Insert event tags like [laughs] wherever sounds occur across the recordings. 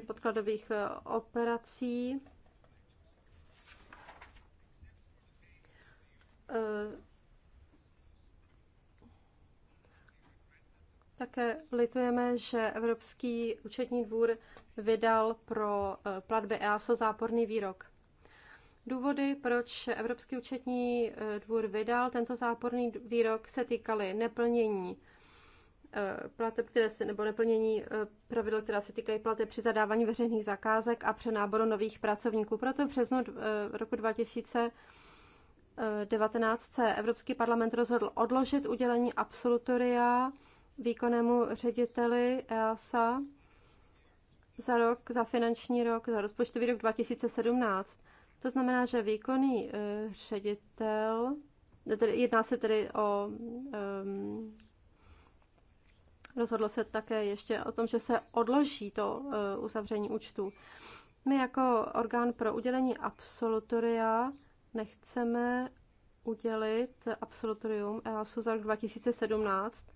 prostě podkladových eh, operací. Eh, také litujeme, že Evropský účetní dvůr vydal pro eh, platby EASO záporný výrok. Důvody, proč Evropský účetní dvůr vydal tento záporný výrok, se týkaly neplnění Eh, plateb, které se, nebo neplnění eh, pravidel, která se týkají plateb při zadávání veřejných zakázek a přenáboru nových pracovníků. Proto v březnu eh, roku 2000 19. Evropský parlament rozhodl odložit udělení absolutoria výkonnému řediteli EASA za rok, za finanční rok, za rozpočtový rok 2017. To znamená, že výkonný ředitel, jedná se tedy o um, Rozhodlo se také ještě o tom, že se odloží to eh, uzavření účtu. My jako orgán pro udělení absolutoria nechceme udělit absolutorium EASu za rok 2017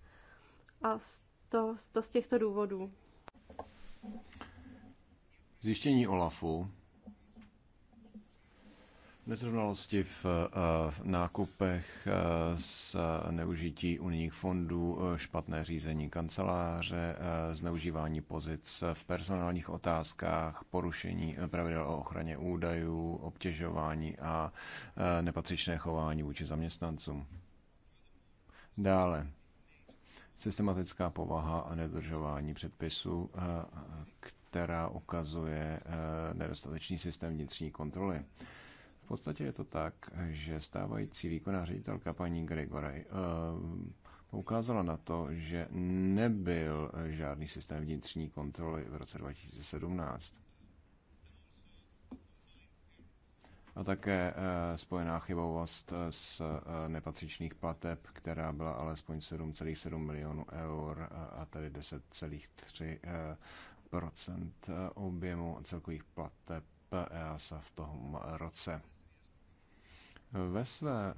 a to, to z těchto důvodů. Zjištění OLAFu Nezrovnalosti v, eh, v nákupech eh, s neužití unijních fondů, eh, špatné řízení kanceláře, zneužívání pozic v personálních otázkách, porušení pravidel o ochraně údajů, obtěžování a nepatřičné chování vůči zaměstnancům. Dále systematická povaha a nedržování předpisů, která ukazuje nedostatečný systém vnitřní kontroly podstatě je to tak, že stávající výkonná ředitelka paní Gregory eh, poukázala na to, že nebyl žádný systém vnitřní kontroly v roce 2017. A také eh, spojená chybovost z eh, nepatřičných plateb, která byla alespoň 7,7 milionů eur a tedy 10,3 procent objemu celkových plateb EASA v tom roce. Ve své eh,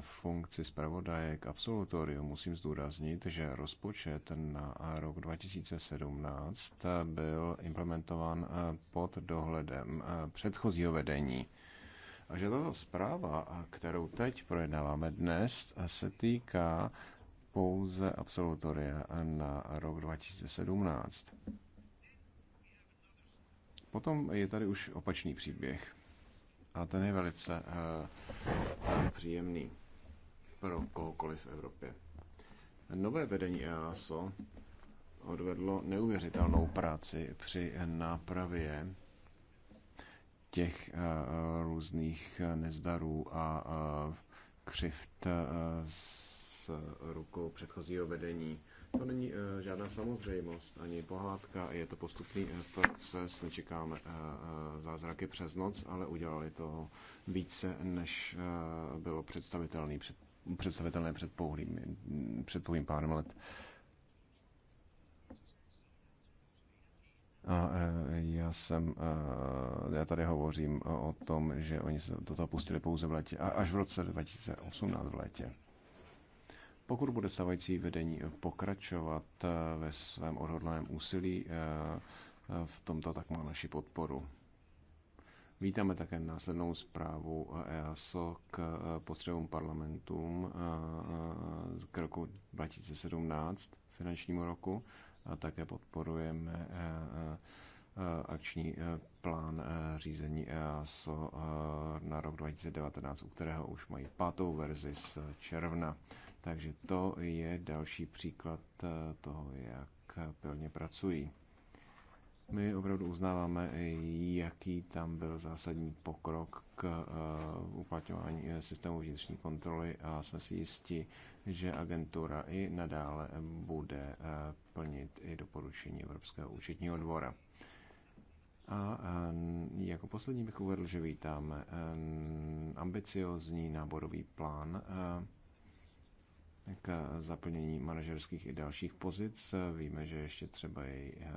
funkci zpravodaje k absolutoriu musím zdůraznit, že rozpočet na rok 2017 byl implementován eh, pod dohledem eh, předchozího vedení. A že tato zpráva, kterou teď projednáváme dnes, se týká pouze absolutoria na rok 2017. Potom je tady už opačný příběh. A ten je velice uh, příjemný pro kohokoliv v Evropě. Nové vedení EASO odvedlo neuvěřitelnou práci při nápravě těch uh, různých nezdarů a uh, křivt uh, s rukou předchozího vedení to není eh, žádná samozřejmost ani pohádka, je to postupný eh, proces, nečekáme eh, zázraky přes noc, ale udělali toho více, než bylo představitelné před, představitelné před pouhlým, před pouhým pár let. A já jsem, já tady hovořím o tom, že oni se do toho pustili pouze v létě, až v roce 2018 v létě. Pokud bude stavající vedení pokračovat eh, ve svém odhodlaném úsilí eh, eh, v tomto, tak má naši podporu. Vítáme také následnou zprávu EASO k potřebům parlamentům k roku 2017, finančnímu roku, a také podporujeme akční plán řízení EASO na rok 2019, u kterého už mají pátou verzi z června. Takže to je další příklad eh, toho, jak pilně pracují. My opravdu uznáváme, eh, jaký tam byl zásadní pokrok k eh, uplatňování systému vnitřní kontroly a jsme si jisti, že agentura i nadále bude plnit i doporučení Evropského účetního dvora. A jako poslední bych uvedl, že vítáme ambiciozní náborový plán k zaplnění manažerských i dalších pozic. Víme, že ještě třeba jej eh,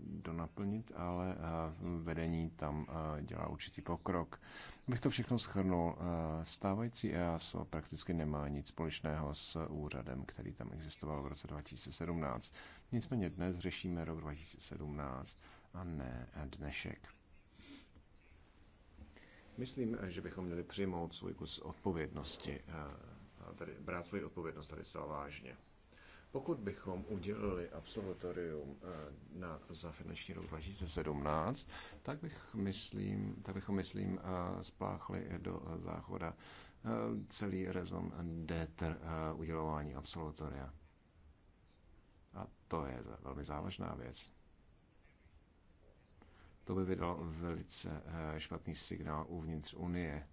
donaplnit, ale eh, vedení tam eh, dělá určitý pokrok. Bych to všechno schrnul. Stávající EASO prakticky nemá nic společného s úřadem, který tam existoval v roce 2017. Nicméně dnes řešíme rok 2017 a ne dnešek. Myslím, že bychom měli přijmout svůj kus odpovědnosti Tady brát svoji odpovědnost tady celá vážně. Pokud bychom udělili absolutorium eh, na, za finanční rok 2017, tak, bych myslím, tak bychom, myslím, eh, spláchli do záchoda eh, celý rezon deter udělování absolutoria. A to je velmi závažná věc. To by vydalo velice špatný signál uvnitř Unie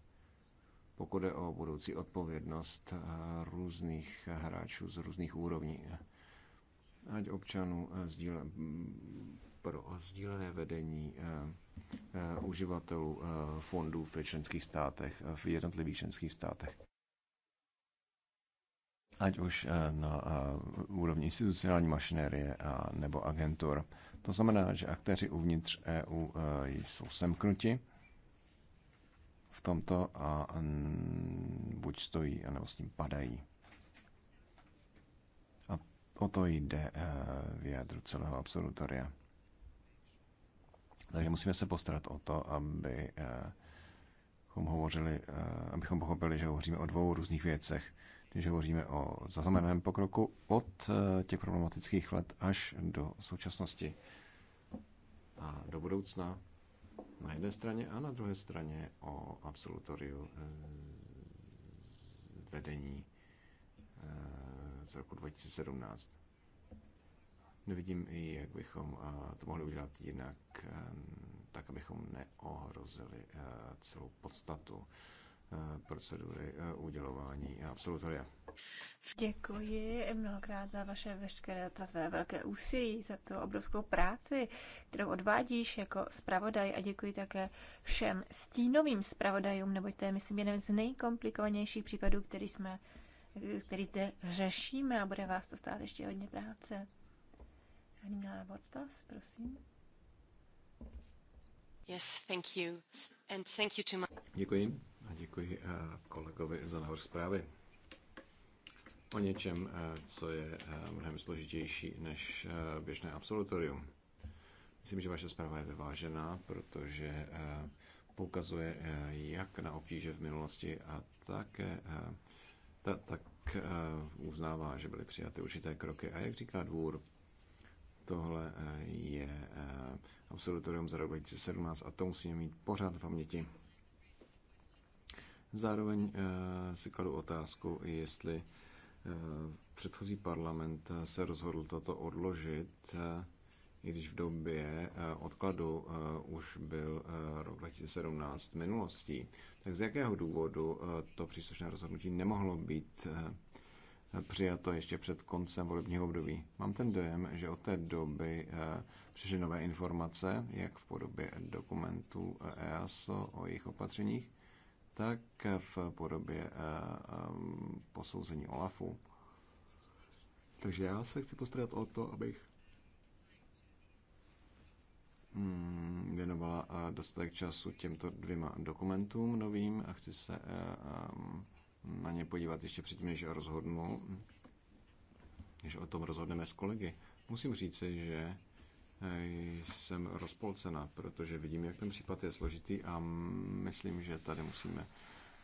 pokud je o budoucí odpovědnost eh, různých hráčů z různých úrovní. Ať občanů eh, sdíle, pro sdílené vedení eh, uživatelů fondů v členských státech, v jednotlivých členských státech. Ať už na úrovni institucionální mašinérie a nebo agentur. To znamená, že aktéři uvnitř EU jsou semknuti tomto a buď stojí, anebo s ním padají. A o to jde eh, v jádru celého absolutoria. Takže musíme se postarat o to, aby abychom eh, hovořili, eh, abychom pochopili, že hovoříme o dvou různých věcech. Když hovoříme o zaznamenaném pokroku od těch problematických let až do současnosti a do budoucna, na jedné straně a na druhé straně o absolutoriu eh, vedení eh, z roku 2017. Nevidím i, jak bychom eh, to mohli udělat jinak, tak abychom neohrozili celou podstatu Eh, procedury eh, udělování absolutoria. Děkuji mnohokrát za vaše veškeré, za své velké úsilí, za tu obrovskou práci, kterou odvádíš jako zpravodaj a děkuji také všem stínovým zpravodajům, neboť to je, myslím, jeden z nejkomplikovanějších případů, který jsme který zde řešíme a bude vás to stát ještě hodně práce. Hnila Bortas, prosím. Yes, thank you. And thank you to my... Děkuji a děkuji eh, kolegovi za návrh zprávy o něčem, eh, co je eh, mnohem složitější než běžné absolutorium. Myslím, že vaše zpráva je vyvážená, protože poukazuje jak na obtíže v minulosti a také ta, tak uznává, že byly přijaty určité kroky. A jak říká dvůr, Tohle eh, je eh, absolutorium za rok 2017 a to musíme mít pořád v paměti. Zároveň eh, si kladu otázku, jestli předchozí parlament se rozhodl toto odložit, i když v době odkladu už byl rok 2017 minulostí. Tak z jakého důvodu to příslušné rozhodnutí nemohlo být přijato ještě před koncem volebního období. Mám ten dojem, že od té doby eh, přišly nové informace, jak v podobě dokumentů EASO eh, e o jejich opatřeních, tak v podobě eh, posouzení OLAFu. Takže já se chci postarat o to, abych mm, věnovala dostatek času těmto dvěma dokumentům novým a chci se na ně podívat ještě předtím, než rozhodnu, než o tom rozhodneme s kolegy. Musím říci, že eh, jsem rozpolcena, protože vidím, jak ten případ je složitý a myslím, že tady musíme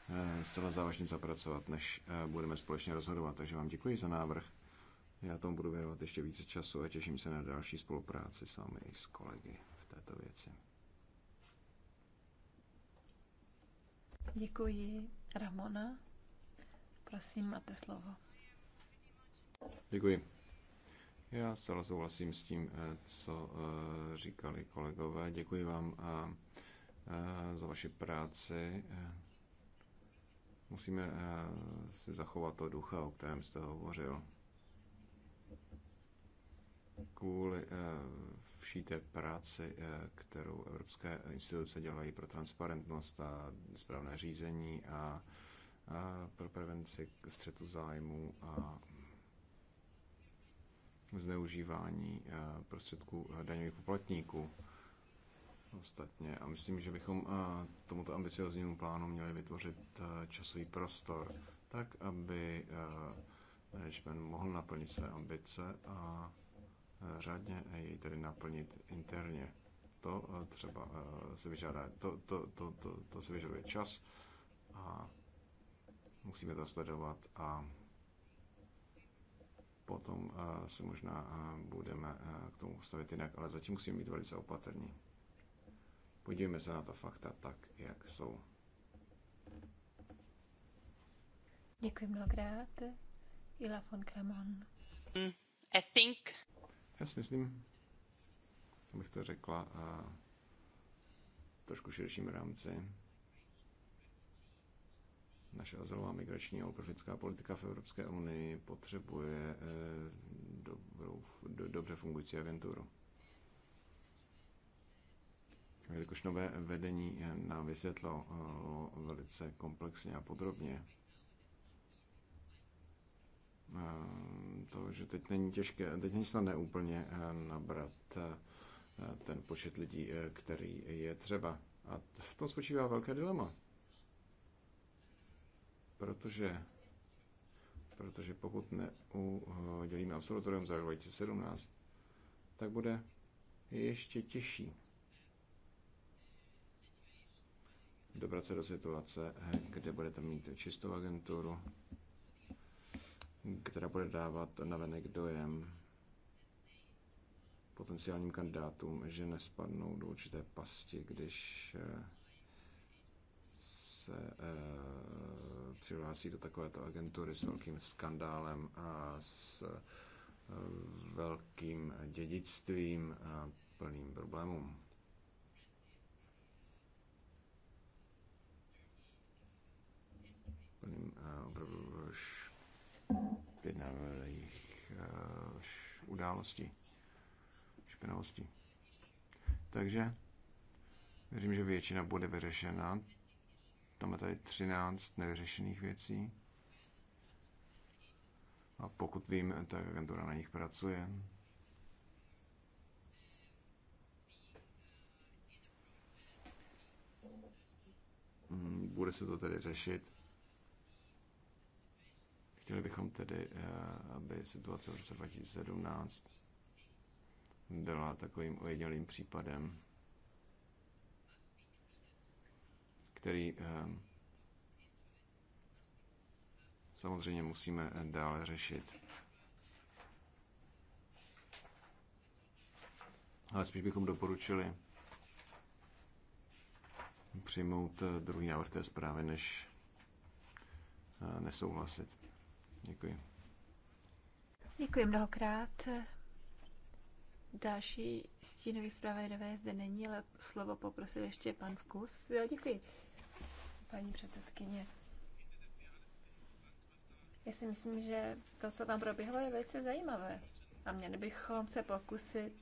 eh, zcela závažně zapracovat, než eh, budeme společně rozhodovat. Takže vám děkuji za návrh. Já tomu budu věnovat ještě více času a těším se na další spolupráci s vámi i s kolegy v této věci. Děkuji, Ramona. Prosím, máte slovo. Děkuji. Já se souhlasím s tím, eh, co eh, říkali kolegové. Děkuji vám eh, za vaši práci. Musíme si zachovat to ducha, o kterém jste hovořil. Kvůli vší té práci, kterou evropské instituce dělají pro transparentnost a správné řízení a pro prevenci střetu zájmu a zneužívání eh, prostředků eh, daňových poplatníků ostatně. A myslím, že bychom eh, tomuto ambicioznímu plánu měli vytvořit časový prostor, tak aby management mohl naplnit své ambice a řádně jej tedy naplnit interně. To třeba se vyžádá, to, to, to, to, to se vyžaduje čas a musíme to sledovat a potom eh, se možná eh, budeme eh, k tomu stavit jinak, ale zatím musíme být velice opatrní. Podívejme se na ta fakta tak, jak jsou. Děkuji mnohokrát. Ila von Kramon. Mm, I think... Já si myslím, abych to řekla, a trošku širším rámci. Naše azylová migrační a uprchlická politika v Evropské unii potřebuje eh, dobrou, do, dobře fungující agenturu. Jelikož nové vedení eh, nám vysvětlo eh, velice komplexně a podrobně, to, že teď není těžké, teď není snadné úplně nabrat ten počet lidí, který je třeba. A v tom spočívá velké dilema. Protože, protože pokud neudělíme absolutorium za 2017, tak bude ještě těžší dobrat se do situace, kde budete mít čistou agenturu, která bude dávat navenek dojem potenciálním kandidátům, že nespadnou do určité pasti, když eh, se eh, přihlásí do takovéto agentury s velkým skandálem a s eh, velkým dědictvím a plným problémům. plným eh, opravdu už událostí, špinavostí. Takže věřím, že většina bude vyřešena Máme tady 13 nevyřešených věcí. A pokud vím, tak agentura na nich pracuje. Hmm, bude se to tedy řešit. Chtěli bychom tedy, eh, aby situace v roce 2017 byla takovým ojedinělým případem. který eh, samozřejmě musíme eh, dále řešit. Ale spíš bychom doporučili přijmout eh, druhý návrh té zprávy, než nesouhlasit. Děkuji. Děkuji mnohokrát. Další stínový zpravodajové zde není, ale slovo poprosil ještě pan Vkus. děkuji paní předsedkyně. Já si myslím, že to, co tam proběhlo, je velice zajímavé. A měli bychom se pokusit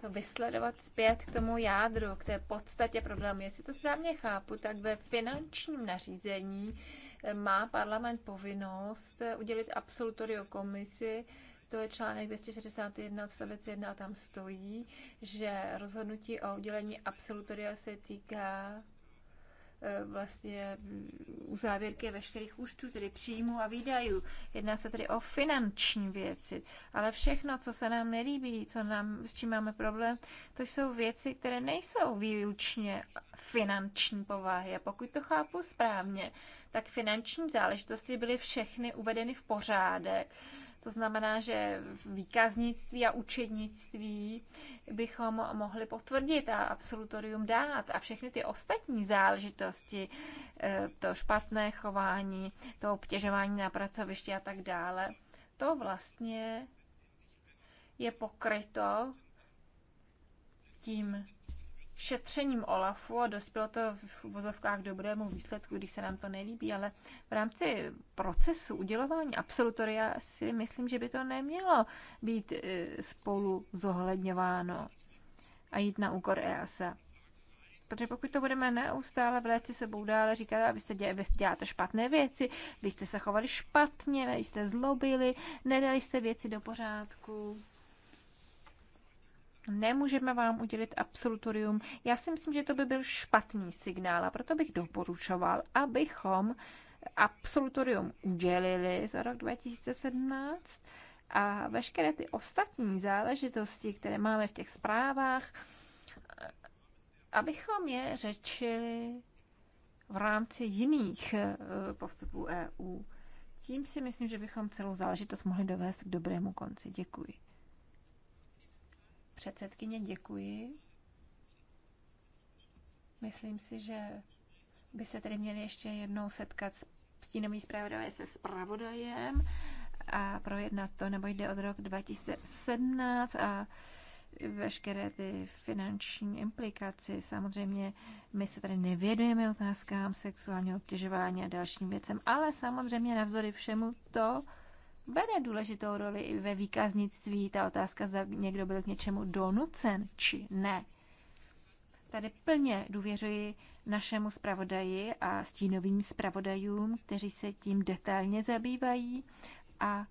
to vysledovat zpět k tomu jádru, k té podstatě problému. Jestli to správně chápu, tak ve finančním nařízení eh, má parlament povinnost eh, udělit absolutorio komisi, to je článek 261 odstavec 1 a tam stojí, že rozhodnutí o udělení absolutoria se týká Eh, vlastně mm, u závěrky veškerých účtů, tedy příjmů a výdajů. Jedná se tedy o finanční věci. Ale všechno, co se nám nelíbí, co nám, s čím máme problém, to jsou věci, které nejsou výlučně finanční povahy. A pokud to chápu správně, tak finanční záležitosti byly všechny uvedeny v pořádek to znamená, že výkaznictví a učednictví bychom mohli potvrdit a absolutorium dát a všechny ty ostatní záležitosti, eh, to špatné chování, to obtěžování na pracovišti a tak dále, to vlastně je pokryto tím šetřením OLAFu a dospělo to v vozovkách dobrému výsledku, když se nám to nelíbí, ale v rámci procesu udělování absolutoria si myslím, že by to nemělo být e, spolu zohledňováno a jít na úkor EASA. Protože pokud to budeme neustále vléci sebou dále říkat, vy jste, děl, vy děláte špatné věci, vy jste se chovali špatně, vy jste zlobili, nedali jste věci do pořádku nemůžeme vám udělit absolutorium. Já si myslím, že to by byl špatný signál a proto bych doporučoval, abychom absolutorium udělili za rok 2017 a veškeré ty ostatní záležitosti, které máme v těch zprávách, abychom je řečili v rámci jiných eh, postupů EU. Tím si myslím, že bychom celou záležitost mohli dovést k dobrému konci. Děkuji. Předsedkyně, děkuji. Myslím si, že by se tedy měli ještě jednou setkat s stínovým zpravodaj se zpravodajem a projednat to, nebo jde od rok 2017 a veškeré ty finanční implikaci. Samozřejmě my se tady nevědujeme otázkám sexuálního obtěžování a dalším věcem, ale samozřejmě navzory všemu to, bere důležitou roli i ve výkaznictví ta otázka, zda někdo byl k něčemu donucen či ne. Tady plně důvěřuji našemu zpravodaji a stínovým zpravodajům, kteří se tím detailně zabývají a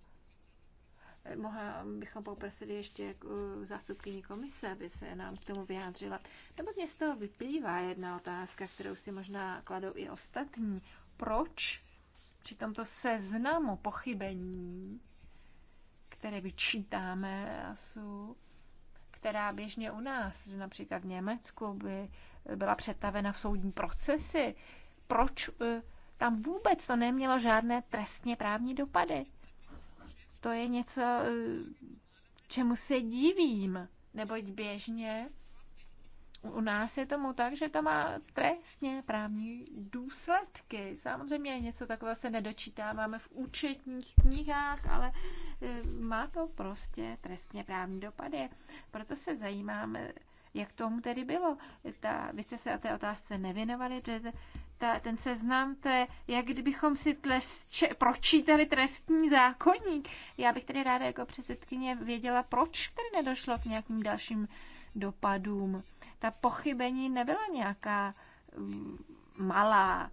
mohla bychom poprosit ještě uh, zástupkyní komise, aby se nám k tomu vyjádřila. Nebo mě z toho vyplývá jedna otázka, kterou si možná kladou i ostatní. Proč při tomto seznamu pochybení, které vyčítáme ASU, která běžně u nás, například v Německu, by byla přetavena v soudní procesy, proč eh, tam vůbec to nemělo žádné trestně právní dopady? To je něco, eh, čemu se divím, neboť běžně u nás je tomu tak, že to má trestně právní důsledky. Samozřejmě něco takového se nedočítáváme v účetních knihách, ale e, má to prostě trestně právní dopady. Proto se zajímáme, jak tomu tedy bylo. Ta, vy jste se o té otázce nevěnovali, že? ta, ten seznam, to je, jak kdybychom si tles, če, pročítali trestní zákonník. Já bych tedy ráda jako předsedkyně věděla, proč tedy nedošlo k nějakým dalším dopadům ta pochybení nebyla nějaká mm, malá,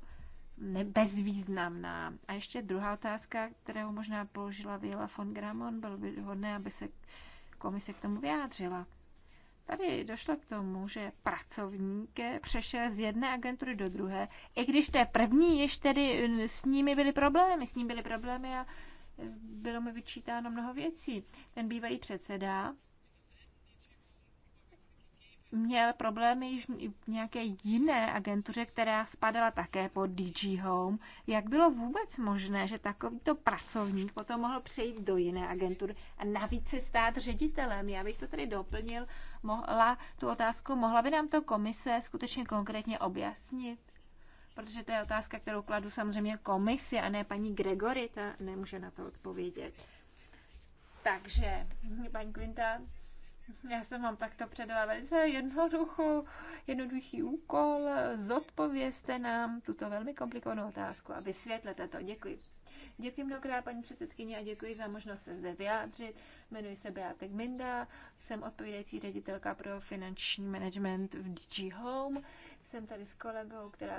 ne, bezvýznamná. A ještě druhá otázka, kterou možná položila Viola von Gramon, bylo by hodné, aby se komise k tomu vyjádřila. Tady došlo k tomu, že pracovník přešel z jedné agentury do druhé, i když té první ještě tedy s nimi byly problémy, s ním byly problémy a e, bylo mi vyčítáno mnoho věcí. Ten bývalý předseda měl problémy již v nějaké jiné agentuře, která spadala také pod DG Home. Jak bylo vůbec možné, že takovýto pracovník potom mohl přejít do jiné agentury a navíc se stát ředitelem? Já bych to tady doplnil, mohla tu otázku, mohla by nám to komise skutečně konkrétně objasnit? Protože to je otázka, kterou kladu samozřejmě komisi a ne paní Gregory, ta nemůže na to odpovědět. Takže, paní Quinta, já jsem vám takto předala velice jednoduchou, jednoduchý úkol. Zodpovězte nám tuto velmi komplikovanou otázku a vysvětlete to. Děkuji. Děkuji mnohokrát paní předsedkyně a děkuji za možnost se zde vyjádřit. Jmenuji se Beatek Minda, jsem odpovídající ředitelka pro finanční management v DG Home. Jsem tady s kolegou, která,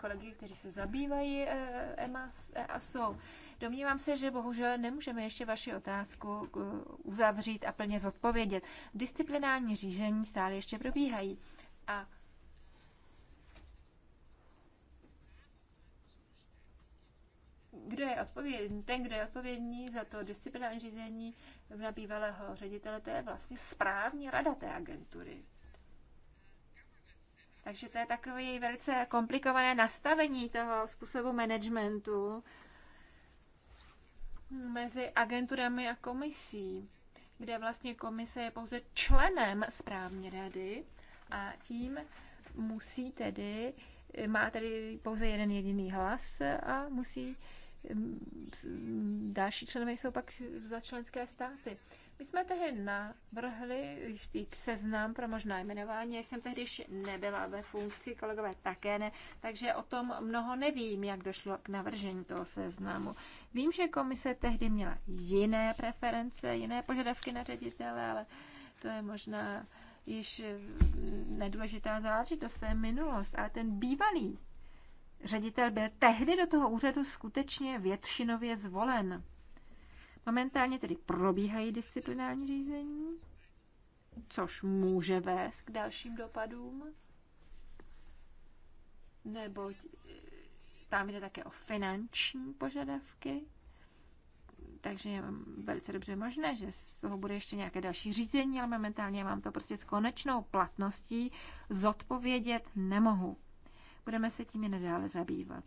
kolegy, kteří se zabývají EMAS, eh, e EASou. Domnívám se, že bohužel nemůžeme ještě vaši otázku eh, uzavřít a plně zodpovědět. Disciplinární řízení stále ještě probíhají. A kdo je odpovědný, ten, kdo je odpovědný za to disciplinární řízení na bývalého ředitele, to je vlastně správní rada té agentury. Takže to je takové velice komplikované nastavení toho způsobu managementu mezi agenturami a komisí, kde vlastně komise je pouze členem správní rady a tím musí tedy, má tedy pouze jeden jediný hlas a musí Další členové jsou pak za členské státy. My jsme tehdy navrhli jistý seznam pro možná jmenování. Já jsem tehdy ještě nebyla ve funkci, kolegové také ne, takže o tom mnoho nevím, jak došlo k navržení toho seznamu. Vím, že komise tehdy měla jiné preference, jiné požadavky na ředitele, ale to je možná již nedůležitá záležitost, to je minulost, ale ten bývalý ředitel byl tehdy do toho úřadu skutečně většinově zvolen. Momentálně tedy probíhají disciplinární řízení, což může vést k dalším dopadům, neboť eh, tam jde také o finanční požadavky, takže je velice dobře možné, že z toho bude ještě nějaké další řízení, ale momentálně mám to prostě s konečnou platností zodpovědět nemohu. Budeme se tím i nadále zabývat.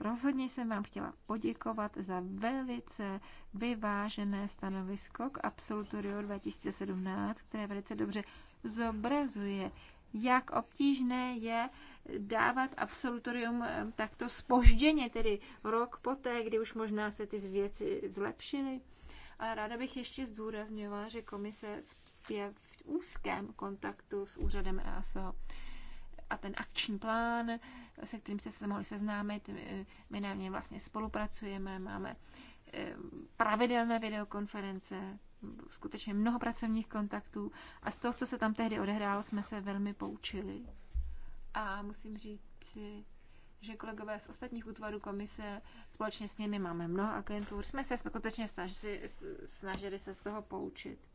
Rozhodně jsem vám chtěla poděkovat za velice vyvážené stanovisko k Absolutoriu 2017, které velice dobře zobrazuje, jak obtížné je dávat absolutorium eh, takto spožděně, tedy rok poté, kdy už možná se ty věci zlepšily. A ráda bych ještě zdůrazňovala, že komise je v úzkém kontaktu s úřadem EASO a ten akční plán, se kterým jste se mohli seznámit, my na něm vlastně spolupracujeme, máme eh, pravidelné videokonference, skutečně mnoho pracovních kontaktů a z toho, co se tam tehdy odehrálo, jsme se velmi poučili. A musím říct, že kolegové z ostatních útvarů komise, společně s nimi máme mnoho agentur, jsme se skutečně snažili, snažili se z toho poučit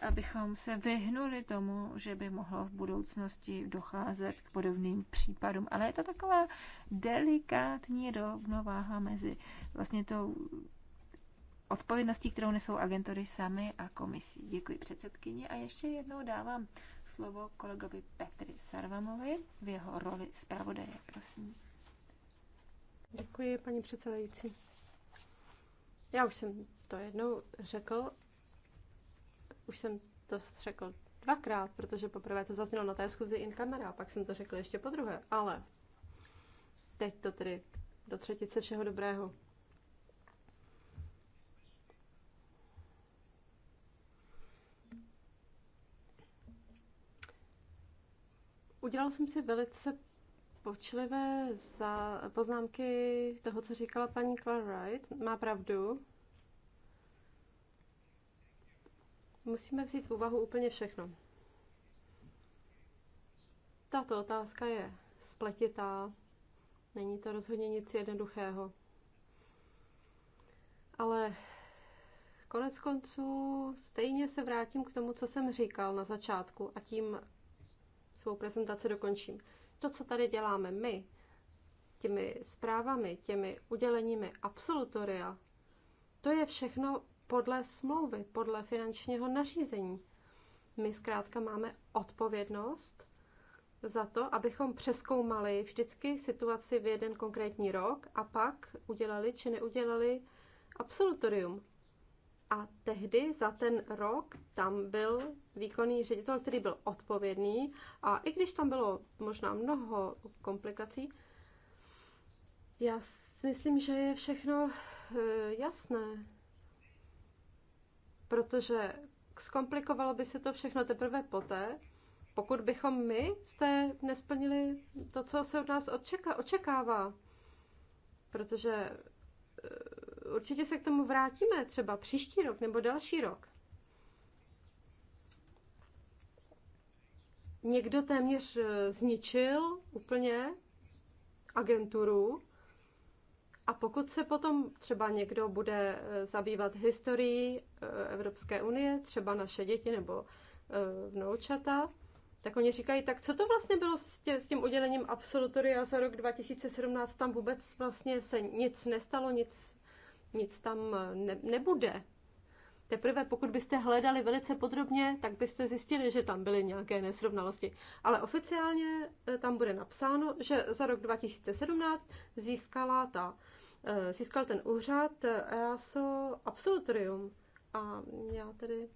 abychom se vyhnuli tomu, že by mohlo v budoucnosti docházet k podobným případům. Ale je to taková delikátní rovnováha mezi vlastně tou odpovědností, kterou nesou agentury sami a komisí. Děkuji předsedkyni a ještě jednou dávám slovo kolegovi Petri Sarvamovi v jeho roli zpravodaje, prosím. Děkuji, paní předsedající. Já už jsem to jednou řekl, už jsem to řekl dvakrát, protože poprvé to zaznělo na té schůzi in a pak jsem to řekl ještě po druhé, ale teď to tedy do třetice všeho dobrého. Udělal jsem si velice počlivé za poznámky toho, co říkala paní Clara Wright. Má pravdu, Musíme vzít v úvahu úplně všechno. Tato otázka je spletitá, není to rozhodně nic jednoduchého. Ale konec konců stejně se vrátím k tomu, co jsem říkal na začátku a tím svou prezentaci dokončím. To, co tady děláme my, těmi zprávami, těmi uděleními absolutoria, to je všechno podle smlouvy, podle finančního nařízení. My zkrátka máme odpovědnost za to, abychom přeskoumali vždycky situaci v jeden konkrétní rok a pak udělali či neudělali absolutorium. A tehdy za ten rok tam byl výkonný ředitel, který byl odpovědný a i když tam bylo možná mnoho komplikací, já si myslím, že je všechno eh, jasné protože zkomplikovalo by se to všechno teprve poté, pokud bychom my jste nesplnili to, co se od nás odčeká, očekává. Protože eh, určitě se k tomu vrátíme třeba příští rok nebo další rok. Někdo téměř eh, zničil úplně agenturu, a pokud se potom třeba někdo bude eh, zabývat historií eh, Evropské unie, třeba naše děti nebo eh, vnoučata, tak oni říkají, tak co to vlastně bylo s, tě, s tím udělením absolutoria za rok 2017, tam vůbec vlastně se nic nestalo, nic, nic tam ne, nebude. Teprve pokud byste hledali velice podrobně, tak byste zjistili, že tam byly nějaké nesrovnalosti. Ale oficiálně eh, tam bude napsáno, že za rok 2017 získala ta, eh, získal ten úřad eh, EASO absolutorium. A já tedy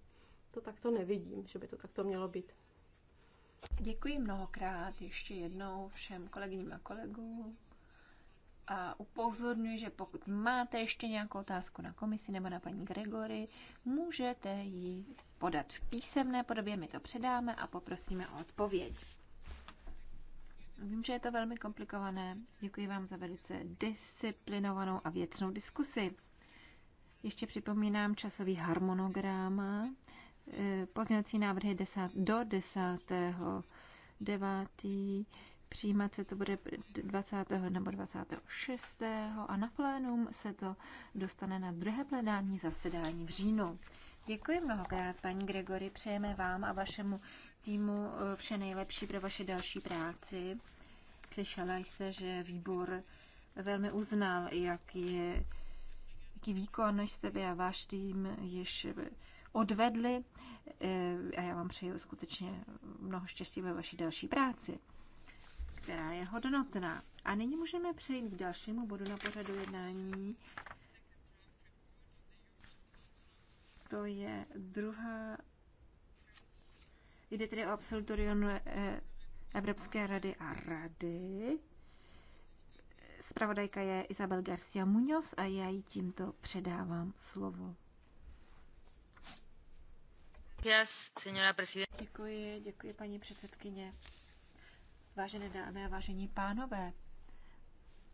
to takto nevidím, že by to takto mělo být. Děkuji mnohokrát ještě jednou všem kolegyním a kolegům a upozorňuji, že pokud máte ještě nějakou otázku na komisi nebo na paní Gregory, můžete ji podat v písemné podobě, my to předáme a poprosíme o odpověď. Vím, že je to velmi komplikované. Děkuji vám za velice disciplinovanou a věcnou diskusi. Ještě připomínám časový harmonogram. E, pozměňovací návrhy 10, do 10. 9. Přijímat se to bude 20. nebo 26. a na plénum se to dostane na druhé plenární zasedání v říjnu. Děkuji mnohokrát, paní Gregory. Přejeme vám a vašemu týmu eh, vše nejlepší pro vaše další práci. Slyšela jste, že výbor velmi uznal, jak je, jaký výkon jste vy a váš tým již odvedli. Eh, a já vám přeju skutečně mnoho štěstí ve vaší další práci která je hodnotná. A nyní můžeme přejít k dalšímu bodu na pořadu jednání. To je druhá. Jde tedy o absolutorium eh, Evropské rady a rady. Spravodajka je Isabel Garcia Muñoz a já jí tímto předávám slovo. Děkuji, děkuji paní předsedkyně. Vážené dámy a vážení pánové,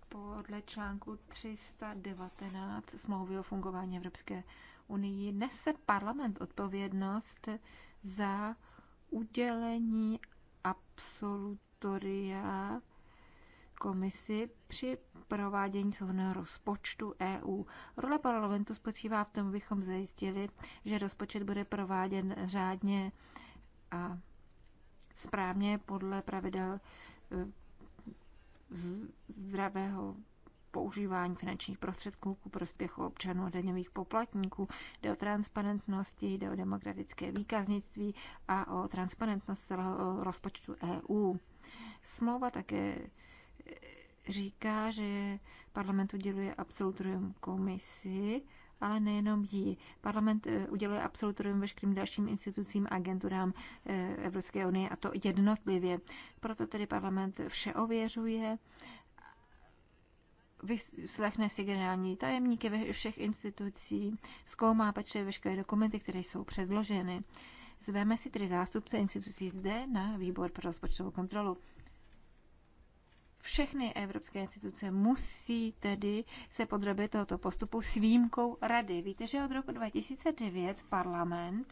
podle článku 319 smlouvy o fungování Evropské unii nese parlament odpovědnost za udělení absolutoria komisi při provádění souhrného rozpočtu EU. Role parlamentu spočívá v tom, abychom zajistili, že rozpočet bude prováděn řádně a správně podle pravidel eh, zdravého používání finančních prostředků ku prospěchu občanů a daňových poplatníků. Jde o transparentnosti, jde o demokratické výkaznictví a o transparentnost celého rozpočtu EU. Smlouva také eh, říká, že parlament uděluje absolutorium komisi ale nejenom jí. Parlament eh, uděluje absolutorium veškerým dalším institucím a agenturám eh, Evropské unie a to jednotlivě. Proto tedy parlament vše ověřuje, vyslechne si generální tajemníky ve všech institucí, zkoumá pečlivě veškeré dokumenty, které jsou předloženy. Zveme si tedy zástupce institucí zde na výbor pro rozpočtovou kontrolu. Všechny evropské instituce musí tedy se podrobit tohoto postupu s výjimkou rady. Víte, že od roku 2009 parlament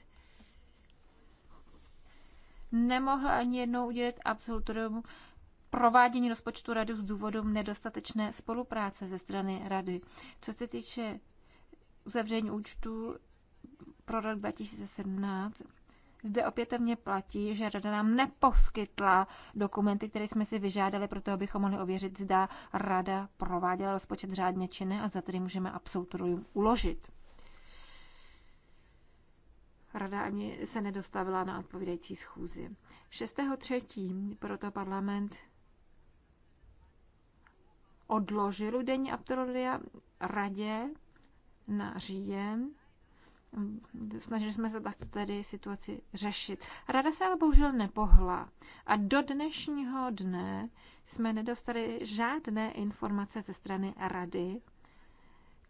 nemohl ani jednou udělat absolutorium provádění rozpočtu rady z důvodu nedostatečné spolupráce ze strany rady. Co se týče uzavření účtu pro rok 2017, zde opětovně platí, že rada nám neposkytla dokumenty, které jsme si vyžádali, proto abychom mohli ověřit, zda rada prováděla rozpočet řádně či ne a za tedy můžeme absolutorium uložit. Rada ani se nedostavila na odpovídající schůzi. 6.3. proto parlament odložil denní aptorodia radě na říjen Snažili jsme se tak tedy situaci řešit. Rada se ale bohužel nepohla a do dnešního dne jsme nedostali žádné informace ze strany rady,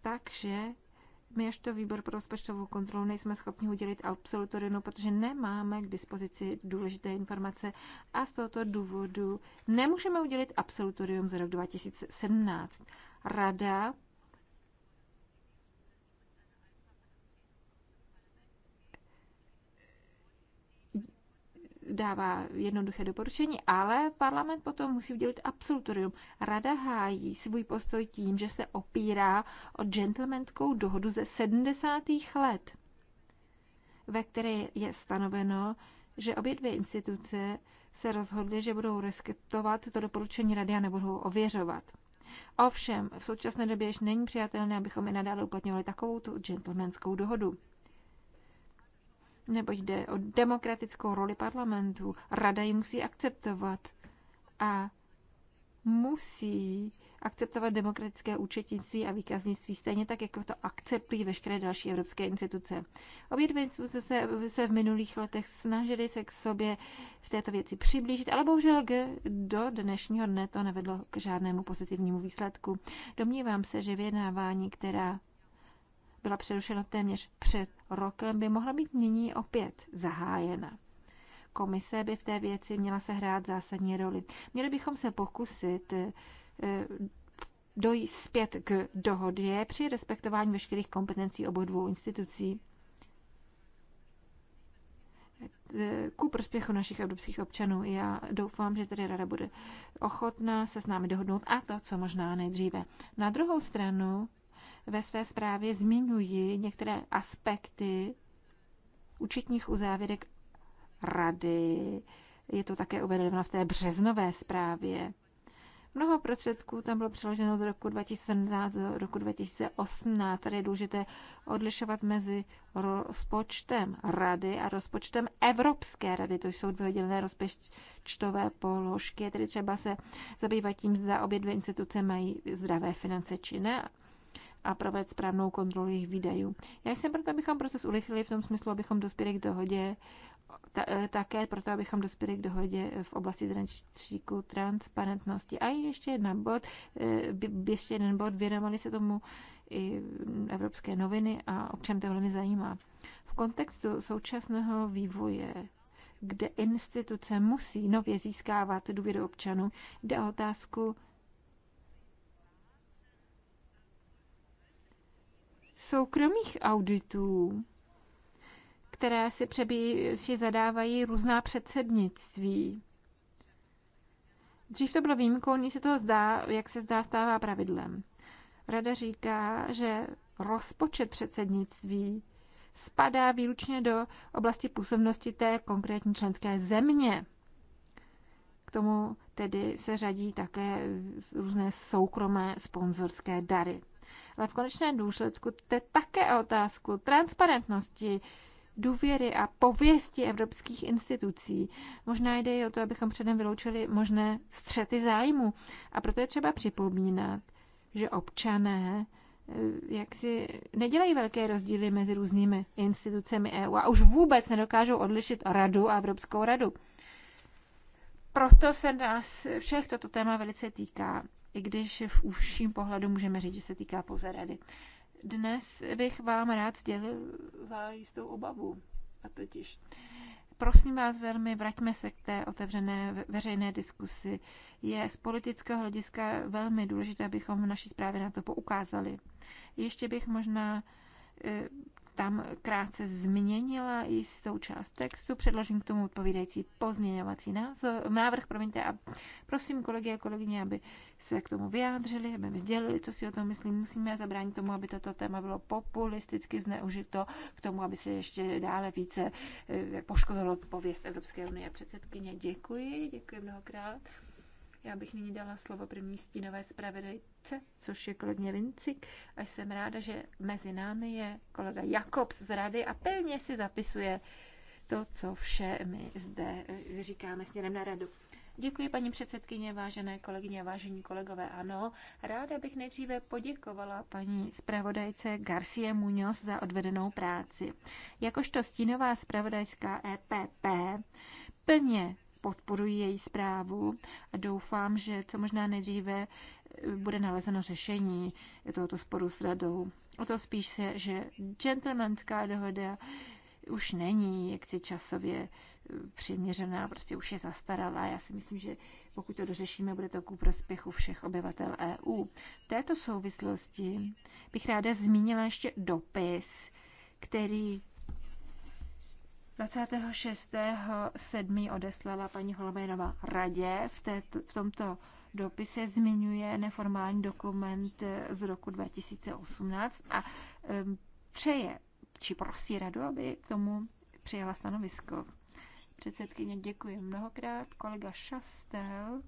takže my to výbor pro rozpočtovou kontrolu nejsme schopni udělit absolutorinu, protože nemáme k dispozici důležité informace a z tohoto důvodu nemůžeme udělit absolutorium za rok 2017. Rada dává jednoduché doporučení, ale parlament potom musí udělit absolutorium. Rada hájí svůj postoj tím, že se opírá o gentlemanskou dohodu ze 70. let, ve které je stanoveno, že obě dvě instituce se rozhodly, že budou respektovat to doporučení rady a nebudou ověřovat. Ovšem, v současné době již není přijatelné, abychom i nadále uplatňovali takovou tu gentlemanskou dohodu nebo jde o demokratickou roli parlamentu. Rada ji musí akceptovat a musí akceptovat demokratické účetnictví a výkaznictví, stejně tak, jako to akceptují veškeré další evropské instituce. Obě dvě instituce se, se v minulých letech snažili se k sobě v této věci přiblížit, ale bohužel k, do dnešního dne to nevedlo k žádnému pozitivnímu výsledku. Domnívám se, že vyjednávání, která byla přerušena téměř před rokem, by mohla být nyní opět zahájena. Komise by v té věci měla se hrát zásadní roli. Měli bychom se pokusit eh, dojít zpět k dohodě při respektování veškerých kompetencí obou dvou institucí eh, ku prospěchu našich evropských občanů. Já doufám, že tedy Rada bude ochotná se s námi dohodnout a to, co možná nejdříve. Na druhou stranu ve své zprávě zmiňuji některé aspekty účetních uzávěrek rady. Je to také uvedeno v té březnové zprávě. Mnoho prostředků tam bylo přeloženo z roku 2017 do roku 2018. Tady je důležité odlišovat mezi rozpočtem rady a rozpočtem Evropské rady. To jsou dvě oddělené rozpočtové položky. tedy třeba se zabývat tím, zda obě dvě instituce mají zdravé finance či ne a provést správnou kontrolu jejich výdajů. Já jsem proto, abychom proces urychlili v tom smyslu, abychom dospěli k dohodě, ta, e, také proto, abychom dospěli k dohodě v oblasti rejstříku transparentnosti. A ještě jedna bod, e, ještě jeden bod, věnovali se tomu i evropské noviny a občan to velmi zajímá. V kontextu současného vývoje kde instituce musí nově získávat důvěru občanů, jde o otázku soukromých auditů, které si, přebí, si zadávají různá předsednictví. Dřív to bylo výjimkou, nyní se to zdá, jak se zdá, stává pravidlem. Rada říká, že rozpočet předsednictví spadá výlučně do oblasti působnosti té konkrétní členské země. K tomu tedy se řadí také různé soukromé sponzorské dary ale v konečném důsledku je také o otázku transparentnosti, důvěry a pověsti evropských institucí. Možná jde i o to, abychom předem vyloučili možné střety zájmu. A proto je třeba připomínat, že občané eh, jak si nedělají velké rozdíly mezi různými institucemi EU a už vůbec nedokážou odlišit radu a Evropskou radu. Proto se nás všech toto téma velice týká i když v užším pohledu můžeme říct, že se týká pouze rady. Dnes bych vám rád sdělil za jistou obavu, a totiž prosím vás velmi, vraťme se k té otevřené veřejné diskusi. Je z politického hlediska velmi důležité, abychom v naší zprávě na to poukázali. Ještě bych možná eh, tam krátce změnila i součást textu, předložím k tomu odpovídající pozměňovací názor, návrh, promiňte, a prosím kolegy a kolegyně, aby se k tomu vyjádřili, aby vzdělili, co si o tom myslím. Musíme zabránit tomu, aby toto téma bylo populisticky zneužito k tomu, aby se ještě dále více eh, poškodilo pověst Evropské unie. Předsedkyně, děkuji, děkuji mnohokrát. Já bych nyní dala slovo první stínové zpravodajce, což je kolegyně Vincik. A jsem ráda, že mezi námi je kolega Jakobs z Rady a pevně si zapisuje to, co vše my zde eh, říkáme směrem na radu. Děkuji, paní předsedkyně, vážené kolegyně a vážení kolegové. Ano, ráda bych nejdříve poděkovala paní zpravodajce Garcie Muñoz za odvedenou práci. Jakožto stínová zpravodajská EPP plně podporuji její zprávu a doufám, že co možná nejdříve eh, bude nalezeno řešení tohoto sporu s radou. O to spíš se, že gentlemanská dohoda už není jaksi časově eh, přiměřená, prostě už je zastaralá. Já si myslím, že pokud to dořešíme, bude to ku prospěchu všech obyvatel EU. V této souvislosti bych ráda zmínila ještě dopis, který 26. 7. odeslala paní Holmejnová radě. V, této, v tomto dopise zmiňuje neformální dokument z roku 2018 a přeje, či prosí radu, aby k tomu přijala stanovisko. Předsedkyně, děkuji mnohokrát. Kolega Šastel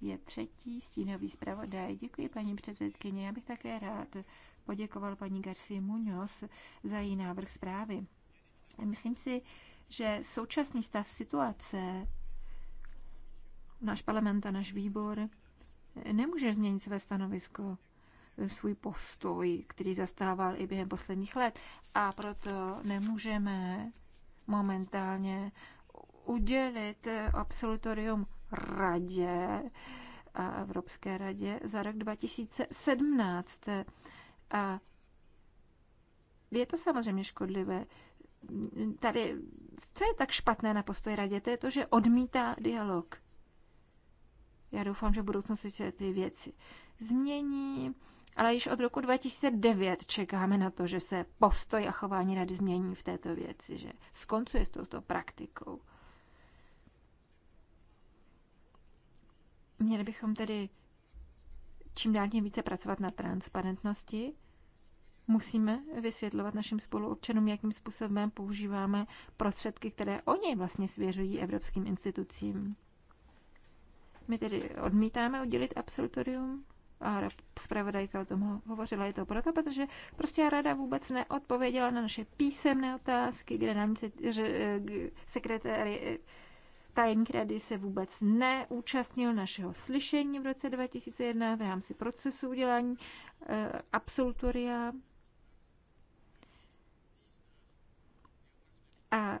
je třetí stínový zpravodaj. Děkuji, paní předsedkyně. Já bych také rád poděkoval paní Garci Muñoz za její návrh zprávy. Myslím si, že současný stav situace náš parlament a náš výbor nemůže změnit své stanovisko, svůj postoj, který zastával i během posledních let. A proto nemůžeme momentálně udělit absolutorium radě a Evropské radě za rok 2017. A je to samozřejmě škodlivé tady, co je tak špatné na postoji radě, to je to, že odmítá dialog. Já doufám, že v budoucnosti se ty věci změní, ale již od roku 2009 čekáme na to, že se postoj a chování rady změní v této věci, že skoncuje s touto praktikou. Měli bychom tedy čím dál tím více pracovat na transparentnosti, musíme vysvětlovat našim spoluobčanům, jakým způsobem používáme prostředky, které oni vlastně svěřují evropským institucím. My tedy odmítáme udělit absolutorium a zpravodajka o tom hovořila, i to proto, protože prostě rada vůbec neodpověděla na naše písemné otázky, kde nám se, eh, sekretáři eh, tajemník rady se vůbec neúčastnil našeho slyšení v roce 2001 v rámci procesu udělání eh, absolutoria A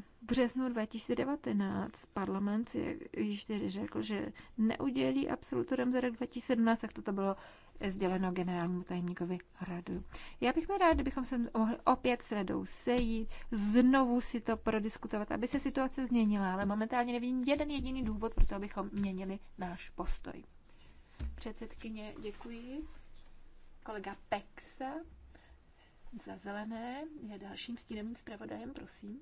v březnu 2019 parlament již tedy řekl, že neudělí absolutorem za rok 2017, tak toto bylo sděleno generálnímu tajemníkovi radu. Já bych mi rád, kdybychom se mohli opět s radou sejít, znovu si to prodiskutovat, aby se situace změnila, ale momentálně nevidím jeden jediný důvod, proto abychom měnili náš postoj. Předsedkyně, děkuji. Kolega Pexa za zelené je dalším stínovým zpravodajem, prosím.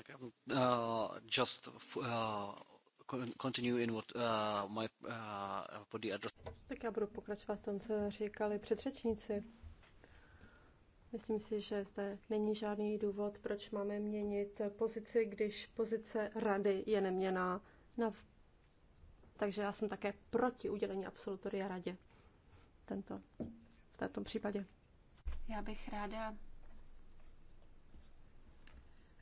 Okay. Uh, just uh, continue in what uh, my uh, body address. Tak já budu pokračovat v tom, co říkali předřečníci. Myslím si, že zde není žádný důvod, proč máme měnit pozici, když pozice rady je neměná. Navz- takže já jsem také proti udělení absolutoria radě tento, v této případě. Já bych ráda,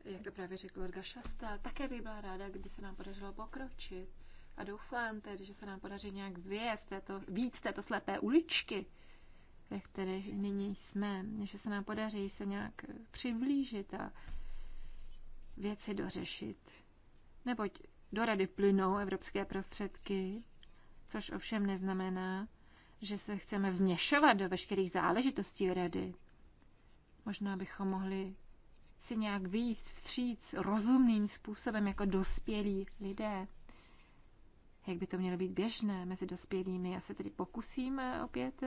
jak to právě řekl Lorga Šasta, také bych byla ráda, kdyby se nám podařilo pokročit. A doufám tedy, že se nám podaří nějak vyjet této, víc této slepé uličky, ve které nyní jsme, že se nám podaří se nějak přiblížit a věci dořešit. Neboť do rady plynou evropské prostředky, což ovšem neznamená, že se chceme vněšovat do veškerých záležitostí rady. Možná bychom mohli si nějak výjít vstříc rozumným způsobem jako dospělí lidé. Jak by to mělo být běžné mezi dospělými? Já se tedy pokusím opět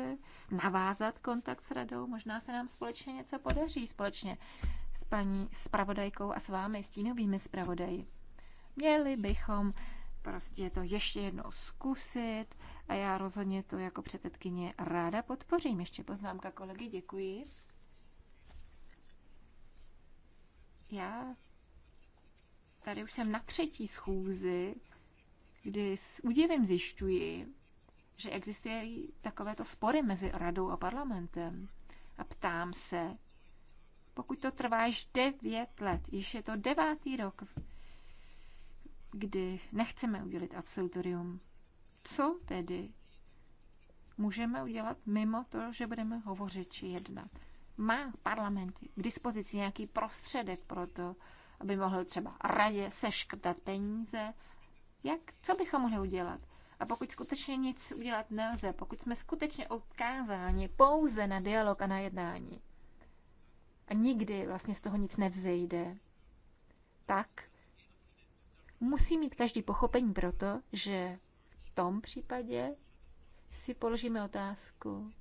navázat kontakt s radou. Možná se nám společně něco podaří, společně s paní spravodajkou a s vámi, stínovými spravodaji. Měli bychom prostě to ještě jednou zkusit a já rozhodně to jako předsedkyně ráda podpořím. Ještě poznámka kolegy, děkuji. Já tady už jsem na třetí schůzi, kdy s údivem zjišťuji, že existuje takovéto spory mezi radou a parlamentem. A ptám se, pokud to trvá až devět let, již je to devátý rok, kdy nechceme udělit absolutorium. Co tedy můžeme udělat mimo to, že budeme hovořit či jednat? Má parlament k dispozici nějaký prostředek pro to, aby mohl třeba radě seškrtat peníze? Jak, co bychom mohli udělat? A pokud skutečně nic udělat nelze, pokud jsme skutečně odkázáni pouze na dialog a na jednání a nikdy vlastně z toho nic nevzejde, tak musí mít každý pochopení proto, že v tom případě si položíme otázku,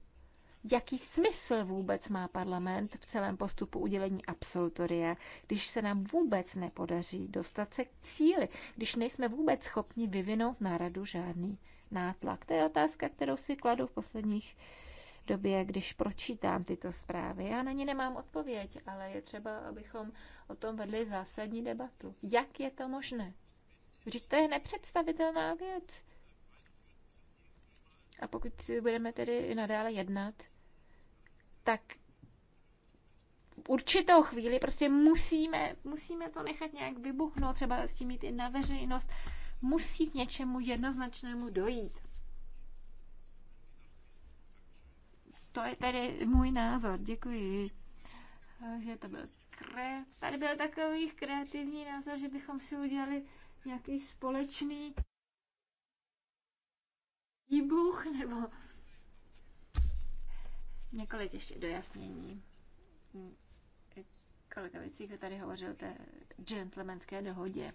jaký smysl vůbec má parlament v celém postupu udělení absolutoria, když se nám vůbec nepodaří dostat se k cíli, když nejsme vůbec schopni vyvinout na radu žádný nátlak. To je otázka, kterou si kladu v posledních době, když pročítám tyto zprávy. Já na ně nemám odpověď, ale je třeba, abychom o tom vedli zásadní debatu. Jak je to možné? Vždyť to je nepředstavitelná věc. A pokud budeme tedy i nadále jednat, tak v určitou chvíli prostě musíme, musíme to nechat nějak vybuchnout, třeba s tím mít i na veřejnost. Musí k něčemu jednoznačnému dojít. To je tedy můj názor. Děkuji. Že to byl kre... Tady byl takový kreativní názor, že bychom si udělali nějaký společný výbuch nebo několik ještě dojasnění. Kolega kdo tady hovořil o té gentlemanské dohodě.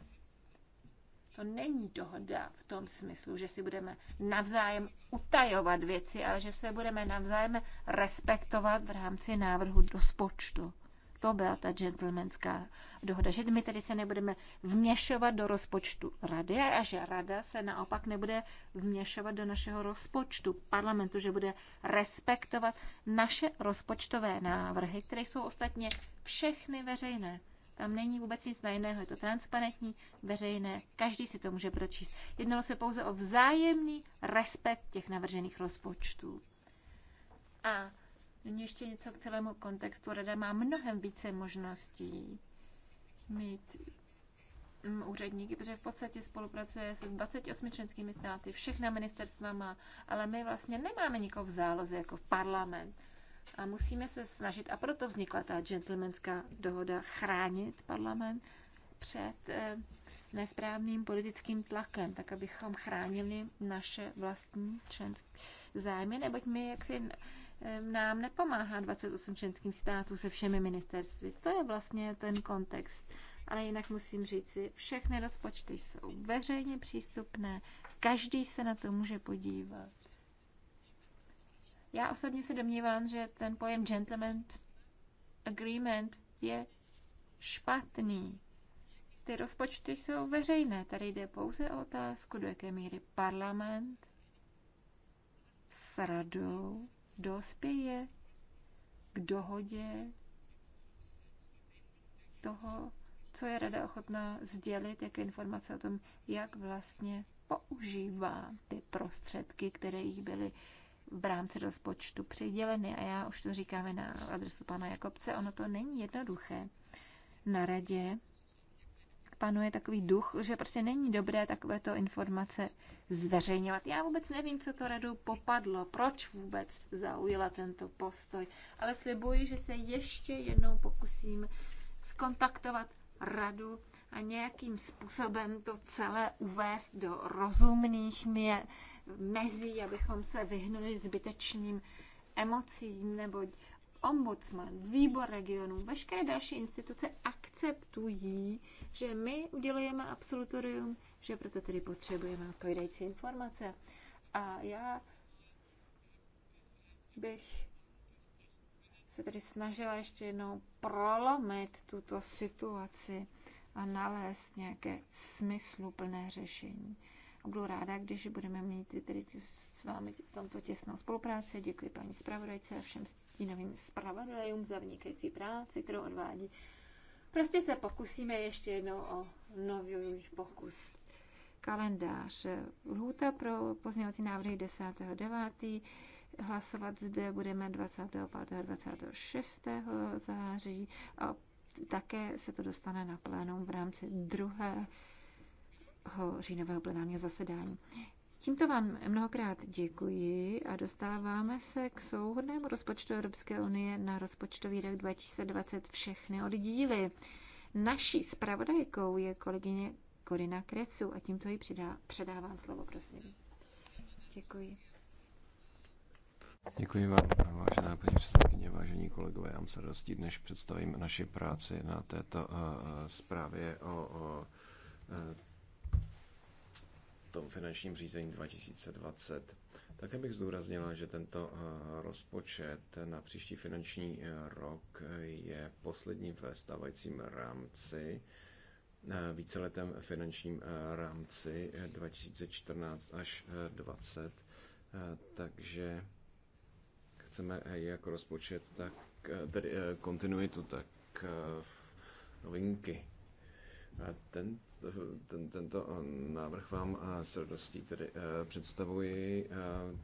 To není dohoda v tom smyslu, že si budeme navzájem utajovat věci, ale že se budeme navzájem respektovat v rámci návrhu do spočtu. To byla ta gentlemanská dohoda, že my tedy se nebudeme vměšovat do rozpočtu rady a že rada se naopak nebude vměšovat do našeho rozpočtu parlamentu, že bude respektovat naše rozpočtové návrhy, které jsou ostatně všechny veřejné. Tam není vůbec nic na jiného, je to transparentní, veřejné, každý si to může pročíst. Jednalo se pouze o vzájemný respekt těch navržených rozpočtů. A ještě něco k celému kontextu. Rada má mnohem více možností mít mm, úředníky, protože v podstatě spolupracuje s 28 členskými státy, všechna ministerstva má, ale my vlastně nemáme nikoho v záloze jako v parlament. A musíme se snažit, a proto vznikla ta gentlemanská dohoda, chránit parlament před eh, nesprávným politickým tlakem, tak abychom chránili naše vlastní členské zájmy, neboť my jaksi nám nepomáhá 28 členským států se všemi ministerstvy. To je vlastně ten kontext. Ale jinak musím říci, všechny rozpočty jsou veřejně přístupné, každý se na to může podívat. Já osobně se domnívám, že ten pojem gentleman agreement je špatný. Ty rozpočty jsou veřejné. Tady jde pouze o otázku, do jaké míry parlament s radou dospěje k dohodě toho, co je rada ochotná sdělit, jaké informace o tom, jak vlastně používá ty prostředky, které jí byly v rámci rozpočtu přiděleny. A já už to říkám na adresu pana Jakobce, ono to není jednoduché na radě panuje takový duch, že prostě není dobré takovéto informace zveřejňovat. Já vůbec nevím, co to radu popadlo, proč vůbec zaujala tento postoj, ale slibuji, že se ještě jednou pokusím skontaktovat radu a nějakým způsobem to celé uvést do rozumných mě, mezí, abychom se vyhnuli zbytečným emocím, nebo ombudsman, výbor regionů, veškeré další instituce akceptují, že my udělujeme absolutorium, že proto tedy potřebujeme odpovídající informace. A já bych se tedy snažila ještě jednou prolomit tuto situaci a nalézt nějaké smysluplné řešení. A budu ráda, když budeme mít tedy s vámi v tomto těsnou spolupráci. Děkuji paní zpravodajce a všem stínovým zpravodajům za vynikající práci, kterou odvádí. Prostě se pokusíme ještě jednou o nový pokus. Kalendář. Lhůta pro pozměňovací návrhy 10.9. Hlasovat zde budeme 25. a 26. září a také se to dostane na plénum v rámci druhého říjnového plenárního zasedání. Tímto vám mnohokrát děkuji a dostáváme se k souhodnému rozpočtu Evropské unie na rozpočtový rok 2020 všechny oddíly. Naší zpravodajkou je kolegyně Korina Krecu a tímto ji předávám slovo, prosím. Děkuji. Děkuji vám, vážená paní předsedkyně, vážení kolegové. Já se radostí než představím naši práci na této uh, zprávě o, o eh, tom finančním řízení 2020. Také bych zdůraznila, že tento eh, rozpočet na příští finanční eh, rok je poslední ve stávajícím rámci, eh, víceletém finančním rámci 2014 až 2020, takže chceme jak rozpočet, tak tedy kontinuitu, tak novinky ten, ten, tento eh, návrh vám eh, s radostí tedy eh, představuji.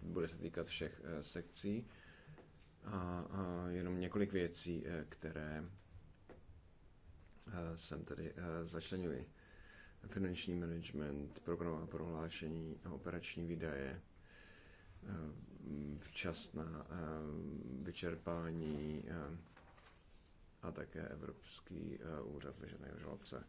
Bude se týkat všech sekcí a, jenom několik věcí, které sem tedy začlenuji. Finanční management, programová prohlášení, operační výdaje, včasná vyčerpání a také Evropský úřad veřejného žalobce.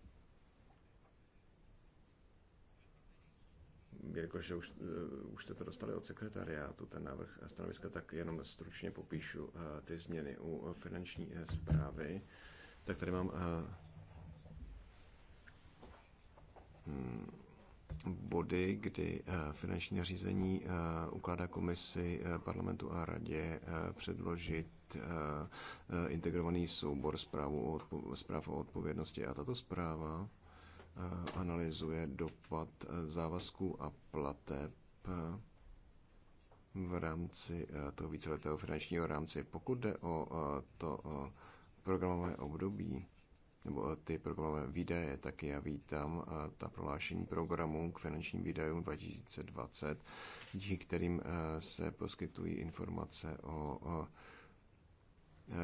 jelikož už, eh, už jste to dostali od sekretariátu, ten návrh stanoviska, tak jenom stručně popíšu eh, ty změny u finanční eh, zprávy. Tak tady mám hmm, body, kdy finanční nařízení ukládá komisi parlamentu a radě předložit integrovaný soubor zpráv o odpovědnosti. A tato zpráva Eh, analyzuje dopad eh, závazků a plateb eh, v rámci toho víceletého finančního rámci. Pokud jde o to programové období, nebo ty programové výdaje, tak já vítám ta prohlášení programů k finančním výdajům 2020, díky kterým se poskytují informace o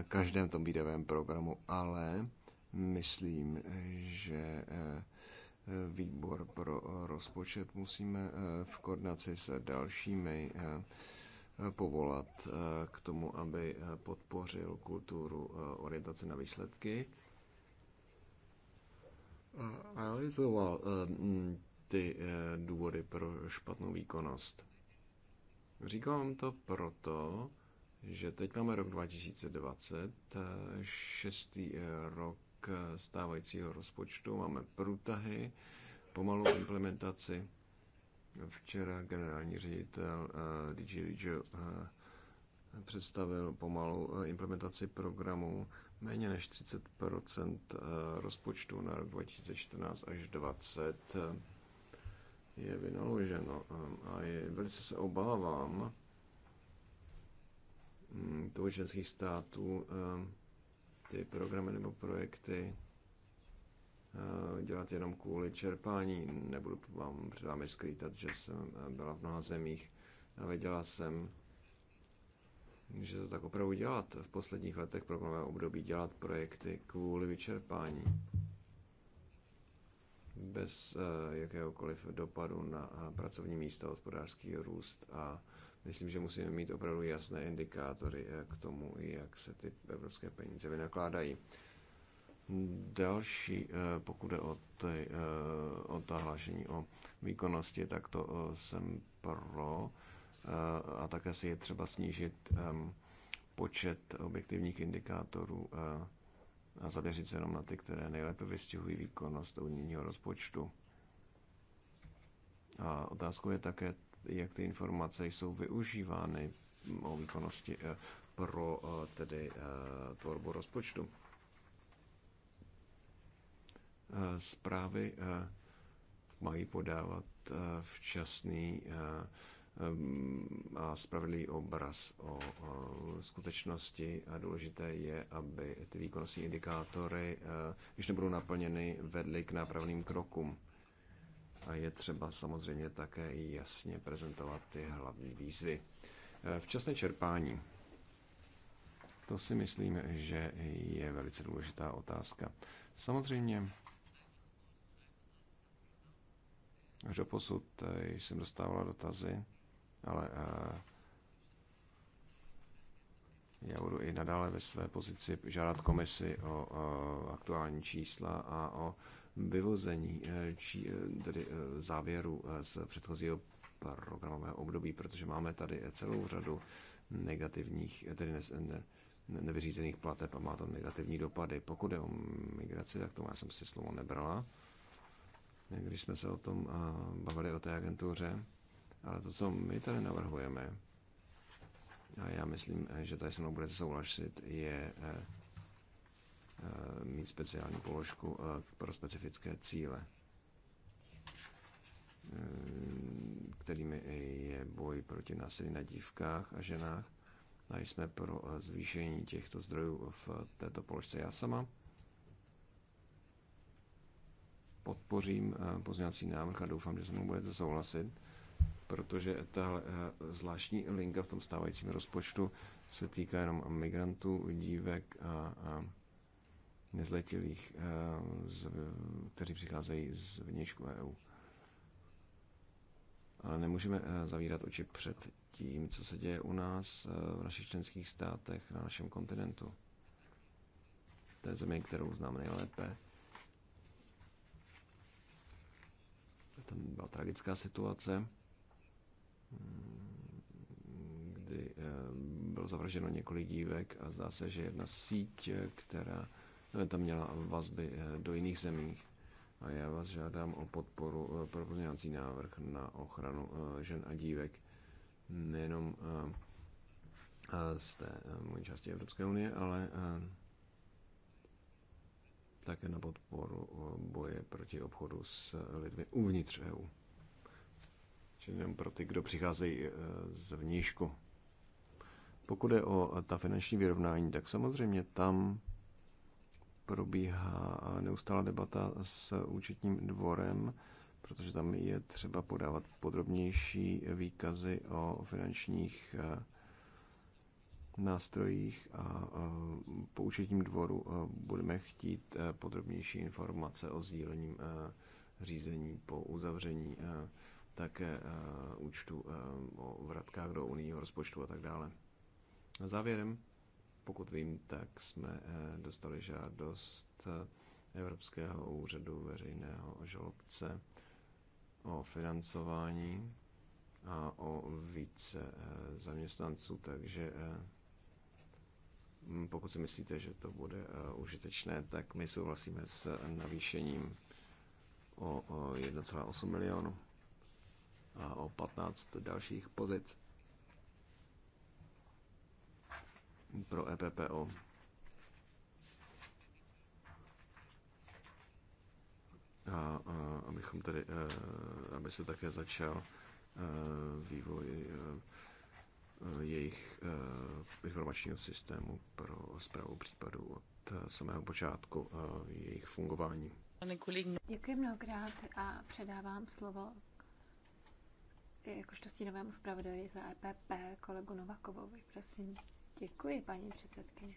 každém tom výdajovém programu, ale myslím, že výbor pro rozpočet musíme eh, v koordinaci se dalšími eh, povolat eh, k tomu, aby podpořil kulturu orientace na výsledky a analyzoval ty důvody pro špatnou výkonnost. Říkám to proto, že teď máme rok 2020, šestý rok stávajícího rozpočtu. Máme průtahy, pomalou implementaci. Včera generální ředitel uh, eh, DG Regio uh, představil pomalou eh, implementaci programu méně než 30 rozpočtu na rok 2014 až 2020 je vynaloženo a je, velice se obávám hm, toho členských států ty programy nebo projekty eh, dělat jenom kvůli čerpání. Nebudu vám před vámi skrýtat, že jsem eh, byla v mnoha zemích a věděla jsem, že to tak opravdu dělat v posledních letech programového období, dělat projekty kvůli vyčerpání bez eh, jakéhokoliv dopadu na pracovní místa, hospodářský růst a Myslím, že musíme mít opravdu jasné indikátory eh, k tomu, jak se ty evropské peníze vynakládají. Další, eh, pokud je o, ty, eh, o ta hlášení o výkonnosti, tak to jsem pro. A také si je třeba snížit ehm, počet objektivních indikátorů a zaměřit se jenom na ty, které nejlépe vystihují výkonnost unijního rozpočtu. A otázkou je také jak ty informace jsou využívány o výkonnosti eh, pro eh, tedy eh, tvorbu rozpočtu. Zprávy mají podávat včasný a spravedlivý obraz o skutečnosti a důležité je, aby ty výkonnostní indikátory, když nebudou naplněny, vedly k nápravným krokům a je třeba samozřejmě také i jasně prezentovat ty hlavní výzvy. Eh, včasné čerpání. To si myslím, že je velice důležitá otázka. Samozřejmě až do posud eh, jsem dostávala dotazy, ale eh, já budu i nadále ve své pozici žádat komisi o aktuální čísla a o vyvození eh, či eh, tedy eh, závěru z předchozího programového období, protože máme tady celou řadu negativních, tedy ne, ne, nevyřízených plateb a má to negativní dopady. Pokud je o migraci, tak tomu já jsem si slovo nebrala, když jsme se o tom bavili o té agentuře. Ale to, co my tady navrhujeme, a já myslím, že tady se mnou budete souhlasit, je Eh, mít speciální položku eh, pro specifické cíle, eh, kterými je boj proti násilí na dívkách a ženách. A jsme pro zvýšení těchto zdrojů v této položce já sama. Podpořím pozměňovací návrh a doufám, že se mnou budete souhlasit protože ta zvláštní linka v tom stávajícím rozpočtu se týká jenom migrantů, dívek a, a nezletilých, eh, kteří přicházejí z vnějšku EU. Ale nemůžeme eh, zavírat oči před tím, co se děje u nás, eh, v našich členských státech, na našem kontinentu. v té zemi, kterou znám nejlépe. Tam byla tragická situace, kdy bylo zavrženo několik dívek a zdá se, že jedna síť, která tam měla vazby eh, do jiných zemí. A já vás žádám o podporu eh, pro pozměňovací návrh na ochranu eh, žen a dívek nejenom z té mojí části Evropské unie, ale také na podporu boje proti obchodu s lidmi uvnitř EU. Čili jenom pro ty, kdo přicházejí z vnějšku. Pokud je o ta finanční vyrovnání, tak samozřejmě tam probíhá neustále debata s účetním dvorem, protože tam je třeba podávat podrobnější výkazy o finančních eh, nástrojích a eh, po účetním dvoru eh, budeme chtít podrobnější informace o sdílením řízení po uzavření také účtu o vratkách do unijního rozpočtu a tak dále. Závěrem pokud vím, tak jsme eh, dostali žádost eh, Evropského úřadu veřejného žalobce o financování a o více eh, zaměstnanců, takže pokud si myslíte, že to bude užitečné, tak my souhlasíme s navýšením o 1,8 milionu a o 15 dalších pozic. pro EPPO. A, a abychom tady, e, aby se také začal e, vývoj e, jejich informačního systému pro zprávu případů od samého počátku jejich fungování. Děkuji mnohokrát a předávám slovo jakožto stínovému zpravodaji za EPP kolegu Novakovovi, prosím. Děkuji, paní předsedkyně.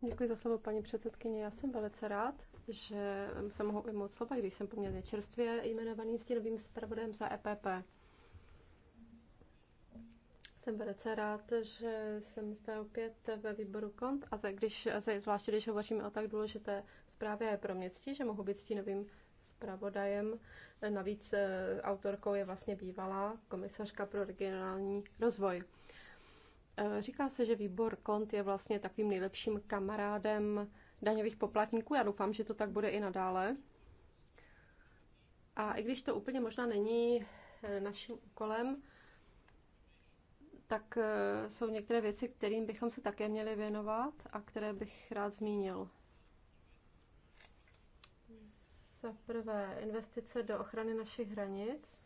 Děkuji za slovo, paní předsedkyně. Já jsem velice rád, že se mohu ujmout slova, když jsem poměrně čerstvě jmenovaným stínovým zpravodajem za EPP. Jsem velice rád, že jsem zde opět ve výboru KONT a za, když, za, zvláště když hovoříme o tak důležité zprávě, pro městí, že mohu být stínovým zpravodajem. Navíc eh, autorkou je vlastně bývalá komisařka pro regionální rozvoj. Eh, říká se, že výbor KONT je vlastně takovým nejlepším kamarádem daňových poplatníků. Já doufám, že to tak bude i nadále. A i když to úplně možná není eh, naším úkolem, tak eh, jsou některé věci, kterým bychom se také měli věnovat a které bych rád zmínil. Za prvé investice do ochrany našich hranic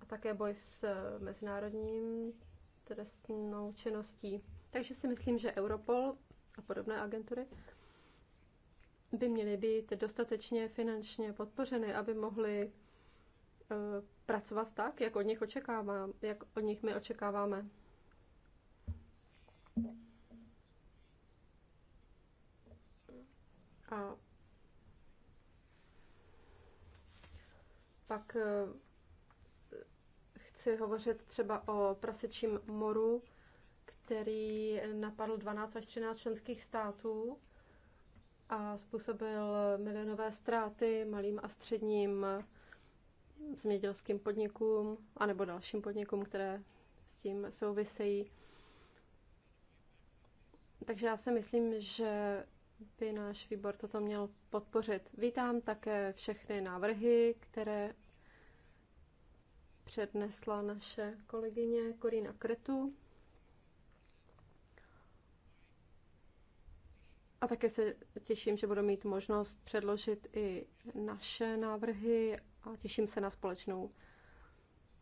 a také boj s mezinárodním trestnou činností. Takže si myslím, že Europol a podobné agentury by měly být dostatečně finančně podpořeny, aby mohly e, pracovat tak, jak od nich očekávám, jak od nich my očekáváme. A pak e, chci hovořit třeba o prasečím moru, který napadl 12 až 13 členských států a způsobil milionové ztráty malým a středním zemědělským podnikům anebo dalším podnikům, které s tím souvisejí. Takže já si myslím, že by náš výbor toto měl podpořit. Vítám také všechny návrhy, které přednesla naše kolegyně Korina Kretu. A také se těším, že budu mít možnost předložit i naše návrhy a těším se na společnou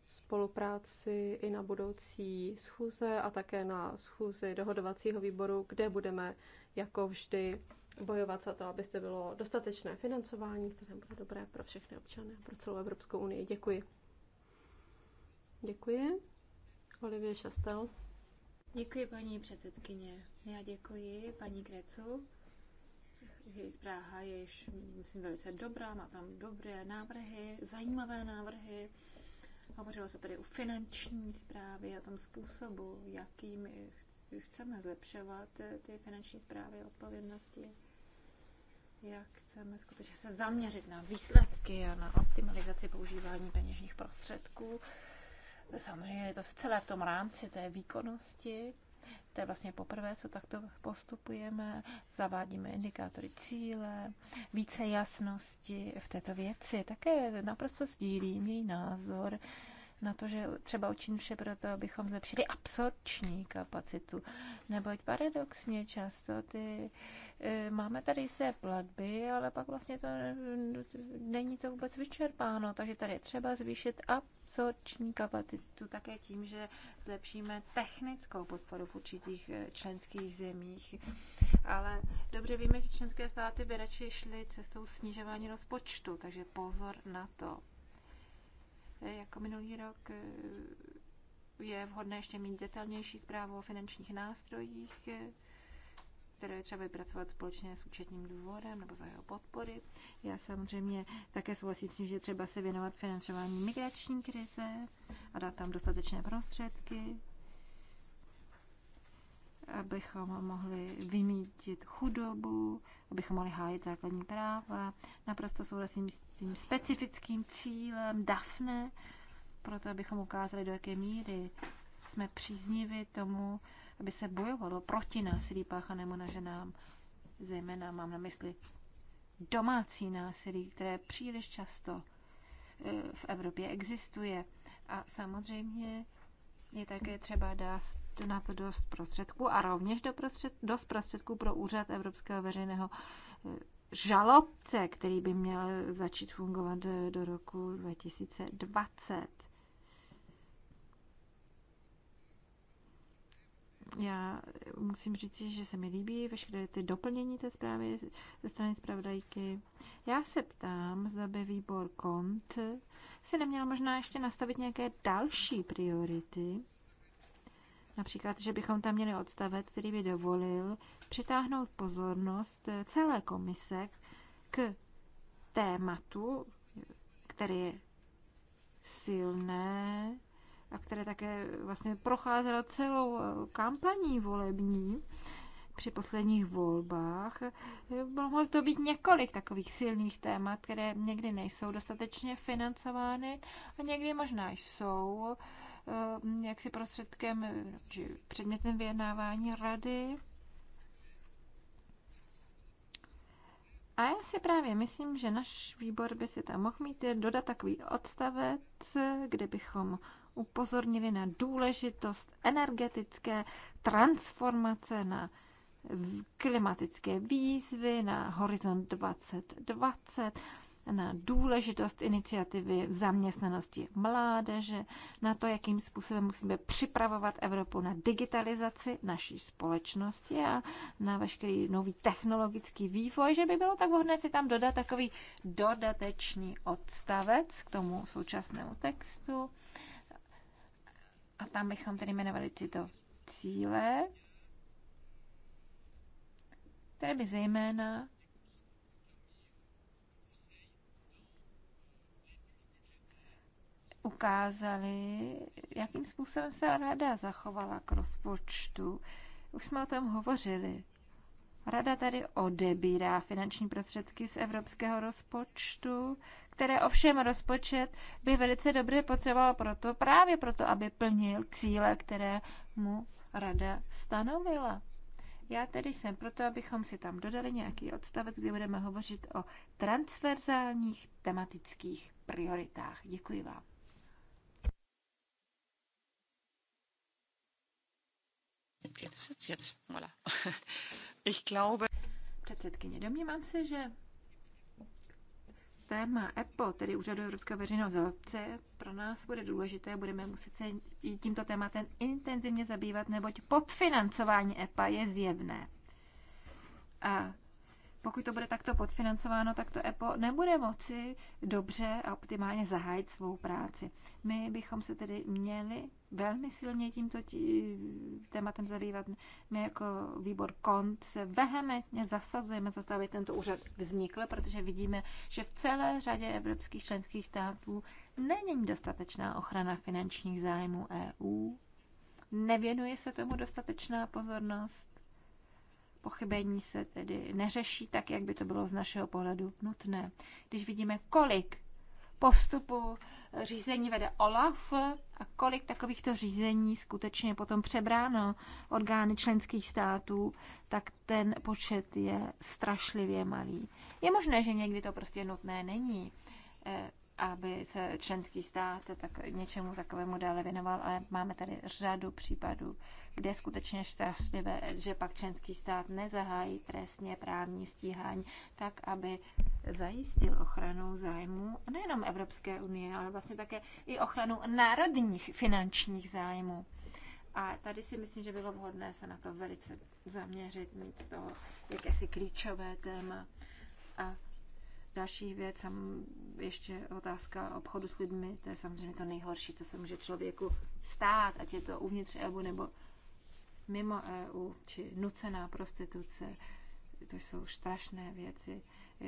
spolupráci i na budoucí schůze a také na schůzi dohodovacího výboru, kde budeme jako vždy bojovat za to, abyste bylo dostatečné financování, které bude dobré pro všechny občany a pro celou Evropskou unii. Děkuji. Děkuji. Olivie Šastel. Děkuji, paní předsedkyně. Já děkuji paní Krecu. Její zpráva je již, myslím, velice dobrá, má tam dobré návrhy, zajímavé návrhy. Hovořilo se tady o finanční zprávě, A tom způsobu, jakým chceme zlepšovat eh, ty finanční zprávy odpovědnosti, jak chceme skutečně se zaměřit na výsledky a na optimalizaci používání peněžních prostředků. Samozřejmě je to celé v tom rámci té výkonnosti. To je vlastně poprvé, co takto postupujeme. Zavádíme indikátory cíle, více jasnosti v této věci. Také naprosto sdílím její názor na to, že třeba učím vše pro to, abychom zlepšili absorpční kapacitu. Neboť paradoxně často ty, e, máme tady se platby, ale pak vlastně to není to vůbec vyčerpáno, takže tady je třeba zvýšit absorpční absorpční kapacitu také tím, že zlepšíme technickou podporu v určitých eh, členských zemích. Ale dobře víme, že členské státy by radši šly cestou snižování rozpočtu, takže pozor na to. Eh, jako minulý rok eh, je vhodné ještě mít detailnější zprávu o finančních nástrojích které je třeba vypracovat společně s účetním dvorem nebo za jeho podpory. Já samozřejmě také souhlasím s tím, že třeba se věnovat financování migrační krize a dát tam dostatečné prostředky, abychom mohli vymítit chudobu, abychom mohli hájit základní práva. Naprosto souhlasím s tím specifickým cílem DAFNE, proto abychom ukázali, do jaké míry jsme příznivi tomu, aby se bojovalo proti násilí páchanému na ženám. Zejména mám na mysli domácí násilí, které příliš často eh, v Evropě existuje. A samozřejmě je také třeba dát na to dost prostředků a rovněž do prostřed, dost prostředků pro úřad Evropského veřejného eh, žalobce, který by měl začít fungovat eh, do roku 2020. já musím říct, že se mi líbí veškeré ty doplnění té zprávy ze strany zpravodajky. Já se ptám, zda by výbor KONT si neměl možná ještě nastavit nějaké další priority, Například, že bychom tam měli odstavec, který by dovolil přitáhnout pozornost celé komise k tématu, které je silné, a které také vlastně procházelo celou eh, kampaní volební při posledních volbách. Mohlo to být několik takových silných témat, které někdy nejsou dostatečně financovány a někdy možná jsou eh, jaksi prostředkem či předmětem vyjednávání rady. A já si právě myslím, že náš výbor by si tam mohl mít dodat takový odstavec, kde bychom upozornili na důležitost energetické transformace, na klimatické výzvy, na Horizont 2020, na důležitost iniciativy v zaměstnanosti mládeže, na to, jakým způsobem musíme připravovat Evropu na digitalizaci naší společnosti a na veškerý nový technologický vývoj, že by bylo tak vhodné si tam dodat takový dodatečný odstavec k tomu současnému textu a tam bychom tedy jmenovali tyto cíle, které by zejména ukázaly, jakým způsobem se rada zachovala k rozpočtu. Už jsme o tom hovořili. Rada tady odebírá finanční prostředky z evropského rozpočtu, které ovšem rozpočet by velice dobře potřeboval proto, právě proto, aby plnil cíle, které mu rada stanovila. Já tedy jsem proto, abychom si tam dodali nějaký odstavec, kde budeme hovořit o transverzálních tematických prioritách. Děkuji vám. Jetzt, jetzt, voilà. [laughs] Ich glaube... Předsedkyně, domnívám se, že téma EPO, tedy Úřadu Evropského veřejného žalobce, pro nás bude důležité. Budeme muset se i tímto tématem intenzivně zabývat, neboť podfinancování EPA je zjevné. A pokud to bude takto podfinancováno, tak to EPO nebude moci dobře a optimálně zahájit svou práci. My bychom se tedy měli velmi silně tímto tí, tématem zabývat. My jako výbor KONT se vehementně zasazujeme za to, aby tento úřad vznikl, protože vidíme, že v celé řadě evropských členských států není dostatečná ochrana finančních zájmů EU. Nevěnuje se tomu dostatečná pozornost. Pochybení se tedy neřeší tak, jak by to bylo z našeho pohledu nutné. Když vidíme, kolik postupu řízení vede OLAF a kolik takovýchto řízení skutečně potom přebráno orgány členských států, tak ten počet je strašlivě malý. Je možné, že někdy to prostě nutné není, eh, aby se členský stát tak něčemu takovému dále věnoval, ale máme tady řadu případů kde je skutečně šťastlivé, že pak členský stát nezahájí trestně právní stíhání, tak aby zajistil ochranu zájmů nejenom Evropské unie, ale vlastně také i ochranu národních finančních zájmů. A tady si myslím, že bylo vhodné se na to velice zaměřit, mít z toho jakési klíčové téma. A další věc, sam ještě otázka obchodu s lidmi, to je samozřejmě to nejhorší, co se může člověku stát, ať je to uvnitř EU nebo mimo EU či nucená prostituce. To jsou strašné věci.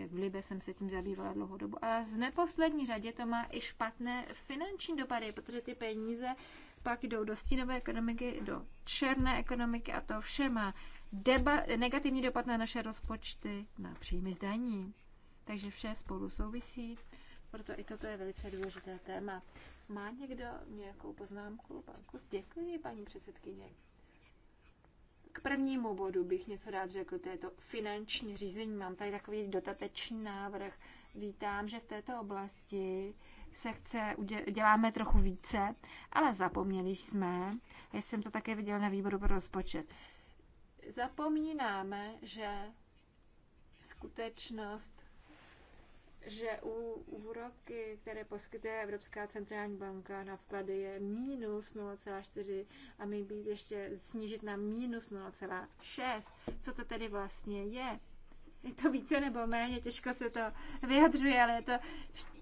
V Libe jsem se tím zabývala dlouhou dobu. A z neposlední řadě to má i špatné finanční dopady, protože ty peníze pak jdou do stínové ekonomiky, do černé ekonomiky a to vše má deba- negativní dopad na naše rozpočty, na příjmy zdaní. Takže vše spolu souvisí, proto i toto je velice důležité téma. Má někdo nějakou poznámku? Pan Kus, děkuji, paní předsedkyně. K prvnímu bodu bych něco rád řekl, to je to finanční řízení. Mám tady takový dotatečný návrh. Vítám, že v této oblasti se chce, děláme trochu více, ale zapomněli jsme, já jsem to také viděla na výboru pro rozpočet, zapomínáme, že skutečnost že u úroky, které poskytuje Evropská centrální banka na vklady, je minus 0,4 a mít být ještě snížit na minus 0,6. Co to tedy vlastně je? Je to více nebo méně, těžko se to vyjadřuje, ale je to,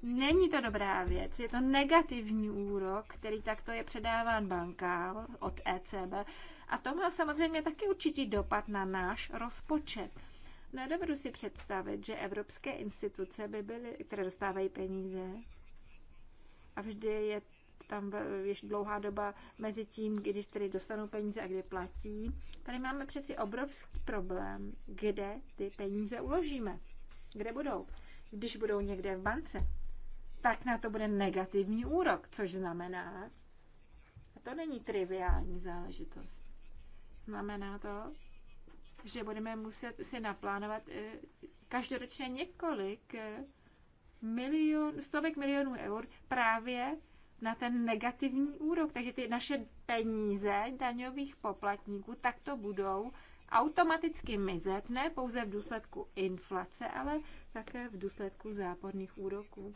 není to dobrá věc. Je to negativní úrok, který takto je předáván bankám od ECB. A to má samozřejmě taky určitý dopad na náš rozpočet. Nedovedu si představit, že evropské instituce by byly, které dostávají peníze a vždy je tam ještě dlouhá doba mezi tím, když tedy dostanou peníze a kde platí. Tady máme přeci obrovský problém, kde ty peníze uložíme. Kde budou? Když budou někde v bance, tak na to bude negativní úrok, což znamená, a to není triviální záležitost. Znamená to, že budeme muset si naplánovat eh, každoročně několik eh, milion, stovek milionů eur právě na ten negativní úrok. Takže ty naše peníze daňových poplatníků takto budou automaticky mizet, ne pouze v důsledku inflace, ale také v důsledku záporných úroků.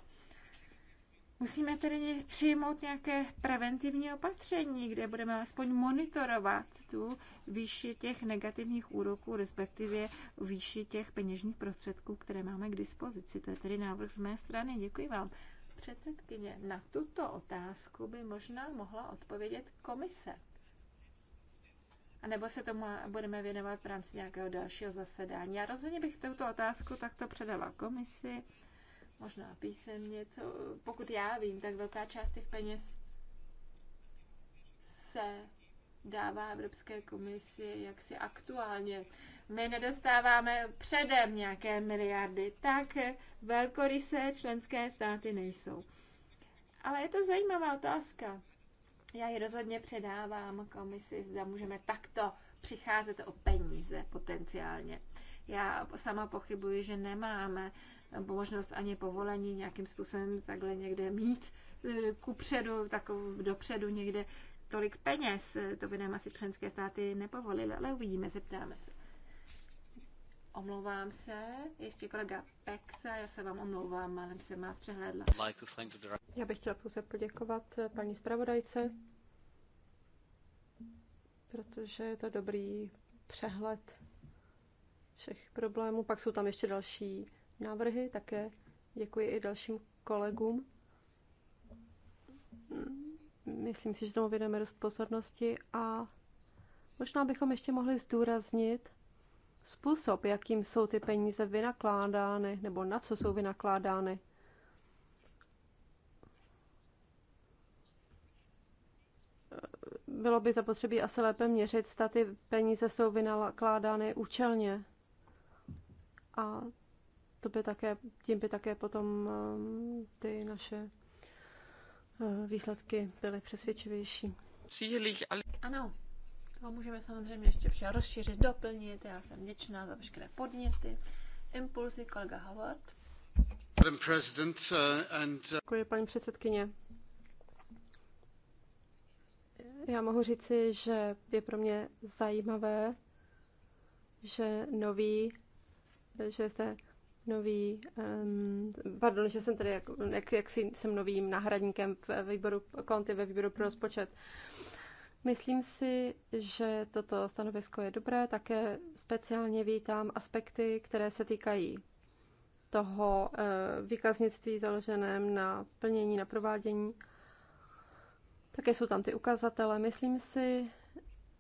Musíme tedy přijmout nějaké preventivní opatření, kde budeme aspoň monitorovat tu výši těch negativních úroků, respektive výši těch peněžních prostředků, které máme k dispozici. To je tedy návrh z mé strany. Děkuji vám. Předsedkyně, na tuto otázku by možná mohla odpovědět komise. A nebo se tomu budeme věnovat v rámci nějakého dalšího zasedání. Já rozhodně bych tuto otázku takto předala komisi možná písemně, co, pokud já vím, tak velká část těch peněz se dává Evropské komisi si aktuálně. My nedostáváme předem nějaké miliardy, tak velkoryse členské státy nejsou. Ale je to zajímavá otázka. Já ji rozhodně předávám komisi, zda můžeme takto přicházet o peníze potenciálně. Já sama pochybuji, že nemáme možnost ani povolení nějakým způsobem takhle někde mít e, ku předu, takovou dopředu někde tolik peněz. E, to by nám asi členské státy nepovolily, ale uvidíme, zeptáme se. Omlouvám se, ještě kolega Pexa, já se vám omlouvám, ale jsem vás přehlédla. Já bych chtěla pouze poděkovat e, paní zpravodajce, protože je to dobrý přehled všech problémů. Pak jsou tam ještě další návrhy, také děkuji i dalším kolegům. Myslím si, že tomu věnujeme dost pozornosti a možná bychom ještě mohli zdůraznit způsob, jakým jsou ty peníze vynakládány nebo na co jsou vynakládány. Bylo by zapotřebí asi lépe měřit, zda ty peníze jsou vynakládány účelně. A to by také, tím by také potom eh, ty naše eh, výsledky byly přesvědčivější. Ano, to můžeme samozřejmě ještě vše rozšířit, doplnit. Já jsem vděčná za veškeré podněty, impulzy kolega Howard. Uh, uh- Děkuji, paní předsedkyně. Já mohu říci, že je pro mě zajímavé, že nový, že zde nový, um, pardon, že jsem tady, jak, jak, jak jsem novým náhradníkem v výboru konty ve výboru pro rozpočet. Myslím si, že toto stanovisko je dobré. Také speciálně vítám aspekty, které se týkají toho eh, výkaznictví založeném na plnění, na provádění. Také jsou tam ty ukazatele. Myslím si,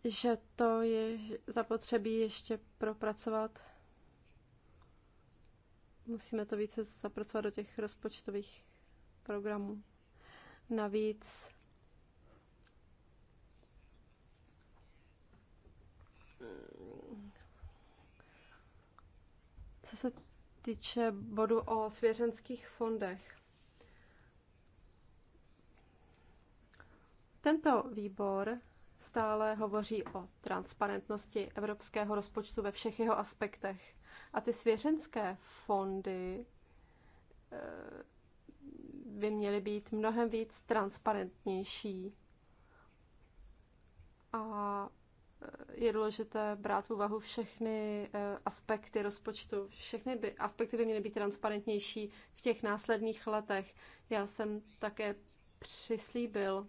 že to je zapotřebí ještě propracovat Musíme to více zapracovat do těch rozpočtových programů. Navíc co se týče bodu o svěřenských fondech. Tento výbor stále hovoří o transparentnosti evropského rozpočtu ve všech jeho aspektech. A ty svěřenské fondy eh, by měly být mnohem víc transparentnější. A eh, je důležité brát v úvahu všechny eh, aspekty rozpočtu. Všechny by, aspekty by měly být transparentnější v těch následných letech. Já jsem také přislíbil.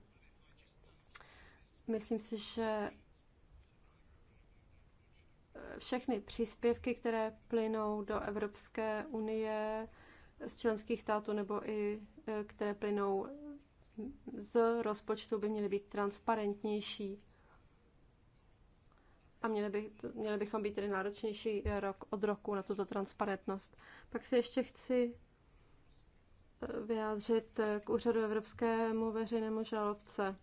Myslím si, že všechny příspěvky, které plynou do Evropské unie z členských států nebo i e, které plynou z rozpočtu, by měly být transparentnější a měli, by, měli bychom být tedy náročnější rok od roku na tuto transparentnost. Pak se ještě chci e, vyjádřit k úřadu Evropskému veřejnému žalobce.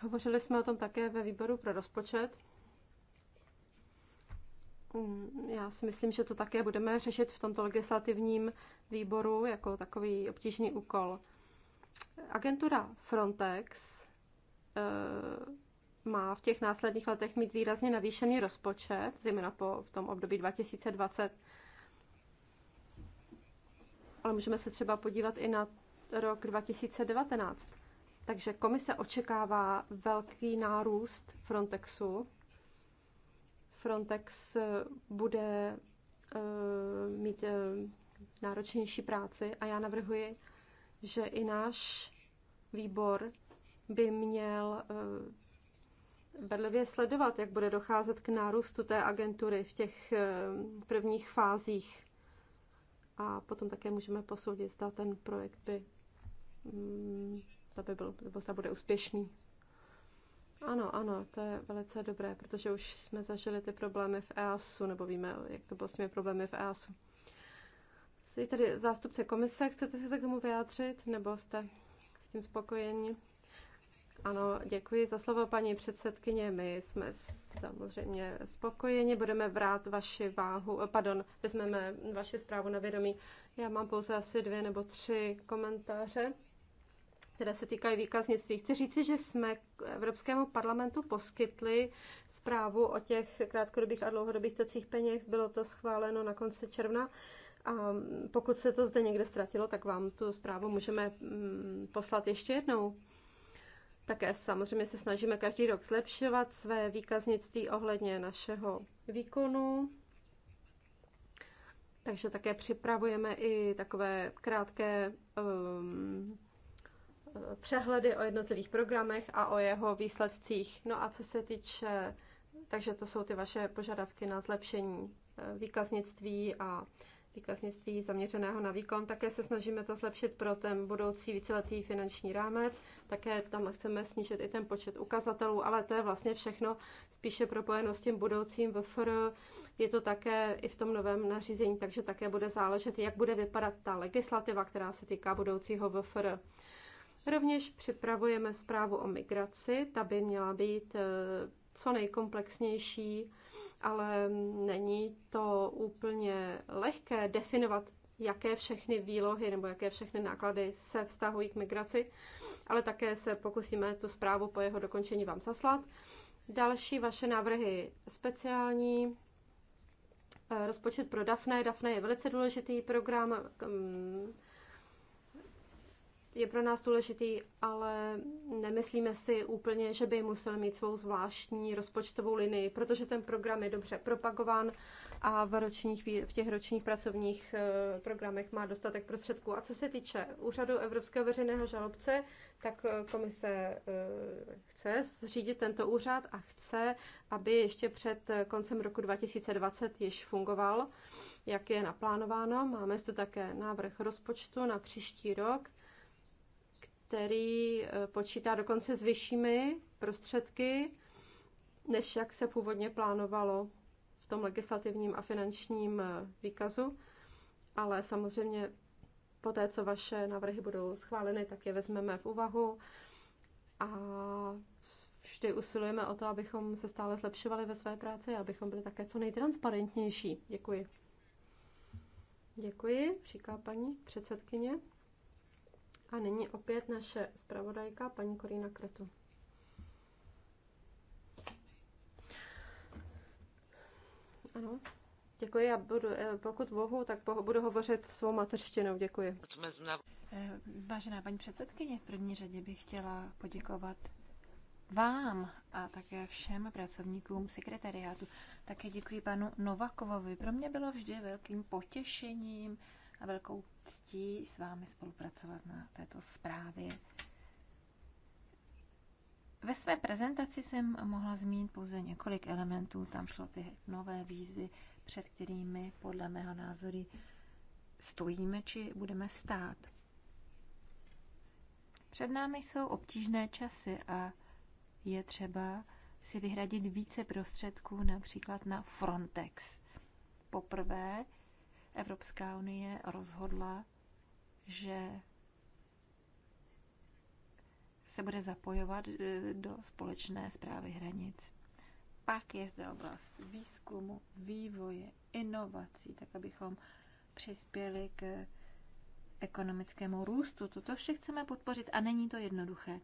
Hovořili jsme o tom také ve výboru pro rozpočet. Mm, já si myslím, že to také budeme řešit v tomto legislativním výboru jako takový obtížný úkol. Agentura Frontex eh, má v těch následných letech mít výrazně navýšený rozpočet, zejména po v tom období 2020. Ale můžeme se třeba podívat i na rok 2019. Takže komise očekává velký nárůst Frontexu Frontex eh, bude eh, mít eh, náročnější práci a já navrhuji, že i náš výbor by měl bedlivě sledovat, jak bude docházet k nárůstu té agentury v těch prvních fázích. A potom také můžeme posoudit, zda ten projekt by, mm, zda by byl, nebo zda bude úspěšný. Ano, ano, to je velice dobré, protože už jsme zažili ty problémy v EASu, nebo víme, jak to bylo s těmi problémy v EASu. Jsi tady zástupce komise, chcete se k tomu vyjádřit, nebo jste s tím spokojeni? Ano, děkuji za slovo, paní předsedkyně. My jsme samozřejmě spokojeni, budeme vrát vaši váhu, pardon, vezmeme vaši zprávu na vědomí. Já mám pouze asi dvě nebo tři komentáře které se týkají výkaznictví. Chci říci, že jsme k Evropskému parlamentu poskytli zprávu o těch krátkodobých a dlouhodobých tocích peněz. Bylo to schváleno na konci června. A pokud se to zde někde ztratilo, tak vám tu zprávu můžeme mm, poslat ještě jednou. Také samozřejmě se snažíme každý rok zlepšovat své výkaznictví ohledně našeho výkonu. Takže také připravujeme i takové krátké um, přehledy o jednotlivých programech a o jeho výsledcích. No a co se týče, takže to jsou ty vaše požadavky na zlepšení eh, výkaznictví a výkaznictví zaměřeného na výkon. Také se snažíme to zlepšit pro ten budoucí víceletý finanční rámec. Také tam chceme snížit i ten počet ukazatelů, ale to je vlastně všechno spíše propojeno s tím budoucím VFR. Je to také i v tom novém nařízení, takže také bude záležet, jak bude vypadat ta legislativa, která se týká budoucího VFR. Rovněž připravujeme zprávu o migraci, ta by měla být eh, co nejkomplexnější, ale není to úplně lehké definovat, jaké všechny výlohy nebo jaké všechny náklady se vztahují k migraci, ale také se pokusíme tu zprávu po jeho dokončení vám zaslat. Další vaše návrhy speciální. Eh, rozpočet pro DAFNE. DAFNE je velice důležitý program mm, je pro nás důležitý, ale nemyslíme si úplně, že by musel mít svou zvláštní rozpočtovou linii, protože ten program je dobře propagován a v, ročních, v těch ročních pracovních eh, programech má dostatek prostředků. A co se týče úřadu Evropského veřejného žalobce, tak eh, komise eh, chce zřídit tento úřad a chce, aby ještě před koncem roku 2020 již fungoval, jak je naplánováno. Máme zde také návrh rozpočtu na příští rok který eh, počítá dokonce s vyššími prostředky, než jak se původně plánovalo v tom legislativním a finančním eh, výkazu. Ale samozřejmě po té, co vaše návrhy budou schváleny, tak je vezmeme v úvahu a vždy usilujeme o to, abychom se stále zlepšovali ve své práci a abychom byli také co nejtransparentnější. Děkuji. Děkuji, říká paní předsedkyně. A nyní opět naše zpravodajka, paní Korina Kretu. Ano, děkuji. Já budu, eh, pokud mohu, tak budu hovořit svou mateřštinou. Děkuji. Eh, vážená paní předsedkyně, v první řadě bych chtěla poděkovat vám a také všem pracovníkům sekretariátu. Také děkuji panu Novakovovi. Pro mě bylo vždy velkým potěšením a velkou ctí s vámi spolupracovat na této zprávě. Ve své prezentaci jsem mohla zmínit pouze několik elementů. Tam šlo ty nové výzvy, před kterými podle mého názoru stojíme či budeme stát. Před námi jsou obtížné časy a je třeba si vyhradit více prostředků, například na Frontex. Poprvé Evropská unie rozhodla, že se bude zapojovat e, do společné zprávy hranic. Pak je zde oblast výzkumu, vývoje, inovací, tak abychom přispěli k ekonomickému růstu. Toto vše chceme podpořit a není to jednoduché.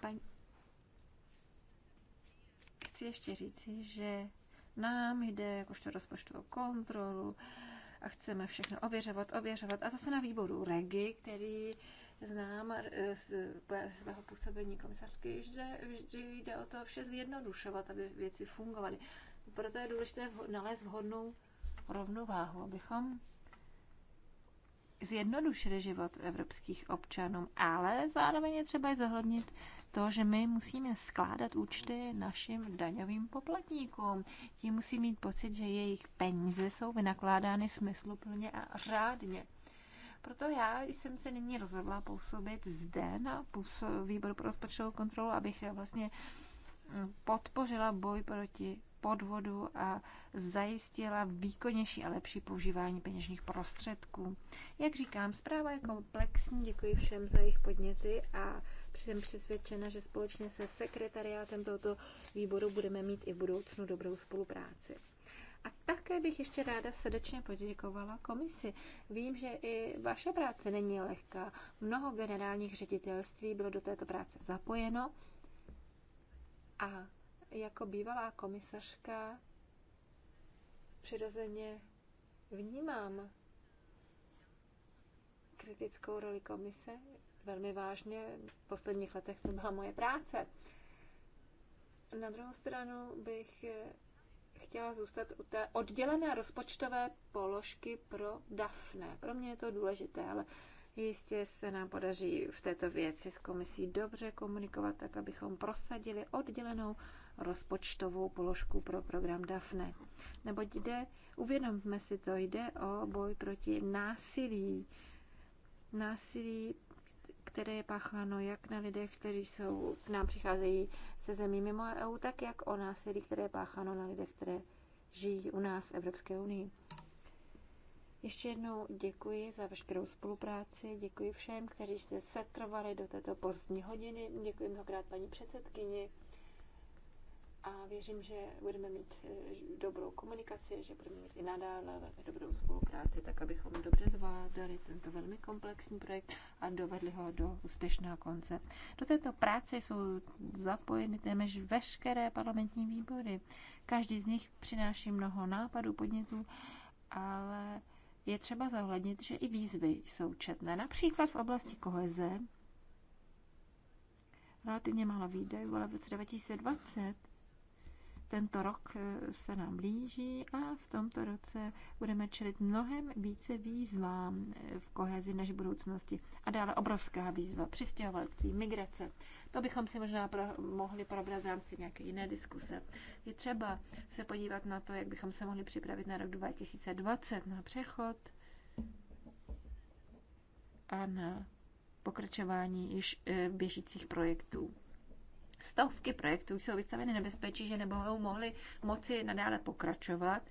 Paň... Chci ještě říci, že nám jde jakožto rozpočtovou kontrolu, a chceme všechno ověřovat, ověřovat. A zase na výboru REGI, který znám eh, z svého eh, působení komisařky, že vždy jde o to vše zjednodušovat, aby věci fungovaly. Proto je důležité nalézt vhodnou rovnováhu, abychom zjednodušili život evropských občanům, ale zároveň je třeba i zohlednit to, že my musíme skládat účty našim daňovým poplatníkům. Ti musí mít pocit, že jejich peníze jsou vynakládány smysluplně a řádně. Proto já jsem se nyní rozhodla působit zde na výboru pro rozpočtovou kontrolu, abych vlastně mm, podpořila boj proti podvodu a zajistila výkonnější a lepší používání peněžních prostředků. Jak říkám, zpráva je komplexní, děkuji všem za jejich podněty a jsem přesvědčena, že společně se sekretariátem tohoto výboru budeme mít i v budoucnu dobrou spolupráci. A také bych ještě ráda srdečně poděkovala komisi. Vím, že i vaše práce není lehká. Mnoho generálních ředitelství bylo do této práce zapojeno a jako bývalá komisařka přirozeně vnímám kritickou roli komise velmi vážně. V posledních letech to byla moje práce. Na druhou stranu bych chtěla zůstat u té oddělené rozpočtové položky pro DAFNE. Pro mě je to důležité, ale jistě se nám podaří v této věci s komisí dobře komunikovat, tak abychom prosadili oddělenou rozpočtovou položku pro program DAFNE. Neboť jde, uvědomme si to, jde o boj proti násilí, násilí, které je pácháno jak na lidech, kteří jsou, k nám přicházejí se zemí mimo EU, tak jak o násilí, které je pácháno na lidech, které žijí u nás v Evropské unii. Ještě jednou děkuji za veškerou spolupráci, děkuji všem, kteří jste setrvali do této pozdní hodiny, děkuji mnohokrát paní předsedkyni a věřím, že budeme mít e, dobrou komunikaci, že budeme mít i nadále velmi dobrou spolupráci, tak abychom dobře zvládali tento velmi komplexní projekt a dovedli ho do úspěšného konce. Do této práce jsou zapojeny téměř veškeré parlamentní výbory. Každý z nich přináší mnoho nápadů, podnětů, ale je třeba zohlednit, že i výzvy jsou četné. Například v oblasti koheze relativně málo výdajů, ale v roce 2020 tento rok eh, se nám blíží a v tomto roce budeme čelit mnohem více výzvám eh, v kohezi než v budoucnosti. A dále obrovská výzva přistěhovalectví, migrace. To bychom si možná pro, mohli probrat v rámci nějaké jiné diskuse. Je třeba se podívat na to, jak bychom se mohli připravit na rok 2020, na přechod a na pokračování již eh, běžících projektů. Stovky projektů jsou vystaveny nebezpečí, že nebudou mohli moci nadále pokračovat,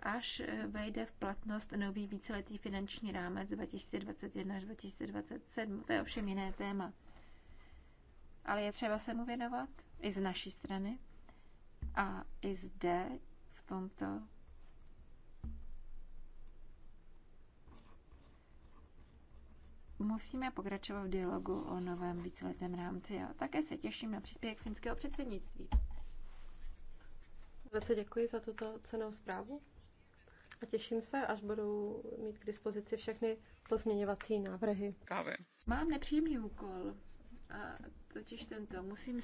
až eh, vejde v platnost nový víceletý finanční rámec 2021 až 2027. To je ovšem jiné téma. Ale je třeba se mu věnovat i z naší strany. A i zde, v tomto musíme pokračovat v dialogu o novém víceletém rámci a také se těším na příspěvek finského předsednictví. Velice děkuji za tuto cenou zprávu a těším se, až budou mít k dispozici všechny pozměňovací návrhy. Kávě. Mám nepříjemný úkol, a totiž tento. Musím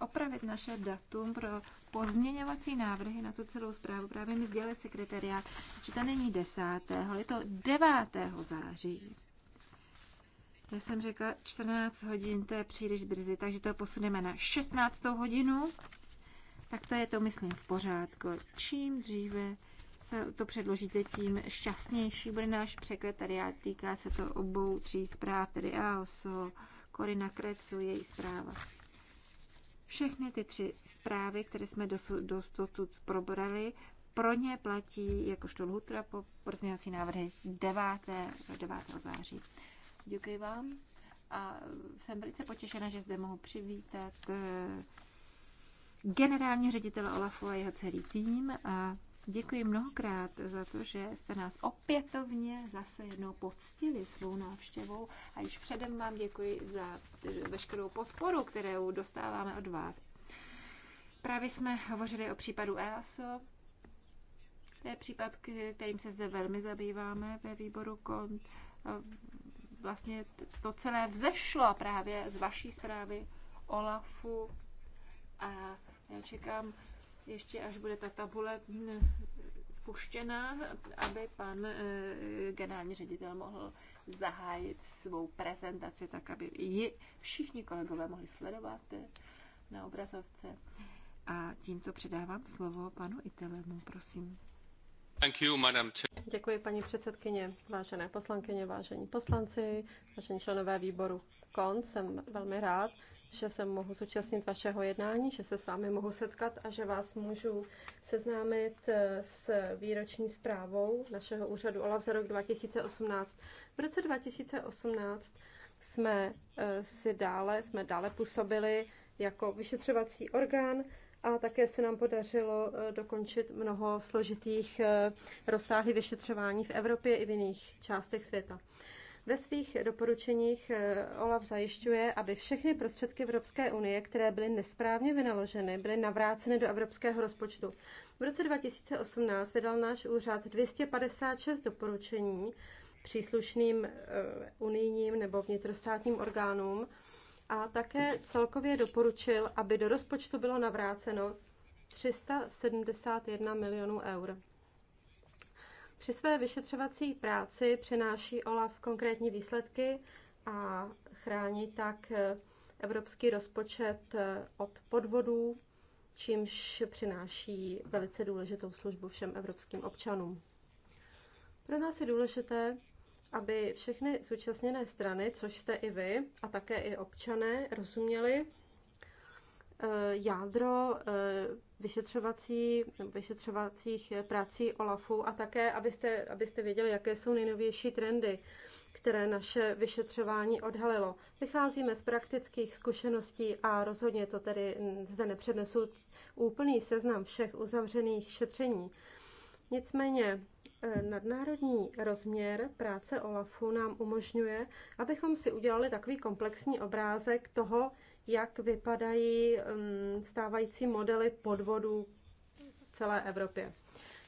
opravit naše datum pro pozměňovací návrhy na tu celou zprávu. Právě mi sdělil sekretariat, že to není 10. ale je to 9. září. Já jsem řekla 14 hodin, to je příliš brzy, takže to posuneme na 16. hodinu. Tak to je to, myslím, v pořádku. Čím dříve se to předložíte, tím šťastnější bude náš já Týká se to obou tří zpráv, tedy AOSO, Korina Krecu, její zpráva. Všechny ty tři zprávy, které jsme dosud probrali, pro ně platí jakožto lhutra po pozměňovací návrhy 9. 9. září. Děkuji vám a jsem velice potěšena, že zde mohu přivítat eh, generální ředitele Olafu a jeho celý tým a děkuji mnohokrát za to, že jste nás opětovně zase jednou poctili svou návštěvou a již předem vám děkuji za veškerou podporu, kterou dostáváme od vás. Právě jsme hovořili o případu EASO, to je případ, kterým se zde velmi zabýváme ve výboru kon vlastně to celé vzešlo právě z vaší zprávy Olafu a já čekám ještě, až bude ta tabule mm, spuštěná, aby pan eh, generální ředitel mohl zahájit svou prezentaci, tak aby ji všichni kolegové mohli sledovat eh, na obrazovce. A tímto předávám slovo panu Itelemu, prosím. Děkuji, paní předsedkyně, vážené poslankyně, vážení poslanci, vážení členové výboru KON. Jsem velmi rád, že se mohu zúčastnit vašeho jednání, že se s vámi mohu setkat a že vás můžu seznámit eh, s výroční zprávou našeho úřadu OLAF za rok 2018. V roce 2018 jsme eh, si dále, jsme dále působili jako vyšetřovací orgán a také se nám podařilo eh, dokončit mnoho složitých eh, rozsáhlých vyšetřování v Evropě i v jiných částech světa. Ve svých doporučeních eh, OLAF zajišťuje, aby všechny prostředky Evropské unie, které byly nesprávně vynaloženy, byly navráceny do evropského rozpočtu. V roce 2018 vydal náš úřad 256 doporučení příslušným unijním nebo vnitrostátním orgánům a také celkově doporučil, aby do rozpočtu bylo navráceno 371 milionů eur. Při své vyšetřovací práci přináší OLAF konkrétní výsledky a chrání tak evropský rozpočet od podvodů, čímž přináší velice důležitou službu všem evropským občanům. Pro nás je důležité, aby všechny zúčastněné strany, což jste i vy a také i občané, rozuměli eh, jádro eh, vyšetřovací, vyšetřovacích eh, prací OLAFu a také, abyste, abyste věděli, jaké jsou nejnovější trendy, které naše vyšetřování odhalilo. Vycházíme z praktických zkušeností a rozhodně to tedy zde nepřednesu úplný seznam všech uzavřených šetření. Nicméně E, nadnárodní rozměr práce OLAFu nám umožňuje, abychom si udělali takový komplexní obrázek toho, jak vypadají mm, stávající modely podvodů v celé Evropě.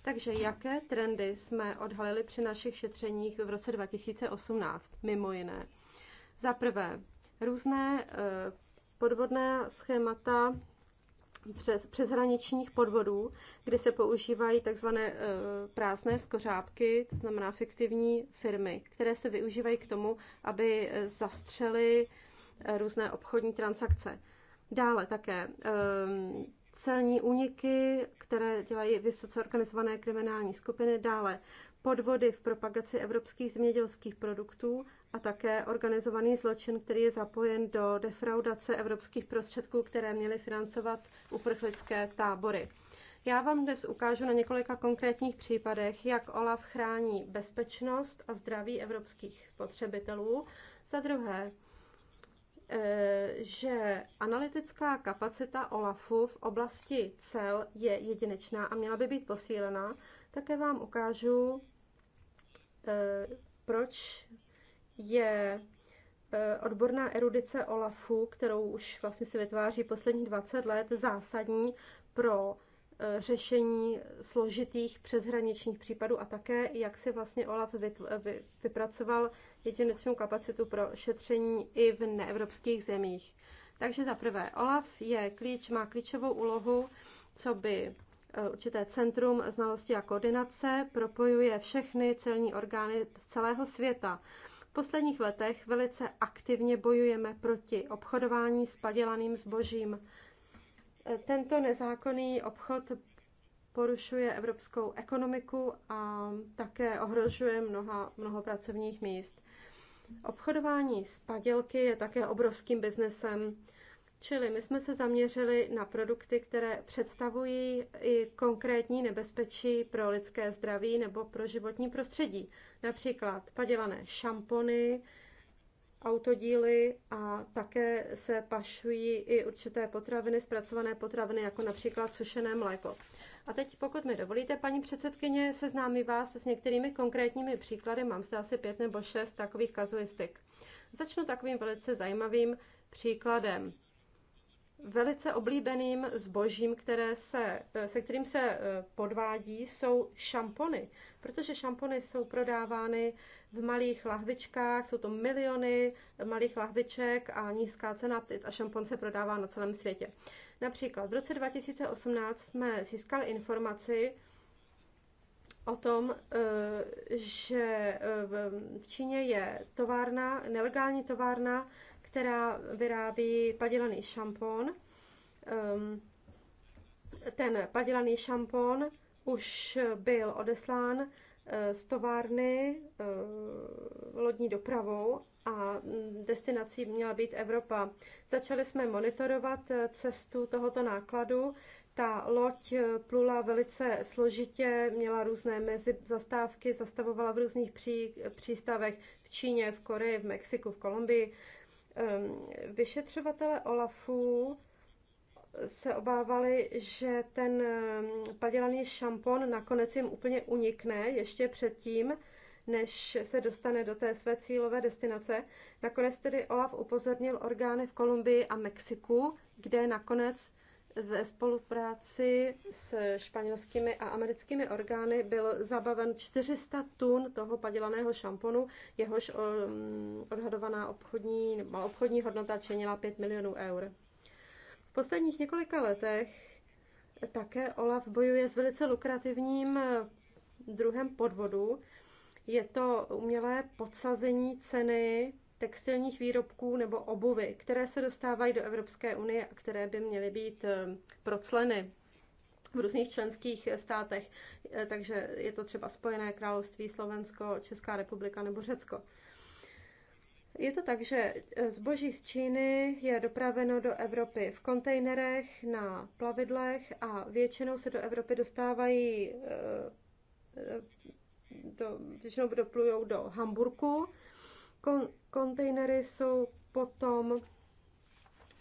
Takže jaké trendy jsme odhalili při našich šetřeních v roce 2018, mimo jiné? Za prvé, různé e, podvodné schémata přes, přeshraničních podvodů, kdy se používají takzvané eh, prázdné skořápky, to znamená fiktivní firmy, které se využívají k tomu, aby eh, zastřely eh, různé obchodní transakce. Dále také celní úniky, které dělají vysoce organizované kriminální skupiny, dále podvody v propagaci evropských zemědělských produktů a také organizovaný zločin, který je zapojen do defraudace evropských prostředků, které měly financovat uprchlické tábory. Já vám dnes ukážu na několika konkrétních případech, jak OLAF chrání bezpečnost a zdraví evropských spotřebitelů. Za druhé, eh, že analytická kapacita OLAFu v oblasti cel je jedinečná a měla by být posílena. Také vám ukážu, eh, proč je e, odborná erudice OLAFu, kterou už vlastně si vytváří posledních 20 let, zásadní pro e, řešení složitých přeshraničních případů a také, jak si vlastně OLAF vypracoval jedinečnou kapacitu pro šetření i v neevropských zemích. Takže za prvé, OLAF je klíč, má klíčovou úlohu, co by e, určité centrum znalosti a koordinace propojuje všechny celní orgány z celého světa posledních letech velice aktivně bojujeme proti obchodování s padělaným zbožím. Tento nezákonný obchod porušuje evropskou ekonomiku a také ohrožuje mnoha, mnoho pracovních míst. Obchodování s padělky je také obrovským biznesem. Čili my jsme se zaměřili na produkty, které představují i konkrétní nebezpečí pro lidské zdraví nebo pro životní prostředí. Například padělané šampony, autodíly a také se pašují i určité potraviny, zpracované potraviny, jako například sušené mléko. A teď, pokud mi dovolíte, paní předsedkyně, seznámí vás s některými konkrétními příklady. Mám zde asi pět nebo šest takových kazuistik. Začnu takovým velice zajímavým příkladem. Velice oblíbeným zbožím, které se, eh, se kterým se eh, podvádí, jsou šampony, protože šampony jsou prodávány v malých lahvičkách, jsou to miliony eh, malých lahviček a nízká cena a šampon se prodává na celém světě. Například v roce 2018 jsme získali informaci, o tom, že v Číně je továrna, nelegální továrna, která vyrábí padělaný šampon. Ehm, ten padělaný šampon už byl odeslán eh, z továrny eh, lodní dopravou a mm, destinací měla být Evropa. Začali jsme monitorovat eh, cestu tohoto nákladu. Ta loď plula velice složitě, měla různé mezi zastávky, zastavovala v různých pří, přístavech v Číně, v Koreji, v Mexiku, v Kolumbii. Ehm, vyšetřovatele OLAFu se obávali, že ten ehm, padělaný šampon nakonec jim úplně unikne ještě předtím, než se dostane do té své cílové destinace. Nakonec tedy Olaf upozornil orgány v Kolumbii a Mexiku, kde nakonec ve spolupráci s španělskými a americkými orgány byl zabaven 400 tun toho padělaného šamponu, jehož um, odhadovaná obchodní, obchodní hodnota činila 5 milionů eur. V posledních několika letech také Olaf bojuje s velice lukrativním eh, druhem podvodu. Je to umělé podsazení ceny textilních výrobků nebo obuvy, které se dostávají do Evropské unie a které by měly být eh, procleny v různých členských státech. Eh, takže je to třeba Spojené království, Slovensko, Česká republika nebo Řecko. Je to tak, že eh, zboží z Číny je dopraveno do Evropy v kontejnerech, na plavidlech a většinou se do Evropy dostávají, do, většinou doplujou do Hamburku, Kon- kontejnery jsou potom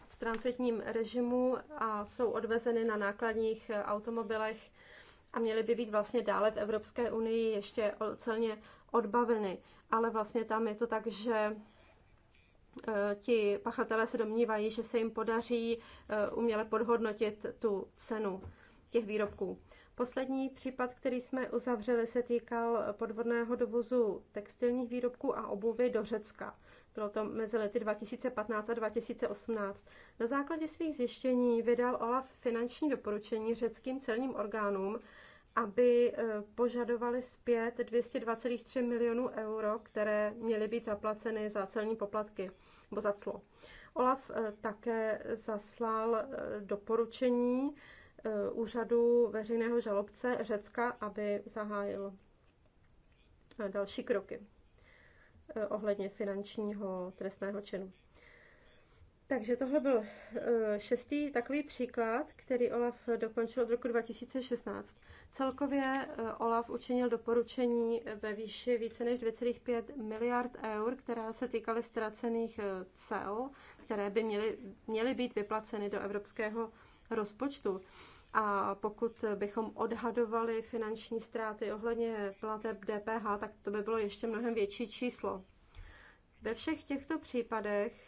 v transitním režimu a jsou odvezeny na nákladních automobilech a měly by být vlastně dále v Evropské unii ještě celně odbaveny. Ale vlastně tam je to tak, že e, ti pachatelé se domnívají, že se jim podaří e, uměle podhodnotit tu cenu těch výrobků. Poslední případ, který jsme uzavřeli, se týkal podvodného dovozu textilních výrobků a obuvy do Řecka. Bylo to mezi lety 2015 a 2018. Na základě svých zjištění vydal OLAF finanční doporučení řeckým celním orgánům, aby e, požadovali zpět 220,3 milionů euro, které měly být zaplaceny za celní poplatky nebo za clo. Olaf e, také zaslal e, doporučení Eh, úřadu veřejného žalobce Řecka, aby zahájil eh, další kroky eh, ohledně finančního trestného činu. Takže tohle byl šestý takový příklad, který Olaf dokončil od roku 2016. Celkově Olaf učinil doporučení ve výši více než 2,5 miliard eur, která se týkaly ztracených cel, které by měly, měly být vyplaceny do evropského rozpočtu. A pokud bychom odhadovali finanční ztráty ohledně plateb DPH, tak to by bylo ještě mnohem větší číslo. Ve všech těchto případech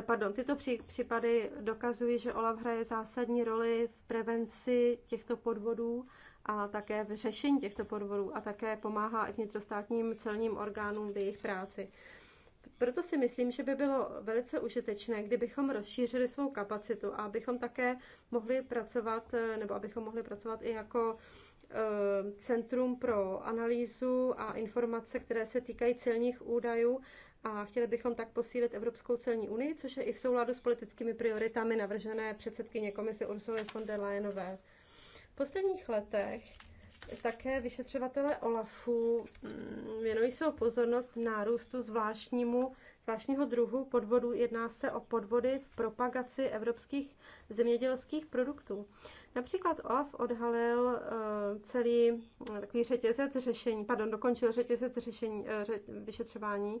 Pardon, tyto případy dokazují, že OLAF hraje zásadní roli v prevenci těchto podvodů a také v řešení těchto podvodů a také pomáhá i vnitrostátním celním orgánům v jejich práci. Proto si myslím, že by bylo velice užitečné, kdybychom rozšířili svou kapacitu a abychom také mohli pracovat, eh, nebo abychom mohli pracovat i jako eh, Centrum pro analýzu a informace, které se týkají celních údajů a chtěli bychom tak posílit Evropskou celní unii, což je i v souladu s politickými prioritami navržené předsedkyně komise Ursule von der Leyenové. V posledních letech také vyšetřovatele OLAFu mm, věnují svou pozornost nárůstu zvláštnímu, zvláštního druhu podvodů. Jedná se o podvody v propagaci evropských zemědělských produktů. Například OLAF odhalil eh, celý eh, takový řetězec řešení, pardon, dokončil řetězec řešení, eh, ře, vyšetřování,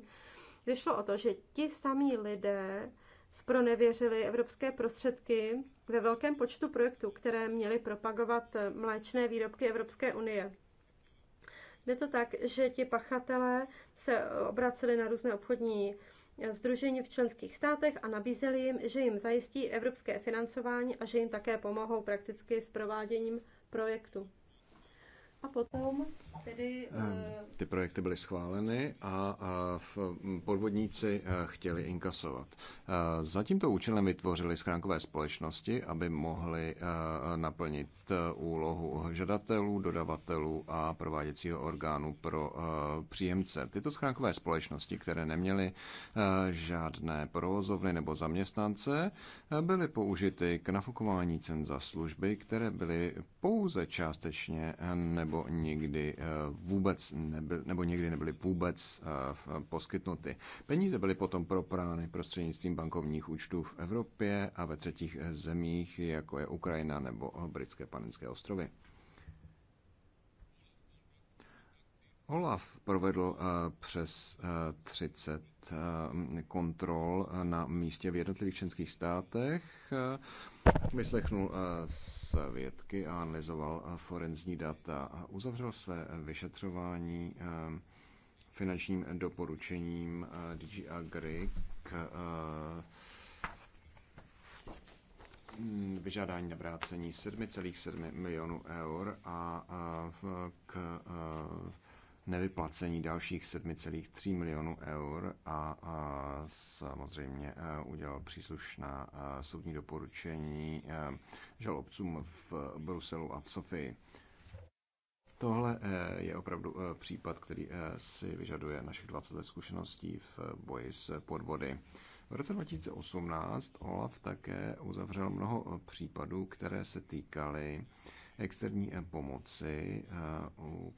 kde šlo o to, že ti samí lidé, spronevěřili evropské prostředky ve velkém počtu projektů, které měly propagovat mléčné výrobky Evropské unie. Je to tak, že ti pachatelé se obraceli na různé obchodní združení eh, v členských státech a nabízeli jim, že jim zajistí evropské financování a že jim také pomohou prakticky s prováděním projektu. A potom tedy... Eh, ty projekty byly schváleny a podvodníci eh, chtěli inkasovat. Eh, za tímto účelem vytvořili schránkové společnosti, aby mohli naplnit úlohu žadatelů, dodavatelů a prováděcího orgánu pro příjemce. Tyto schránkové společnosti, které neměly žádné provozovny nebo zaměstnance, byly použity k nafukování cen za služby, které byly pouze částečně nebo nebo někdy eh, vůbec nebyly, nebo někdy nebyly vůbec eh, eh, poskytnuty. Peníze byly potom proprány prostřednictvím bankovních účtů v Evropě a ve třetích zemích, jako je Ukrajina nebo Britské panenské ostrovy. Olaf provedl eh, přes 30 eh, eh, kontrol na místě v jednotlivých členských státech, vyslechnul svědky a analyzoval forenzní data a uzavřel své vyšetřování finančním doporučením DG Agri k vyžádání na vrácení 7,7 milionů eur a k nevyplacení dalších 7,3 milionů eur a, a samozřejmě e, udělal příslušná e, soudní doporučení e, žalobcům v Bruselu a v Sofii. Tohle je opravdu případ, který si vyžaduje našich 20 let zkušeností v boji s podvody. V roce 2018 OLAF také uzavřel mnoho případů, které se týkaly externí pomoci u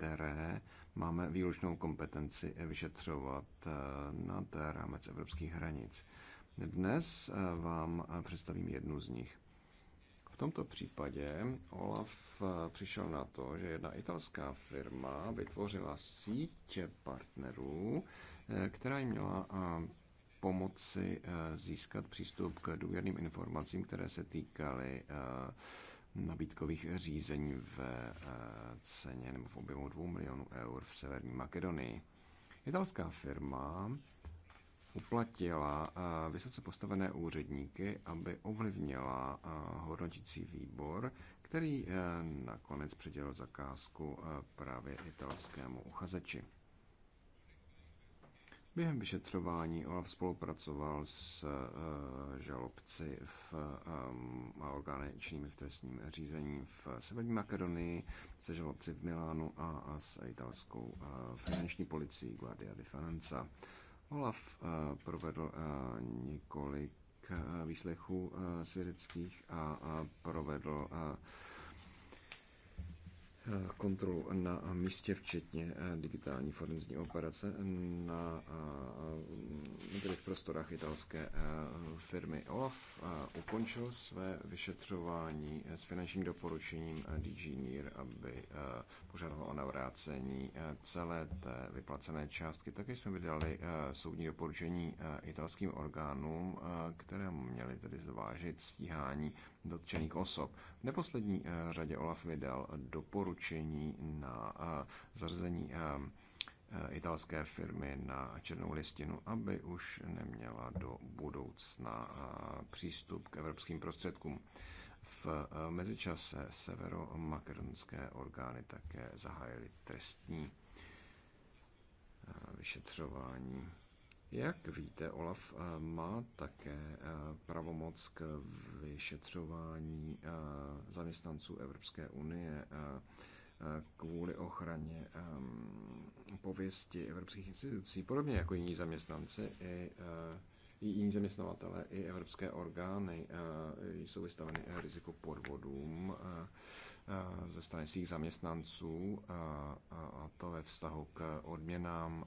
které máme výlučnou kompetenci vyšetřovat eh, na té rámec evropských hranic. Dnes eh, vám eh, představím jednu z nich. V tomto případě Olaf přišel na to, že jedna italská firma vytvořila síť partnerů, která jim měla pomoci získat přístup k důvěrným informacím, které se týkaly nabídkových řízení v eh, ceně nebo v objemu 2 milionů eur v Severní Makedonii. Italská firma uplatila eh, vysoce postavené úředníky, aby ovlivnila eh, hodnotící výbor, který nakonec přidělil zakázku právě italskému uchazeči. Během vyšetřování Olaf spolupracoval s eh, žalobci v, eh, a činnými v trestním řízení v Severní Makedonii, se žalobci v Milánu a, a s italskou eh, finanční policií Guardia di Finanza. Olaf provedl několik výslechů svědeckých a provedl Eh, kontrolu na místě, včetně eh, digitální forenzní operace na, eh, tedy v prostorách italské firmy. Olaf ukončil své vyšetřování s finančním doporučením DG NIR, aby požádal o navrácení celé té vyplacené částky. Také jsme vydali soudní doporučení italským orgánům, které měly tedy zvážit stíhání dotčených osob. V neposlední eh, řadě Olaf vydal doporučení na eh, zařazení eh, italské firmy na černou listinu, aby už neměla do budoucna přístup k evropským prostředkům. V mezičase severomakedonské orgány také zahájily trestní vyšetřování. Jak víte, Olaf eh, má také eh, pravomoc k vyšetřování eh, zaměstnanců Evropské unie kvůli ochraně ehm, pověsti evropských institucí, podobně jako jiní zaměstnanci i jiní zaměstnavatele i evropské orgány jsou vystaveny riziku podvodům ze strany svých zaměstnanců a to ve vztahu k odměnám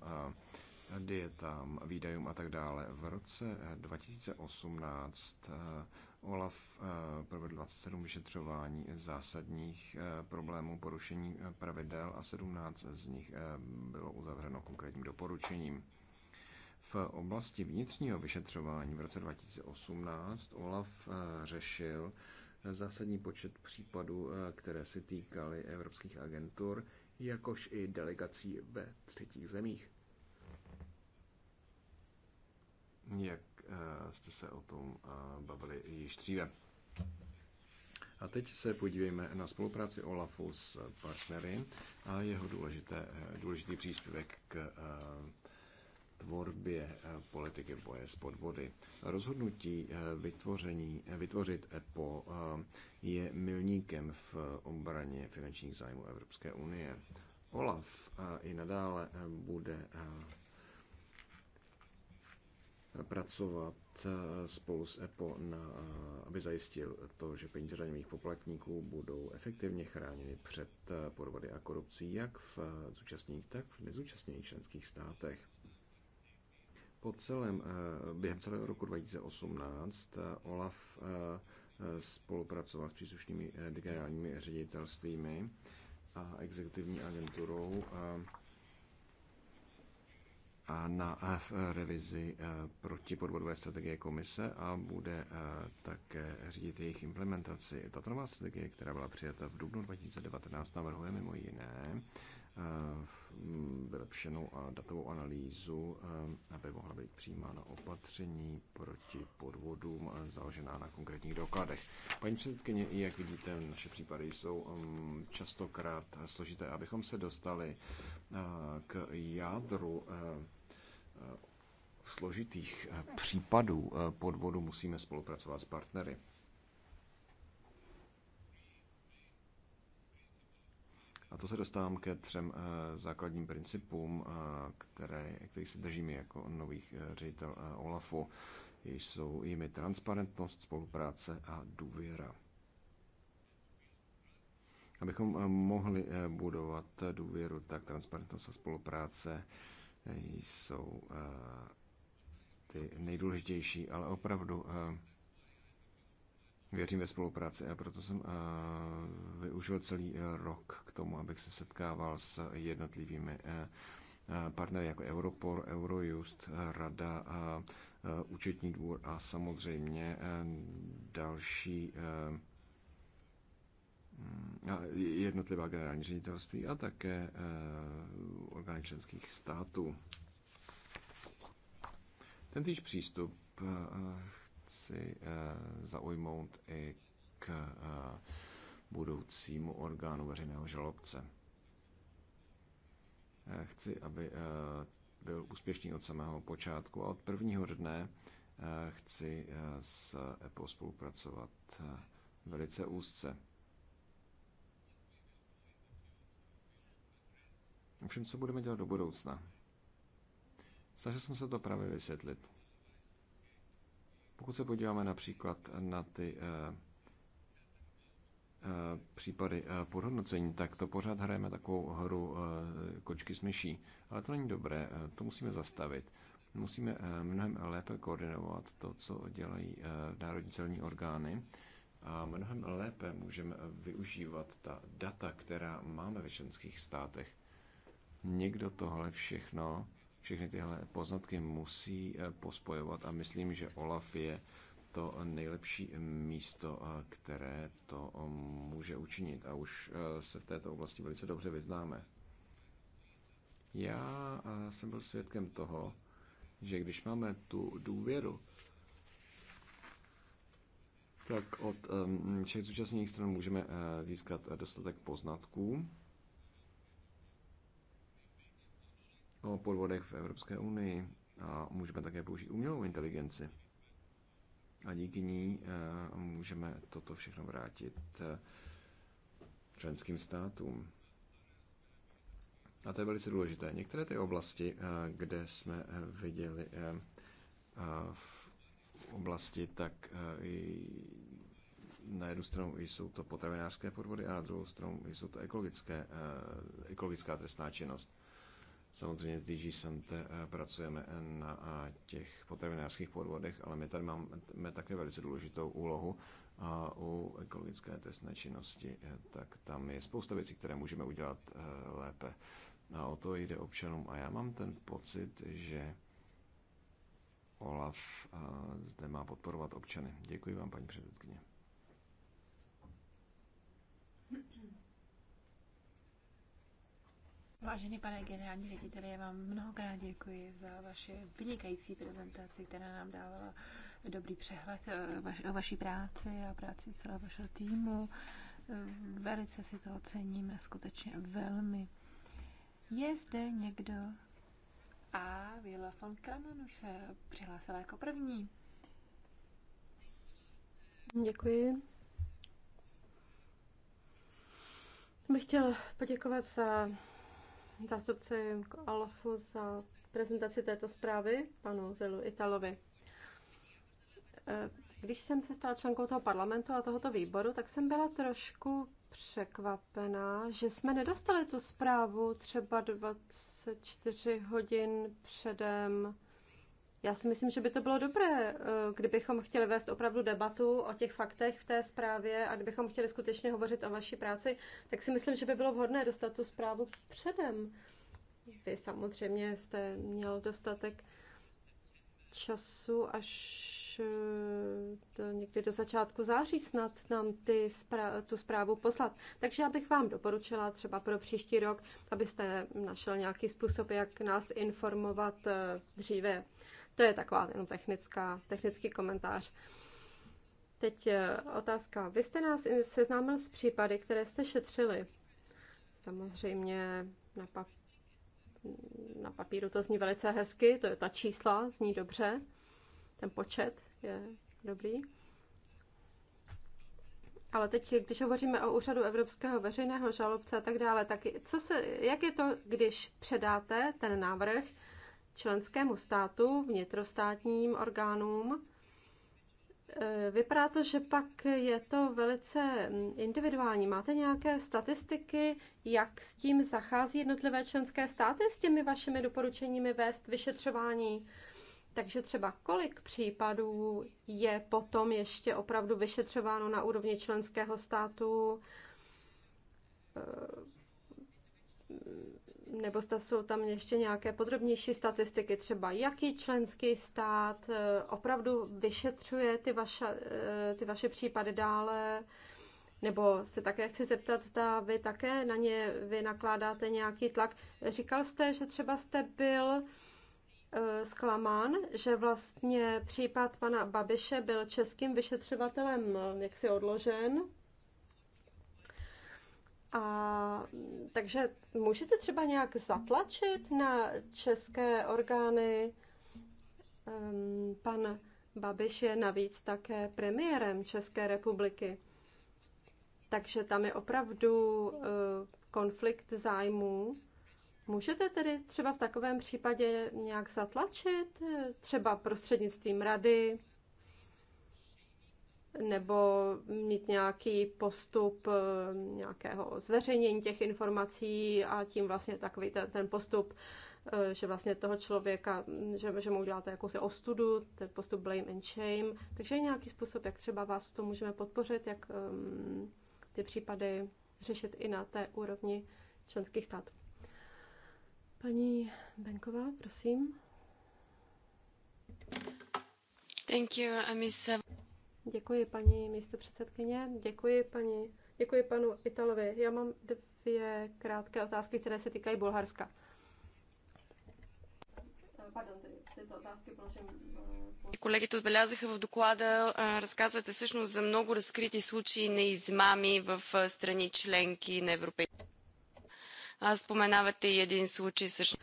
dietám, výdajům a tak dále. V roce 2018 eh, eh, Olaf eh, provedl 27 vyšetřování zásadních problémů porušení pravidel a 17 z nich bylo uzavřeno konkrétním doporučením. V oblasti vnitřního vyšetřování v roce 2018 Olaf řešil zásadní počet případů, které se týkaly evropských agentur, jakož i delegací ve třetích zemích. jak eh, jste se o tom eh, bavili již dříve. A teď se podívejme na spolupráci OLAFu s partnery a jeho důležité, eh, důležitý příspěvek k tvorbě politiky boje s podvody. Rozhodnutí vytvoření, vytvořit EPO je milníkem v obraně finančních zájmů Evropské unie. OLAF i nadále bude pracovat eh, spolu s EPO, na, eh, aby zajistil to, že peníze daňových poplatníků budou efektivně chráněny před eh, podvody a korupcí jak v zúčastněných, tak v nezúčastněných členských státech. Po celém, během celého roku 2018 OLAF spolupracoval s příslušnými generálními ředitelstvími a exekutivní agenturou a a na eh, revizi eh, protipodvodové strategie komise a bude eh, také řídit jejich implementaci. Tato nová strategie, která byla přijata v dubnu 2019, navrhuje mimo jiné mm, vylepšenou a datovou analýzu, aby mohla být přijímána opatření proti podvodům založená na konkrétních dokladech. Paní předsedkyně, jak vidíte, naše případy jsou mm, častokrát složité. Abychom se dostali k jádru Eh, složitých eh, případů eh, podvodu musíme spolupracovat s partnery. A to se dostávám ke třem základním principům, které, které se držíme jako nových ředitel OLAFu. Jsou jimi transparentnost, spolupráce a důvěra. Abychom mohli budovat důvěru, tak transparentnost a spolupráce jsou eh, ty nejdůležitější, ale opravdu eh, věřím ve spolupráci a proto jsem eh, využil celý rok k tomu, abych se setkával s jednotlivými partnery jako Europor, Eurojust, Rada, Účetní dvůr a samozřejmě další Mm, jednotlivá generální ředitelství a také eh, orgány členských států. týž přístup eh, chci eh, zaujmout i k budoucímu orgánu veřejného žalobce. Chci, aby byl úspěšný od samého počátku a od prvního dne chci s EPO spolupracovat velice úzce. Ovšem, co budeme dělat do budoucna? Snažil jsem se to právě vysvětlit. Pokud se podíváme například na ty eh, eh, případy eh, podhodnocení, tak to pořád hrajeme takovou hru kočky s myší. Ale to není dobré, to musíme zastavit. Musíme mnohem lépe koordinovat to, co dělají národní celní orgány a mnohem lépe můžeme využívat ta data, která máme ve členských státech. Někdo tohle všechno, všechny tyhle poznatky musí eh, pospojovat a myslím, že Olaf je to nejlepší místo, eh, které to eh, může učinit a už se v této oblasti velice dobře vyznáme. Já jsem byl svědkem toho, že když máme tu důvěru, tak od všech zúčastněných stran můžeme získat dostatek poznatků o podvodech v Evropské unii a můžeme také použít umělou inteligenci. A díky ní eh, můžeme toto všechno vrátit eh, členským státům. A to je velice důležité. Některé ty oblasti, eh, kde jsme viděli v oblasti, tak na jednu stranu jsou to potravinářské podvody a na druhou stranu jsou to ekologické, ekologická trestná činnost. Samozřejmě s DG Sante eh, pracujeme eh, na eh, těch potravinářských podvodech, ale my tady máme také velice důležitou úlohu a u ekologické trestné činnosti, tak tam je spousta věcí, které můžeme udělat lépe. A o to jde občanům. A já mám ten pocit, že Olaf zde má podporovat občany. Děkuji vám, paní předsedkyně. Vážený pane generální řediteli, já vám mnohokrát děkuji za vaše vynikající prezentaci, která nám dávala dobrý přehled eh, o vaší práci a práci celého vašeho týmu. Eh, velice si to oceníme, skutečně velmi. Je zde někdo? A Vila von Kraman už se přihlásila jako první. Děkuji. Bych chtěla poděkovat za zástupci Olafu za prezentaci této zprávy, panu Vilu Italovi. Eh, když jsem se stala členkou toho parlamentu a tohoto výboru, tak jsem byla trošku překvapená, že jsme nedostali tu zprávu třeba 24 hodin předem já si myslím, že by to bylo dobré, eh, kdybychom chtěli vést opravdu debatu o těch faktech v té zprávě a kdybychom chtěli skutečně hovořit o vaší práci, tak si myslím, že by bylo vhodné dostat tu zprávu předem. Vy samozřejmě jste měl dostatek času až eh, do, někdy do začátku září snad nám ty zpra- tu zprávu poslat. Takže já bych vám doporučila třeba pro příští rok, abyste našel nějaký způsob, jak nás informovat eh, dříve. To je taková jenom technická, technický komentář. Teď eh, otázka. Vy jste nás seznámil s případy, které jste šetřili. Samozřejmě na, pap- na papíru to zní velice hezky, to je ta čísla, zní dobře, ten počet je dobrý. Ale teď, když hovoříme o úřadu Evropského veřejného žalobce a tak dále, tak co se, jak je to, když předáte ten návrh členskému státu, vnitrostátním orgánům. E, vypadá to, že pak je to velice mm, individuální. Máte nějaké statistiky, jak s tím zachází jednotlivé členské státy s těmi vašimi doporučeními vést vyšetřování? Takže třeba kolik případů je potom ještě opravdu vyšetřováno na úrovni členského státu? E, nebo zda jsou tam ještě nějaké podrobnější statistiky, třeba jaký členský stát eh, opravdu vyšetřuje ty vaše, eh, ty vaše případy dále, nebo se také chci zeptat, zda vy také na ně vy nakládáte nějaký tlak. Říkal jste, že třeba jste byl eh, zklamán, že vlastně případ pana Babiše byl českým vyšetřovatelem jaksi odložen, a takže můžete třeba nějak zatlačit na české orgány? Um, pan Babiš je navíc také premiérem České republiky. Takže tam je opravdu uh, konflikt zájmů. Můžete tedy třeba v takovém případě nějak zatlačit, eh, třeba prostřednictvím rady, nebo mít nějaký postup eh, nějakého zveřejnění těch informací a tím vlastně takový ten, ten postup, eh, že vlastně toho člověka, mm, že, že mu uděláte jakousi ostudu, ten postup blame and shame. Takže je nějaký způsob, jak třeba vás to můžeme podpořit, jak um, ty případy řešit i na té úrovni členských států. Paní Benková, prosím. Thank you, Amisa. Děkuji, paní předsedkyně. Děkuji, paní, děkuji panu Italovi. Já mám dvě krátké otázky, které se týkají Bulharska. Pardon, tyto otázky položím. Колегите отбелязаха в доклада, разказвате всъщност за много разкрити случаи на измами в страни членки на Европейския съюз. Споменавате и един случай също.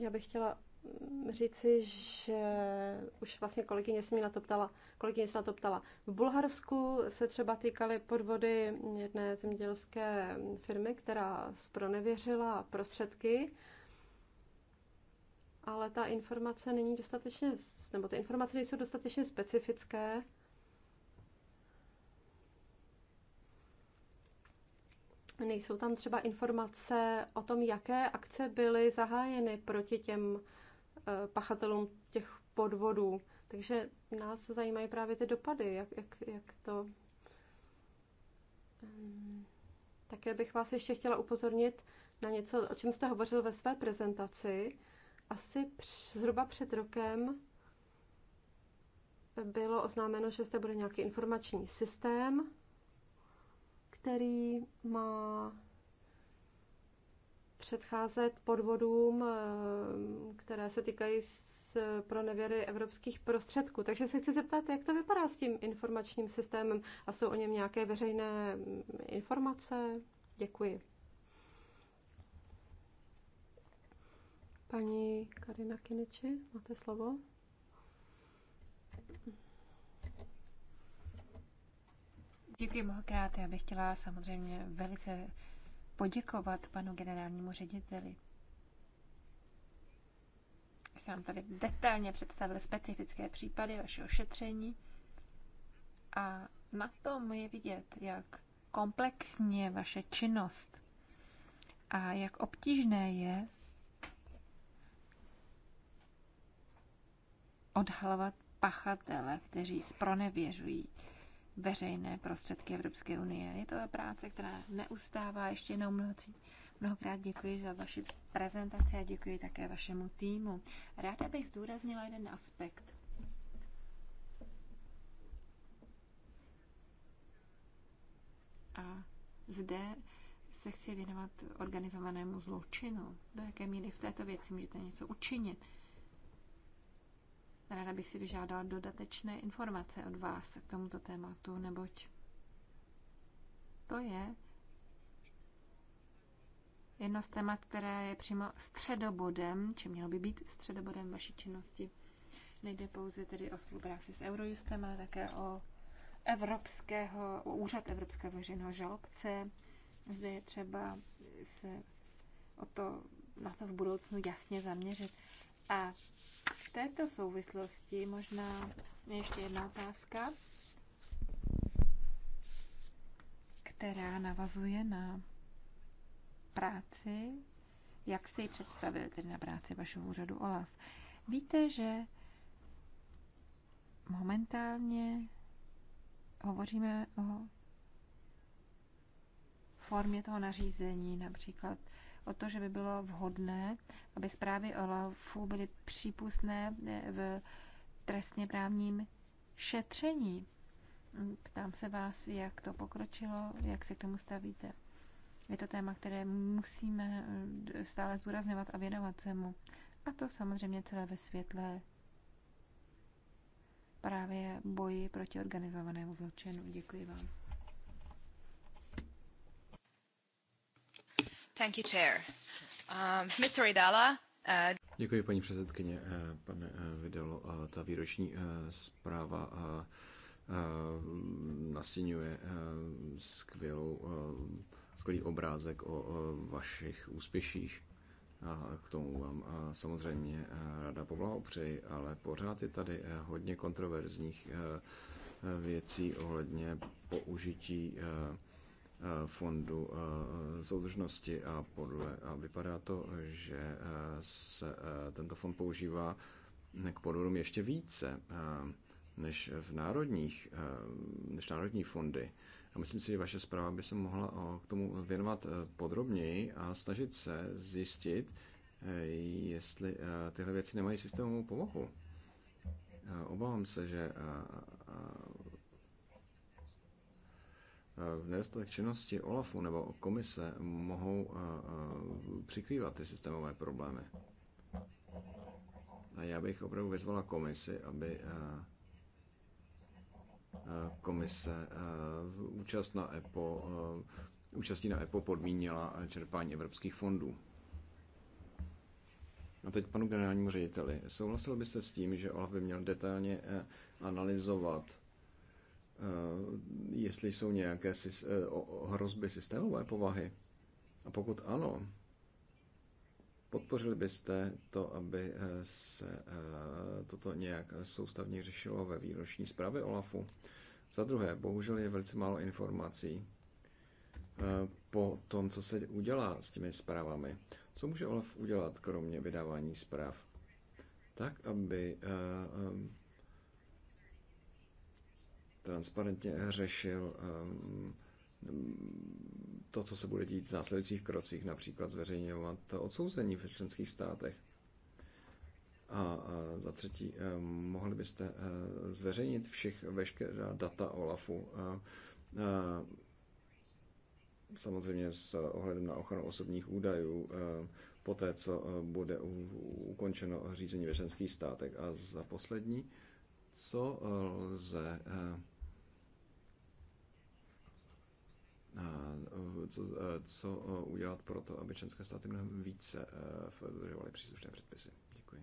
Já bych chtěla říci, že už vlastně kolegyně se mě na to ptala, kolegyně se na to ptala. V Bulharsku se třeba týkaly podvody jedné zemědělské firmy, která spronevěřila prostředky, ale ta informace není dostatečně, nebo ty informace nejsou dostatečně specifické. Nejsou tam třeba informace o tom, jaké akce byly zahájeny proti těm Eh, pachatelům těch podvodů. Takže nás zajímají právě ty dopady, jak, jak, jak to. Ehm, také bych vás ještě chtěla upozornit na něco, o čem jste hovořil ve své prezentaci. Asi zhruba před rokem bylo oznámeno, že zde bude nějaký informační systém, který má předcházet podvodům, eh, které se týkají z nevěry evropských prostředků. Takže se chci zeptat, jak to vypadá s tím informačním systémem a jsou o něm nějaké veřejné mm, informace? Děkuji. Paní Karina Kiniči, máte slovo? Děkuji mnohokrát. Já bych chtěla samozřejmě velice poděkovat panu generálnímu řediteli. Jste nám tady detailně představil specifické případy vašeho šetření a na tom je vidět, jak komplexní je vaše činnost a jak obtížné je odhalovat pachatele, kteří spronevěřují veřejné prostředky Evropské unie. Je to práce, která neustává. Ještě jednou mnohocí, mnohokrát děkuji za vaši prezentaci a děkuji také vašemu týmu. Ráda bych zdůraznila jeden aspekt. A zde se chci věnovat organizovanému zločinu. Do jaké míry v této věci můžete něco učinit? Ráda bych si vyžádala dodatečné informace od vás k tomuto tématu, neboť to je jedno z témat, které je přímo středobodem, či mělo by být středobodem vaší činnosti. Nejde pouze tedy o spolupráci s Eurojustem, ale také o Evropského, o úřad Evropského veřejného žalobce. Zde je třeba se o to, na to v budoucnu jasně zaměřit. A této souvislosti možná ještě jedna otázka, která navazuje na práci, jak si ji představil, tedy na práci vašeho úřadu OLAF. Víte, že momentálně hovoříme o formě toho nařízení, například o to, že by bylo vhodné, aby zprávy OLAFu byly přípustné v trestně právním šetření. Ptám se vás, jak to pokročilo, jak se k tomu stavíte. Je to téma, které musíme stále zdůrazňovat a věnovat se mu. A to samozřejmě celé ve světle právě boji proti organizovanému zločinu. Děkuji vám. Thank you, chair. Um, Mr. uh... Děkuji, paní předsedkyně. Eh, pane eh, Vidalo, ta výroční eh, zpráva nastínuje skvělou, skvělý obrázek o vašich úspěších. A k tomu vám samozřejmě rada poblahopřeji, ale pořád je tady hodně kontroverzních věcí ohledně použití Eh, fondu eh, soudržnosti a, podle, a vypadá to, že eh, se tento fond používá k podvodům ještě více než v národních, než národní fondy. A myslím si, že vaše zpráva by se mohla k tomu věnovat podrobněji a snažit se zjistit, jestli tyhle věci nemají systémovou pomohu. Obávám se, že Eh, nedostatek činnosti OLAFu nebo komise mohou eh, eh, přikrývat ty systémové problémy. A já bych opravdu vyzvala komisi, aby komise účast na EPO, účastí na EPO podmínila čerpání evropských fondů. A teď panu generálnímu řediteli. Souhlasil byste s tím, že OLAF by měl detailně analyzovat Eh, jestli jsou nějaké eh, hrozby systémové povahy. A pokud ano, podpořili byste to, aby eh, se toto nějak soustavně řešilo ve výroční zprávě OLAFu? Za druhé, bohužel je velice málo informací po tom, co se udělá s těmi zprávami. Co může OLAF udělat, kromě vydávání zpráv? Tak, aby transparentně řešil ehm, to, co se bude dít v následujících krocích, například zveřejňovat odsouzení ve členských státech. A za třetí, ehm, mohli byste eh, zveřejnit všech, veškerá data OLAFu, samozřejmě s ohledem na ochranu osobních údajů, eh, poté, co eh, bude ukončeno řízení ve členských státech. A za poslední, co lze Eh, co, eh, co eh, udělat pro to, aby členské státy mnohem více dodržovaly příslušné předpisy. Děkuji.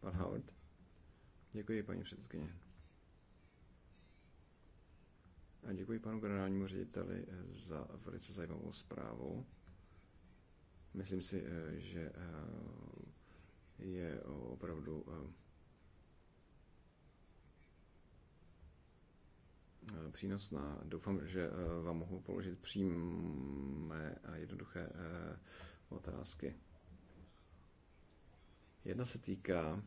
Pan Howard? Děkuji, paní předsedkyně. A děkuji panu generálnímu řediteli za velice zajímavou zprávu. Myslím si, že je opravdu Eh, přínosná. Doufám, že eh, vám mohu položit přímé a jednoduché eh, otázky. Jedna se týká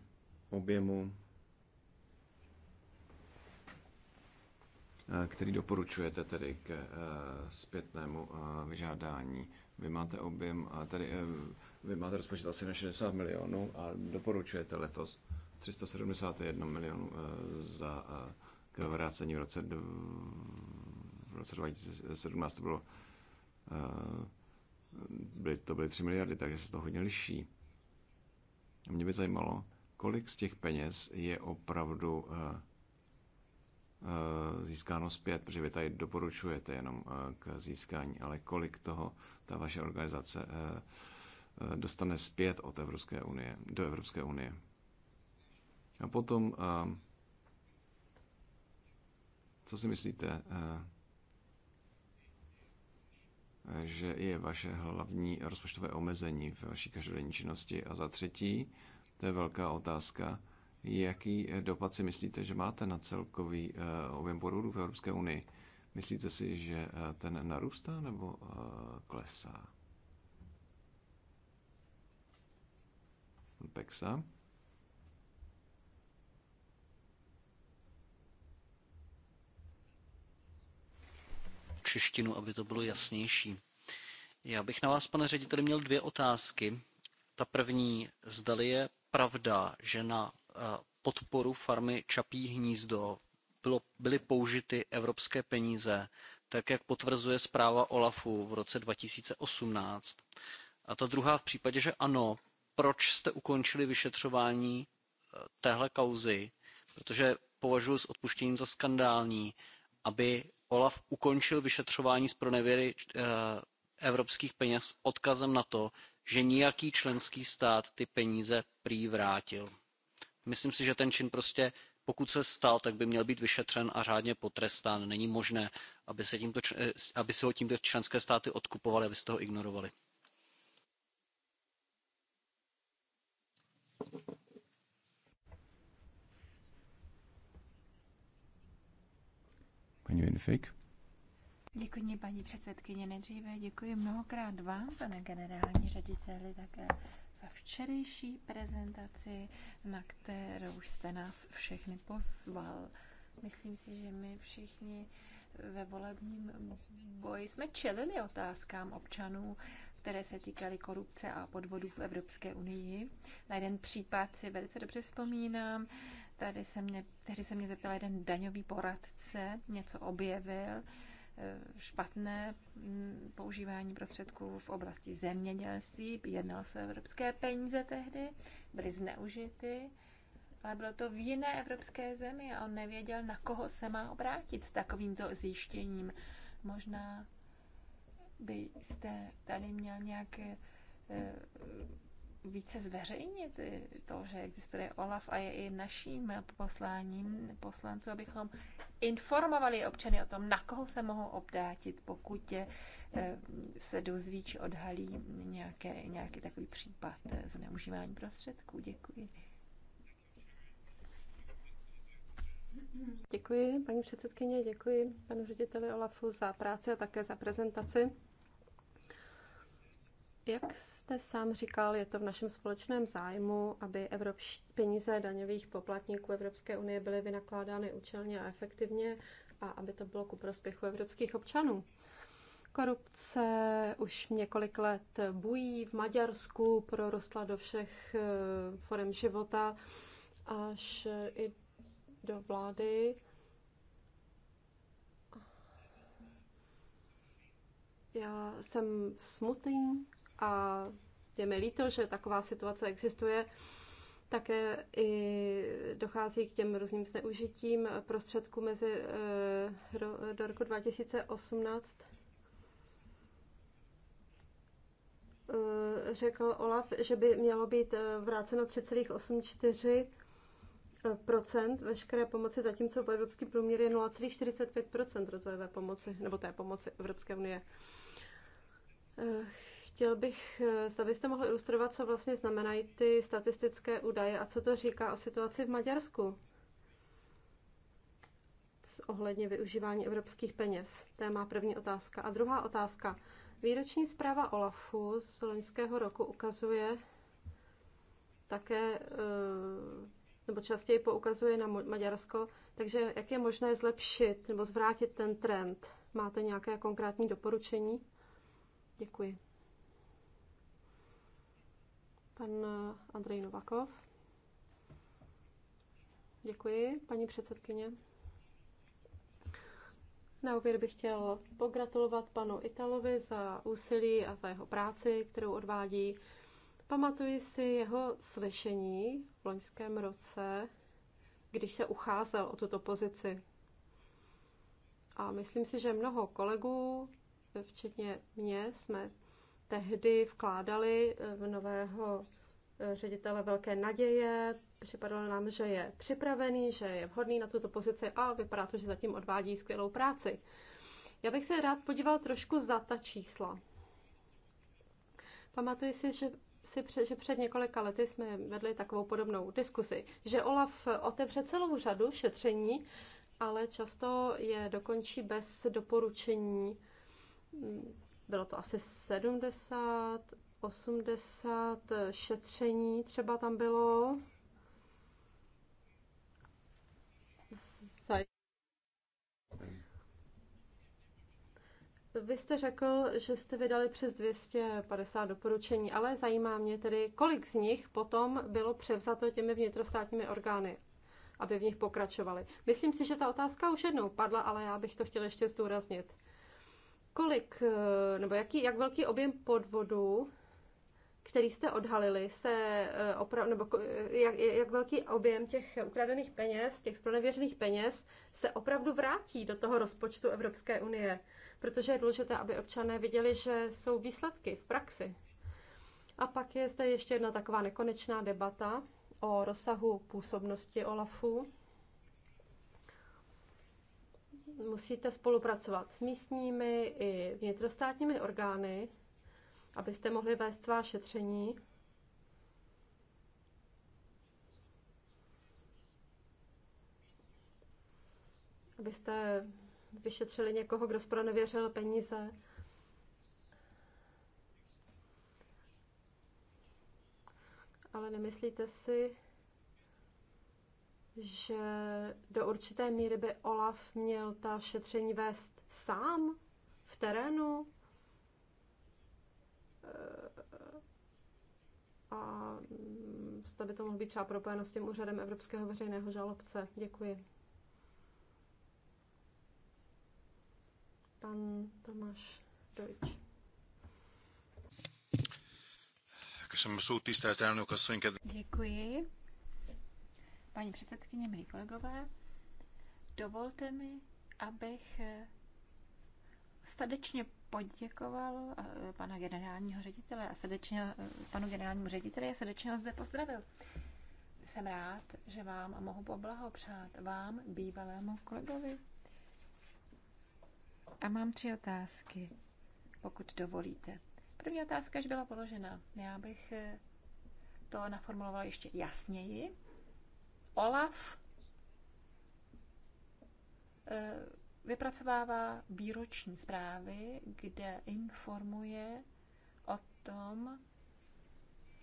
objemu, který doporučujete tedy k zpětnému vyžádání. Vy máte objem, tady vy máte rozpočet asi na 60 milionů a doporučujete letos 371 milionů za k vrácení v roce, v roce 2017 to bylo eh, byly, to byly 3 miliardy, takže se to hodně liší. Mě by zajímalo, kolik z těch peněz je opravdu eh, eh, získáno zpět, protože vy tady doporučujete jenom k získání, ale kolik toho ta vaše organizace dostane zpět od Evropské unie, do Evropské unie. A potom co si myslíte, eh, eh, že je vaše hlavní rozpočtové omezení v vaší každodenní činnosti? A za třetí, to je velká otázka, jaký eh, dopad si myslíte, že máte na celkový objem porodů v Evropské unii? Myslíte si, že ten narůstá nebo klesá? Peksa. češtinu, aby to bylo jasnější. Já bych na vás, pane řediteli, měl dvě otázky. Ta první, zdali je pravda, že na eh, podporu farmy Čapí hnízdo bylo, byly použity evropské peníze, tak jak potvrzuje zpráva OLAFu v roce 2018. A ta druhá v případě, že ano, proč jste ukončili vyšetřování eh, téhle kauzy, protože považuji s odpuštěním za skandální, aby olaf ukončil vyšetřování zpronevěry eh, evropských peněz s odkazem na to že nijaký členský stát ty peníze prý vrátil. myslím si že ten čin prostě pokud se stal tak by měl být vyšetřen a řádně potrestán. není možné aby, se tímto, eh, aby si ho tímto členské státy odkupovaly a vy jste ho ignorovali. Benfik. Děkuji, paní předsedkyně. Nejdříve děkuji mnohokrát vám, pane generální řediteli, také za včerejší prezentaci, na kterou jste nás všechny pozval. Myslím si, že my všichni ve volebním boji jsme čelili otázkám občanů, které se týkaly korupce a podvodů v Evropské unii. Na jeden případ si velice dobře vzpomínám. Tady se mě, tehdy se mě zeptal jeden daňový poradce, něco objevil, eh, špatné mm, používání prostředků v oblasti zemědělství, jednal se evropské peníze tehdy, byly zneužity, ale bylo to v jiné evropské zemi a on nevěděl, na koho se má obrátit s takovýmto zjištěním. Možná byste tady měl nějaké eh, více zveřejnit to, že existuje OLAF a je i naším posláním poslanců, abychom informovali občany o tom, na koho se mohou obdátit, pokud eh, se dozví či odhalí nějaké, nějaký takový případ zneužívání prostředků. Děkuji. Děkuji, paní předsedkyně, děkuji panu řediteli Olafu za práci a také za prezentaci. Jak jste sám říkal, je to v našem společném zájmu, aby evropští peníze daňových poplatníků Evropské unie byly vynakládány účelně a efektivně a aby to bylo ku prospěchu evropských občanů. Korupce už několik let bují v Maďarsku, prorostla do všech eh, forem života až eh, i do vlády. Já jsem smutný a je mi líto, že taková situace existuje. Také i dochází k těm různým zneužitím prostředků mezi eh, do roku 2018. Eh, řekl Olaf, že by mělo být eh, vráceno 3,84 procent veškeré pomoci, zatímco evropský průměr je 0,45 rozvojové pomoci, nebo té pomoci Evropské unie. Chtěl bych, eh, abyste mohli ilustrovat, co vlastně znamenají ty statistické údaje a co to říká o situaci v Maďarsku ohledně využívání evropských peněz. To je má první otázka. A druhá otázka. Výroční zpráva OLAFu z loňského roku ukazuje také, eh, nebo častěji poukazuje na Maďarsko, takže jak je možné zlepšit nebo zvrátit ten trend? Máte nějaké konkrétní doporučení? Děkuji. Pan eh, Andrej Novakov. Děkuji, paní předsedkyně. Na úvěr bych chtěl pogratulovat panu Italovi za úsilí a za jeho práci, kterou odvádí. Pamatuji si jeho slyšení v loňském roce, když se ucházel o tuto pozici. A myslím si, že mnoho kolegů, včetně mě, jsme tehdy vkládali eh, v nového eh, ředitele velké naděje. Připadalo nám, že je připravený, že je vhodný na tuto pozici a vypadá to, že zatím odvádí skvělou práci. Já bych se rád podíval trošku za ta čísla. Pamatuji si, že, si před, že před několika lety jsme vedli takovou podobnou diskusi, že Olaf otevře celou řadu šetření, ale často je dokončí bez doporučení bylo to asi 70, 80 šetření třeba tam bylo. Vy jste řekl, že jste vydali přes 250 doporučení, ale zajímá mě tedy, kolik z nich potom bylo převzato těmi vnitrostátními orgány, aby v nich pokračovali. Myslím si, že ta otázka už jednou padla, ale já bych to chtěla ještě zdůraznit kolik, eh, nebo jaký, jak velký objem podvodů, který jste odhalili, se eh, opravdu, nebo eh, jak, jak velký objem těch ukradených peněz, těch spronevěřených peněz, se opravdu vrátí do toho rozpočtu Evropské unie? Protože je důležité, aby občané viděli, že jsou výsledky v praxi. A pak je zde ještě jedna taková nekonečná debata o rozsahu působnosti OLAFu musíte spolupracovat s místními i vnitrostátními orgány, abyste mohli vést svá šetření. Abyste vyšetřili někoho, kdo spronevěřil peníze. Ale nemyslíte si, že do určité míry by Olaf měl ta šetření vést sám v terénu eh, a mm, to by to mohlo být třeba propojeno s tím úřadem Evropského veřejného žalobce. Děkuji. Pan Tomáš Deutsch. Jako Děkuji. Paní předsedkyně, milí kolegové, dovolte mi, abych eh, srdečně poděkoval eh, pana generálního ředitele a srdečně eh, panu generálnímu řediteli a srdečně ho zde pozdravil. Jsem rád, že vám a mohu poblahopřát vám, bývalému kolegovi. A mám tři otázky, pokud dovolíte. První otázka už byla položena. Já bych to naformulovala ještě jasněji. OLAF eh, vypracovává výroční zprávy, kde informuje o tom,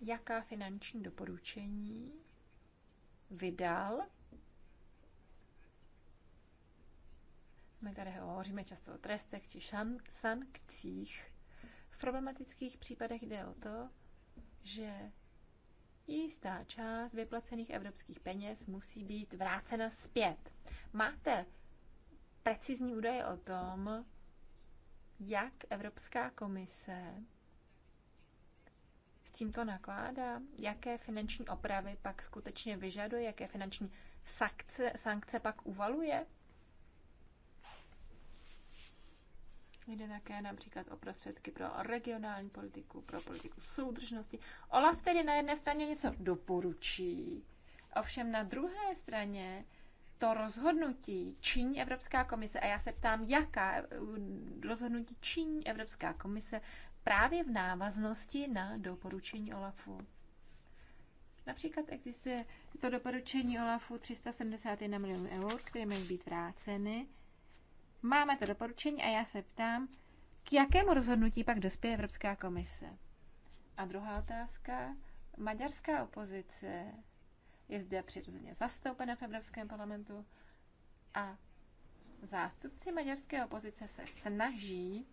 jaká finanční doporučení vydal. My tady hovoříme často o trestech či sankcích. V problematických případech jde o to, že jistá část vyplacených evropských peněz musí být vrácena zpět. Máte precizní údaje o tom, jak Evropská komise s tímto nakládá, jaké finanční opravy pak skutečně vyžaduje, jaké finanční sankce, sankce pak uvaluje? jde také například o prostředky pro regionální politiku, pro politiku soudržnosti. Olaf tedy na jedné straně něco doporučí, ovšem na druhé straně to rozhodnutí činí Evropská komise, a já se ptám, jaká eh, rozhodnutí činí Evropská komise právě v návaznosti na doporučení OLAFu. Například existuje to doporučení OLAFu 371 milionů eur, které mají být vráceny, Máme to doporučení a já se ptám, k jakému rozhodnutí pak dospěje Evropská komise? A druhá otázka. Maďarská opozice je zde přirozeně zastoupena v Evropském parlamentu a zástupci maďarské opozice se snaží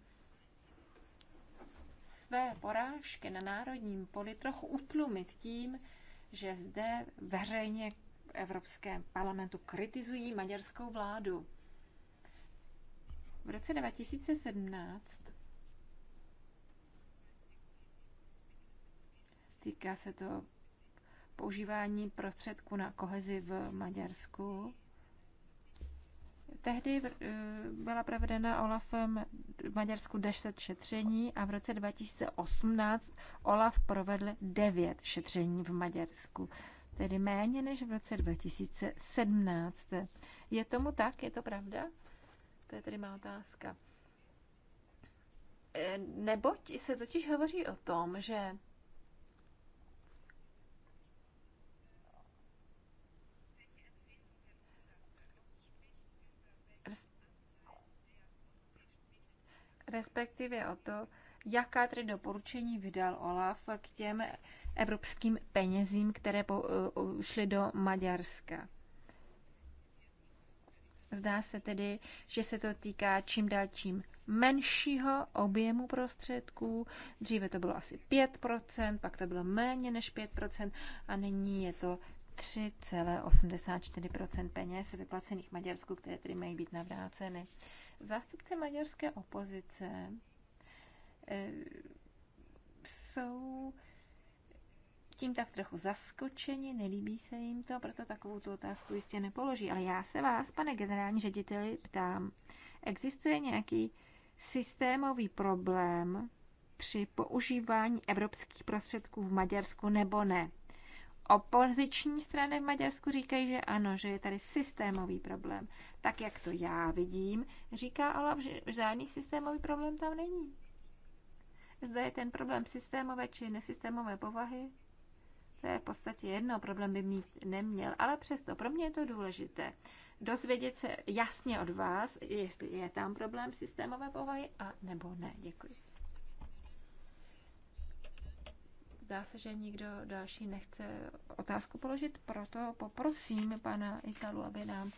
své porážky na národním poli trochu utlumit tím, že zde veřejně v Evropském parlamentu kritizují maďarskou vládu. V roce 2017 týká se to používání prostředků na kohezi v Maďarsku. Tehdy eh, byla provedena Olafem v Maďarsku 10 šetření a v roce 2018 Olaf provedl 9 šetření v Maďarsku, tedy méně než v roce 2017. Je tomu tak? Je to pravda? To je tedy má otázka. E, neboť se totiž hovoří o tom, že respektive o to, jaká tedy doporučení vydal Olaf k těm evropským penězím, které e, šly do Maďarska. Zdá se tedy, že se to týká čím dál čím menšího objemu prostředků. Dříve to bylo asi 5%, pak to bylo méně než 5% a nyní je to 3,84% peněz vyplacených Maďarsku, které tedy mají být navráceny. Zástupci maďarské opozice eh, jsou tím tak trochu zaskočeni, nelíbí se jim to, proto takovou tu otázku jistě nepoloží. Ale já se vás, pane generální řediteli, ptám, existuje nějaký systémový problém při používání evropských prostředků v Maďarsku nebo ne? Opoziční strany v Maďarsku říkají, že ano, že je tady systémový problém. Tak jak to já vidím, říká Olaf, že žádný systémový problém tam není. Zda je ten problém systémové či nesystémové povahy, to je v podstatě jedno, problém by mít neměl, ale přesto pro mě je to důležité. Dozvědět se jasně od vás, jestli je tam problém systémové povahy a nebo ne. Děkuji. Zdá se, že nikdo další nechce otázku položit, proto poprosím pana Italu, aby nám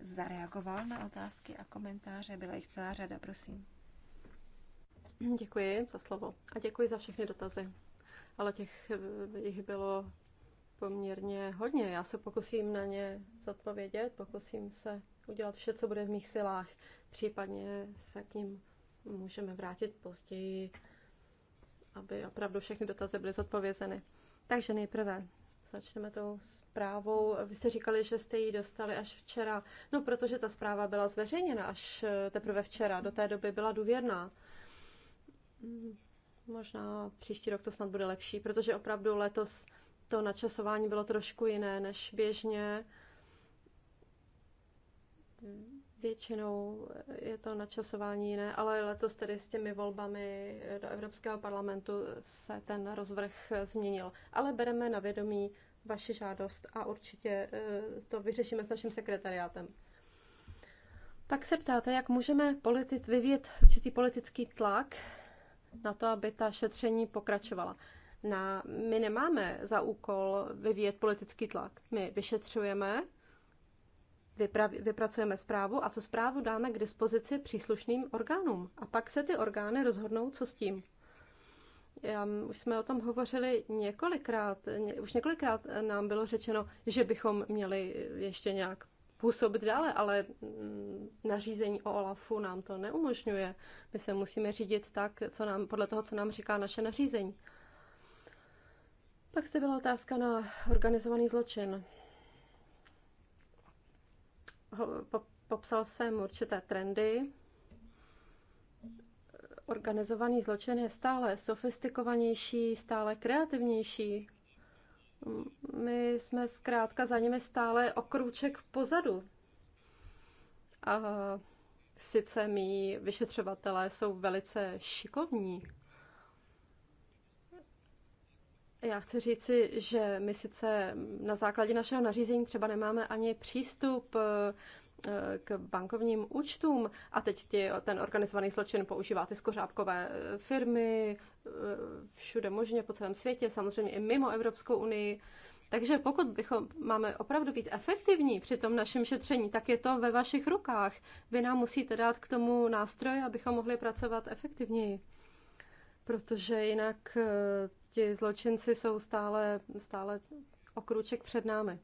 zareagoval na otázky a komentáře. Byla jich celá řada, prosím. Děkuji za slovo a děkuji za všechny dotazy ale těch eh, jich bylo poměrně hodně. Já se pokusím na ně zodpovědět, pokusím se udělat vše, co bude v mých silách. Případně se k ním můžeme vrátit později, aby opravdu všechny dotazy byly zodpovězeny. Takže nejprve začneme tou zprávou. Vy jste říkali, že jste ji dostali až včera. No, protože ta zpráva byla zveřejněna až eh, teprve včera. Do té doby byla důvěrná. Možná příští rok to snad bude lepší, protože opravdu letos to načasování bylo trošku jiné než běžně. Většinou je to načasování jiné, ale letos tedy s těmi volbami do Evropského parlamentu se ten rozvrh změnil. Ale bereme na vědomí vaši žádost a určitě eh, to vyřešíme s naším sekretariátem. Pak se ptáte, jak můžeme politi- vyvíjet určitý politický tlak na to, aby ta šetření pokračovala. Na, my nemáme za úkol vyvíjet politický tlak. My vyšetřujeme, vypra, vypracujeme zprávu a tu zprávu dáme k dispozici příslušným orgánům. A pak se ty orgány rozhodnou, co s tím. Já, už jsme o tom hovořili několikrát, ně, už několikrát nám bylo řečeno, že bychom měli ještě nějak působit dále, ale mm, nařízení o OLAFu nám to neumožňuje. My se musíme řídit tak, co nám, podle toho, co nám říká naše nařízení. Pak se byla otázka na organizovaný zločin. Popsal jsem určité trendy. Organizovaný zločin je stále sofistikovanější, stále kreativnější, my jsme zkrátka za nimi stále o krůček pozadu. A sice mý vyšetřovatelé jsou velice šikovní, já chci říci, že my sice na základě našeho nařízení třeba nemáme ani přístup k bankovním účtům a teď ti ten organizovaný zločin používá ty skořápkové e, firmy e, všude možně po celém světě, samozřejmě i mimo Evropskou unii. Takže pokud bychom, máme opravdu být efektivní při tom našem šetření, tak je to ve vašich rukách. Vy nám musíte dát k tomu nástroje, abychom mohli pracovat efektivněji. Protože jinak e, ti zločinci jsou stále, stále okruček před námi.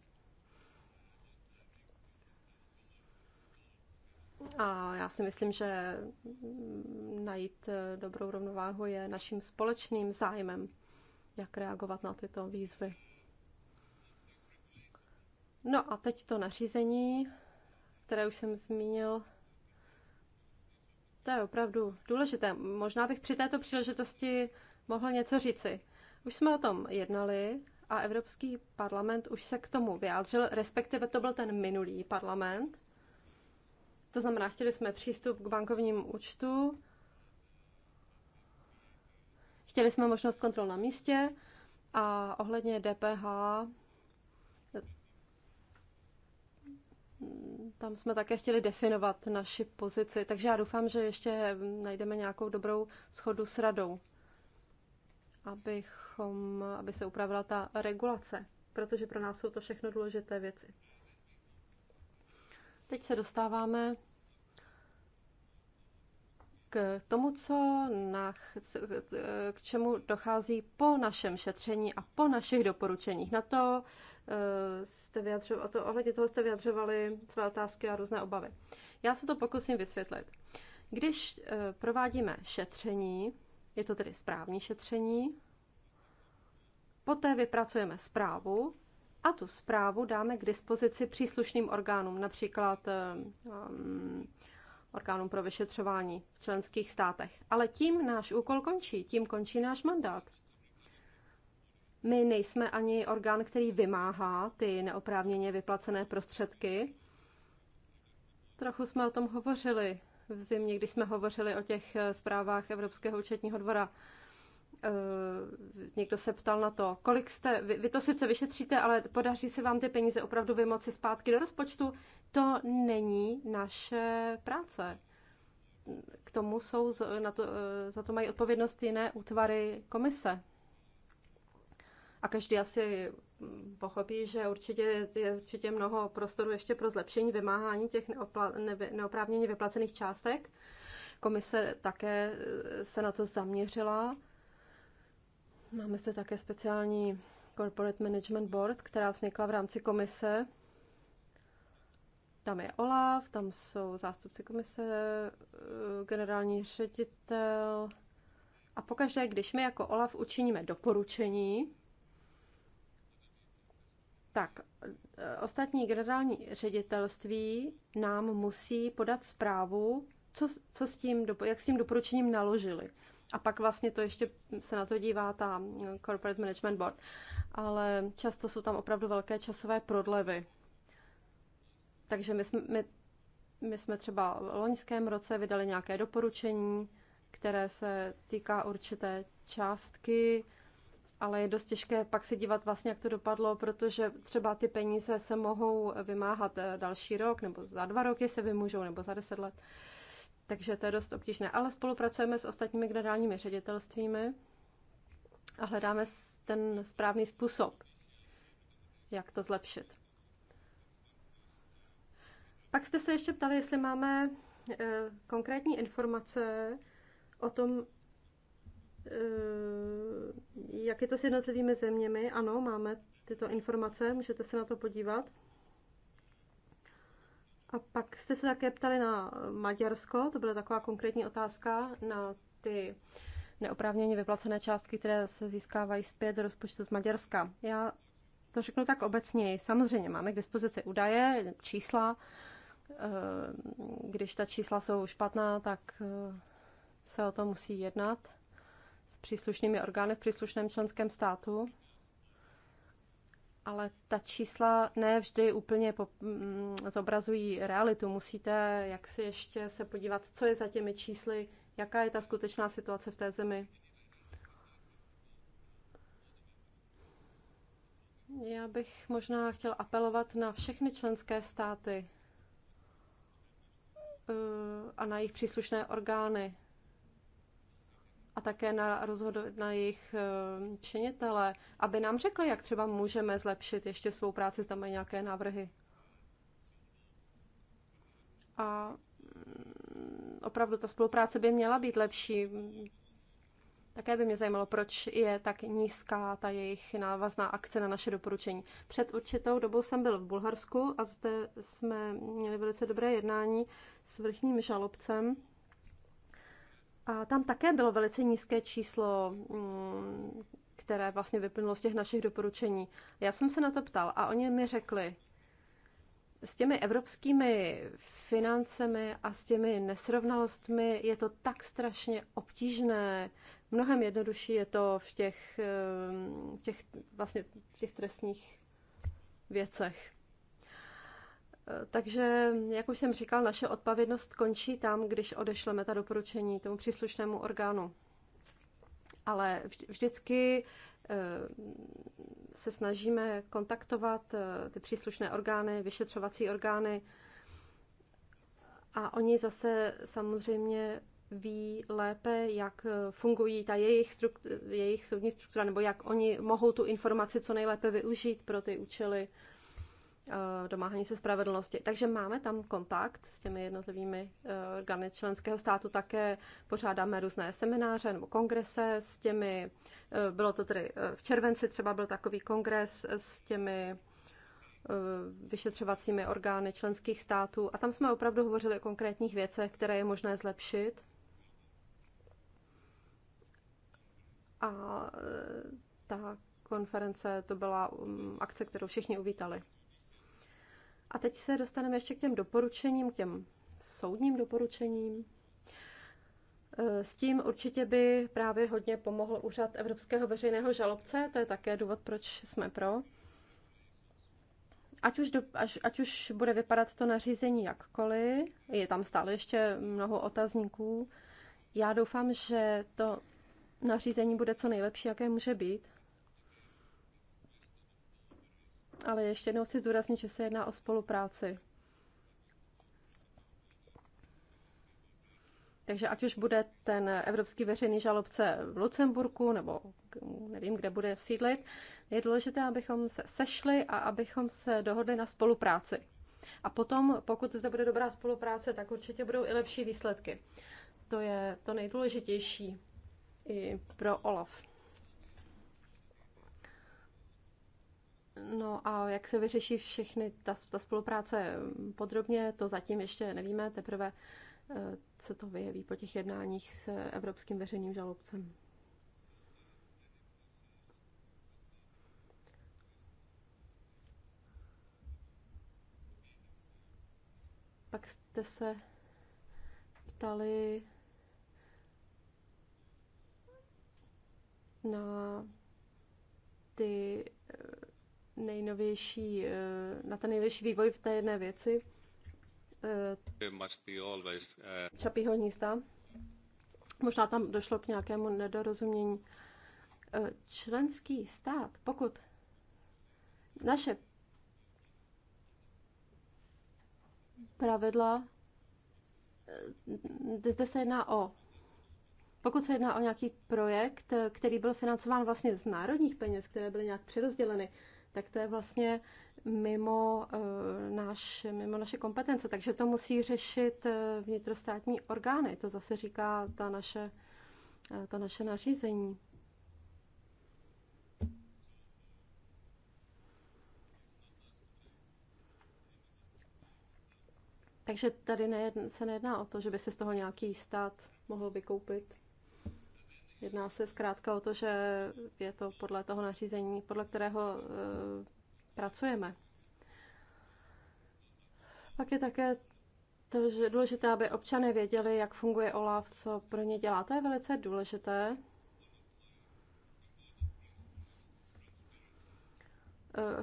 A já si myslím, že mm, najít eh, dobrou rovnováhu je naším společným zájmem, jak reagovat na tyto výzvy. No a teď to nařízení, které už jsem zmínil, to je opravdu důležité. Možná bych při této příležitosti mohl něco říci. Už jsme o tom jednali a Evropský parlament už se k tomu vyjádřil, respektive to byl ten minulý parlament. To znamená, chtěli jsme přístup k bankovnímu účtu, chtěli jsme možnost kontrol na místě a ohledně DPH tam jsme také chtěli definovat naši pozici, takže já doufám, že ještě najdeme nějakou dobrou schodu s radou, abychom, aby se upravila ta regulace, protože pro nás jsou to všechno důležité věci. Teď se dostáváme k tomu, co na, k čemu dochází po našem šetření a po našich doporučeních. Na to eh, jste vyjadřovali, to, ohledně toho jste vyjadřovali své otázky a různé obavy. Já se to pokusím vysvětlit. Když eh, provádíme šetření, je to tedy správní šetření, poté vypracujeme zprávu, a tu zprávu dáme k dispozici příslušným orgánům, například um, orgánům pro vyšetřování v členských státech. Ale tím náš úkol končí, tím končí náš mandát. My nejsme ani orgán, který vymáhá ty neoprávněně vyplacené prostředky. Trochu jsme o tom hovořili v zimě, když jsme hovořili o těch eh, zprávách Evropského účetního dvora. Eh, někdo se ptal na to, kolik jste, vy, vy to sice vyšetříte, ale podaří se vám ty peníze opravdu vymoci zpátky do rozpočtu, to není naše práce. K tomu jsou, na to, eh, za to mají odpovědnost jiné útvary komise. A každý asi pochopí, že určitě je určitě mnoho prostoru ještě pro zlepšení vymáhání těch neopla, neoprávněně vyplacených částek. Komise také eh, se na to zaměřila Máme se také speciální Corporate Management Board, která vznikla v rámci komise. Tam je OLAF, tam jsou zástupci komise, eh, generální ředitel. A pokaždé, když my jako OLAF učiníme doporučení, tak eh, ostatní generální ředitelství nám musí podat zprávu, co, co s tím, jak s tím doporučením naložili a pak vlastně to ještě se na to dívá ta eh, Corporate Management Board. Ale často jsou tam opravdu velké časové prodlevy. Takže my jsme, my, my jsme třeba v loňském roce vydali nějaké doporučení, které se týká určité částky, ale je dost těžké pak se dívat vlastně, jak to dopadlo, protože třeba ty peníze se mohou vymáhat eh, další rok, nebo za dva roky se vymůžou, nebo za deset let. Uh, takže to je dost obtížné. Ale spolupracujeme s ostatními generálními ředitelstvími a hledáme ten správný způsob, jak to zlepšit. Pak jste se ještě ptali, jestli máme eh, konkrétní informace o tom, eh, jak je to s jednotlivými zeměmi. Ano, máme tyto informace, můžete se na to podívat. A pak jste se také ptali na Maďarsko, to byla taková konkrétní otázka na ty neoprávněně vyplacené částky, které se získávají zpět do rozpočtu z Maďarska. Já to řeknu tak obecně. Samozřejmě máme k dispozici údaje, čísla. Eh, když ta čísla jsou špatná, tak eh, se o to musí jednat s příslušnými orgány v příslušném členském státu ale ta čísla ne vždy úplně po, mm, zobrazují realitu. Musíte jaksi ještě se podívat, co je za těmi čísly, jaká je ta skutečná situace v té zemi. Já bych možná chtěl apelovat na všechny členské státy eh, a na jejich příslušné orgány, také na, rozhodu, na jejich eh, činitele, aby nám řekli, jak třeba můžeme zlepšit ještě svou práci, zda mají nějaké návrhy. A mm, opravdu ta spolupráce by měla být lepší. Také by mě zajímalo, proč je tak nízká ta jejich návazná akce na naše doporučení. Před určitou dobou jsem byl v Bulharsku a zde jsme měli velice dobré jednání s vrchním žalobcem a tam také bylo velice nízké číslo, mm, které vlastně vyplnilo z těch našich doporučení. Já jsem se na to ptal a oni mi řekli, s těmi evropskými financemi a s těmi nesrovnalostmi je to tak strašně obtížné. Mnohem jednodušší je to v těch, mm, těch, vlastně v těch trestních věcech. Eh, takže, jak už jsem říkal, naše odpovědnost končí tam, když odešleme ta doporučení tomu příslušnému orgánu. Ale vždycky eh, se snažíme kontaktovat eh, ty příslušné orgány, vyšetřovací orgány a oni zase samozřejmě ví lépe, jak fungují ta jejich, struktu, jejich soudní struktura, nebo jak oni mohou tu informaci co nejlépe využít pro ty účely, Eh, domáhání se spravedlnosti. Takže máme tam kontakt s těmi jednotlivými eh, orgány členského státu, také pořádáme různé semináře nebo kongrese s těmi, eh, bylo to tedy v červenci třeba byl takový kongres s těmi vyšetřovacími orgány členských států a tam jsme opravdu hovořili o konkrétních věcech, které je možné zlepšit. A ta konference to byla mm, akce, kterou všichni uvítali. A teď se dostaneme ještě k těm doporučením, k těm soudním doporučením. E, s tím určitě by právě hodně pomohl úřad Evropského veřejného žalobce, to je také důvod, proč jsme pro. Ať už, do, až, ať už bude vypadat to nařízení jakkoliv, je tam stále ještě mnoho otazníků. Já doufám, že to nařízení bude co nejlepší, jaké může být ale ještě jednou chci zdůraznit, že se jedná o spolupráci. Takže ať už bude ten evropský veřejný žalobce v Lucemburku nebo nevím, kde bude sídlit, je důležité, abychom se sešli a abychom se dohodli na spolupráci. A potom, pokud zde bude dobrá spolupráce, tak určitě budou i lepší výsledky. To je to nejdůležitější i pro OLAF. No a jak se vyřeší všechny ta, ta spolupráce podrobně, to zatím ještě nevíme, teprve eh, se to vyjeví po těch jednáních s Evropským veřejným žalobcem. Pak jste se ptali na ty nejnovější, eh, na ten nejnovější vývoj v té jedné věci. Eh, Čapího hnízda. Možná tam došlo k nějakému nedorozumění. Eh, členský stát, pokud naše pravidla, zde se jedná o pokud se jedná o nějaký projekt, který byl financován vlastně z národních peněz, které byly nějak přerozděleny, tak to je vlastně mimo, eh, naš, mimo naše kompetence. Takže to musí řešit eh, vnitrostátní orgány. To zase říká ta naše, eh, to naše nařízení. Takže tady nejedn, se nejedná o to, že by se z toho nějaký stát mohl vykoupit. Jedná se zkrátka o to, že je to podle toho nařízení, podle kterého e, pracujeme. Pak je také to, že důležité, aby občané věděli, jak funguje OLAF, co pro ně dělá. To je velice důležité.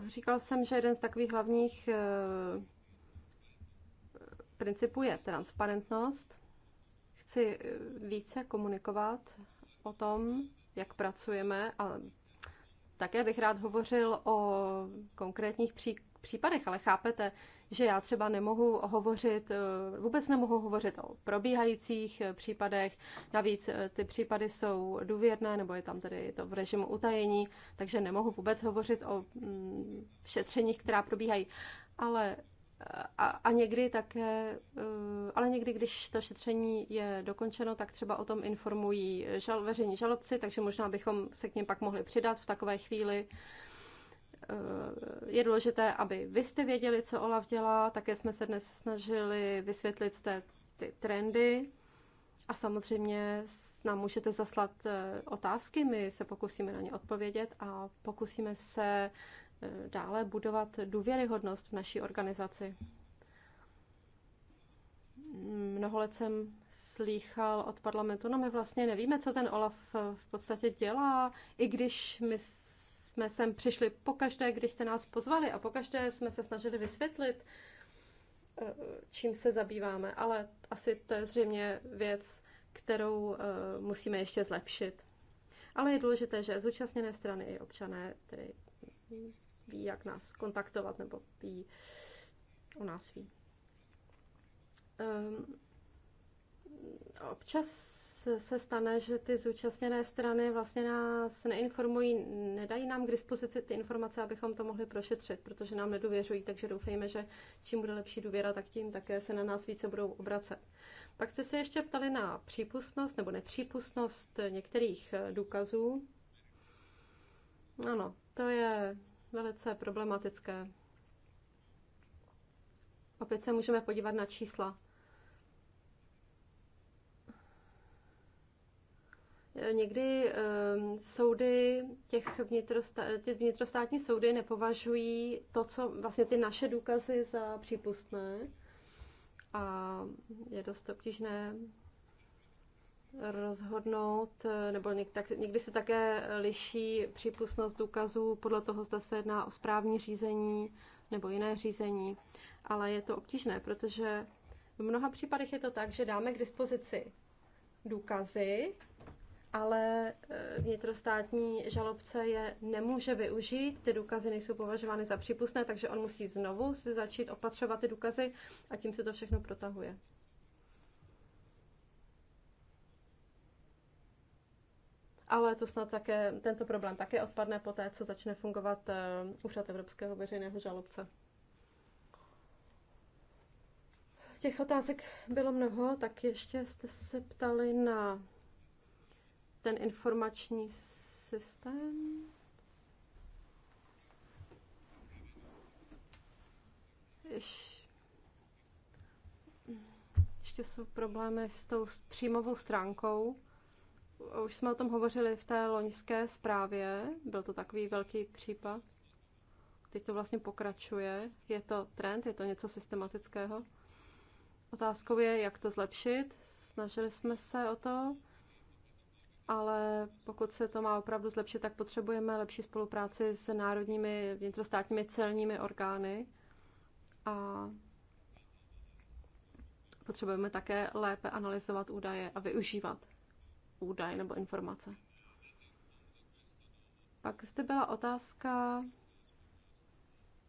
E, říkal jsem, že jeden z takových hlavních e, principů je transparentnost. Chci e, více komunikovat o tom, jak pracujeme a také bych rád hovořil o konkrétních pří, případech, ale chápete, že já třeba nemohu hovořit, eh, vůbec nemohu hovořit o probíhajících eh, případech, navíc eh, ty případy jsou důvěrné, nebo je tam tedy to v režimu utajení, takže nemohu vůbec hovořit o mm, šetřeních, která probíhají. Ale a, a někdy také, eh, ale někdy, když to šetření je dokončeno, tak třeba o tom informují žal, veřejní žalobci, takže možná bychom se k něm pak mohli přidat v takové chvíli. Eh, je důležité, aby vy jste věděli, co OLAF dělá, také jsme se dnes snažili vysvětlit té, ty trendy a samozřejmě nám můžete zaslat eh, otázky, my se pokusíme na ně odpovědět a pokusíme se dále budovat důvěryhodnost v naší organizaci. Mnoho let jsem slýchal od parlamentu, no my vlastně nevíme, co ten Olaf eh, v podstatě dělá, i když my jsme sem přišli pokaždé, když jste nás pozvali a pokaždé jsme se snažili vysvětlit, eh, čím se zabýváme, ale asi to je zřejmě věc, kterou eh, musíme ještě zlepšit. Ale je důležité, že zúčastněné strany i občané tedy ví, jak nás kontaktovat nebo ví, o nás ví. Um, občas se stane, že ty zúčastněné strany vlastně nás neinformují, nedají nám k dispozici ty informace, abychom to mohli prošetřit, protože nám nedověřují, takže doufejme, že čím bude lepší důvěra, tak tím také se na nás více budou obracet. Pak jste se ještě ptali na přípustnost nebo nepřípustnost některých eh, důkazů. Ano, to je velice problematické. Opět se můžeme podívat na čísla. Někdy um, soudy, těch vnitrosta, ty vnitrostátní soudy nepovažují to, co vlastně ty naše důkazy za přípustné a je dost obtížné rozhodnout, eh, nebo něk, tak, někdy se také liší přípustnost důkazů podle toho, zda se jedná o správní řízení nebo jiné řízení, ale je to obtížné, protože v mnoha případech je to tak, že dáme k dispozici důkazy, ale eh, vnitrostátní žalobce je nemůže využít, ty důkazy nejsou považovány za přípustné, takže on musí znovu si začít opatřovat ty důkazy a tím se to všechno protahuje. ale to snad také, tento problém také odpadne poté, co začne fungovat eh, Úřad Evropského veřejného žalobce. Těch otázek bylo mnoho, tak ještě jste se ptali na ten informační systém. Ještě jsou problémy s tou příjmovou stránkou. Už jsme o tom hovořili v té loňské zprávě, byl to takový velký případ. Teď to vlastně pokračuje. Je to trend, je to něco systematického. Otázkou je, jak to zlepšit. Snažili jsme se o to, ale pokud se to má opravdu zlepšit, tak potřebujeme lepší spolupráci s národními vnitrostátními celními orgány a potřebujeme také lépe analyzovat údaje a využívat údaj nebo informace. Pak zde byla otázka,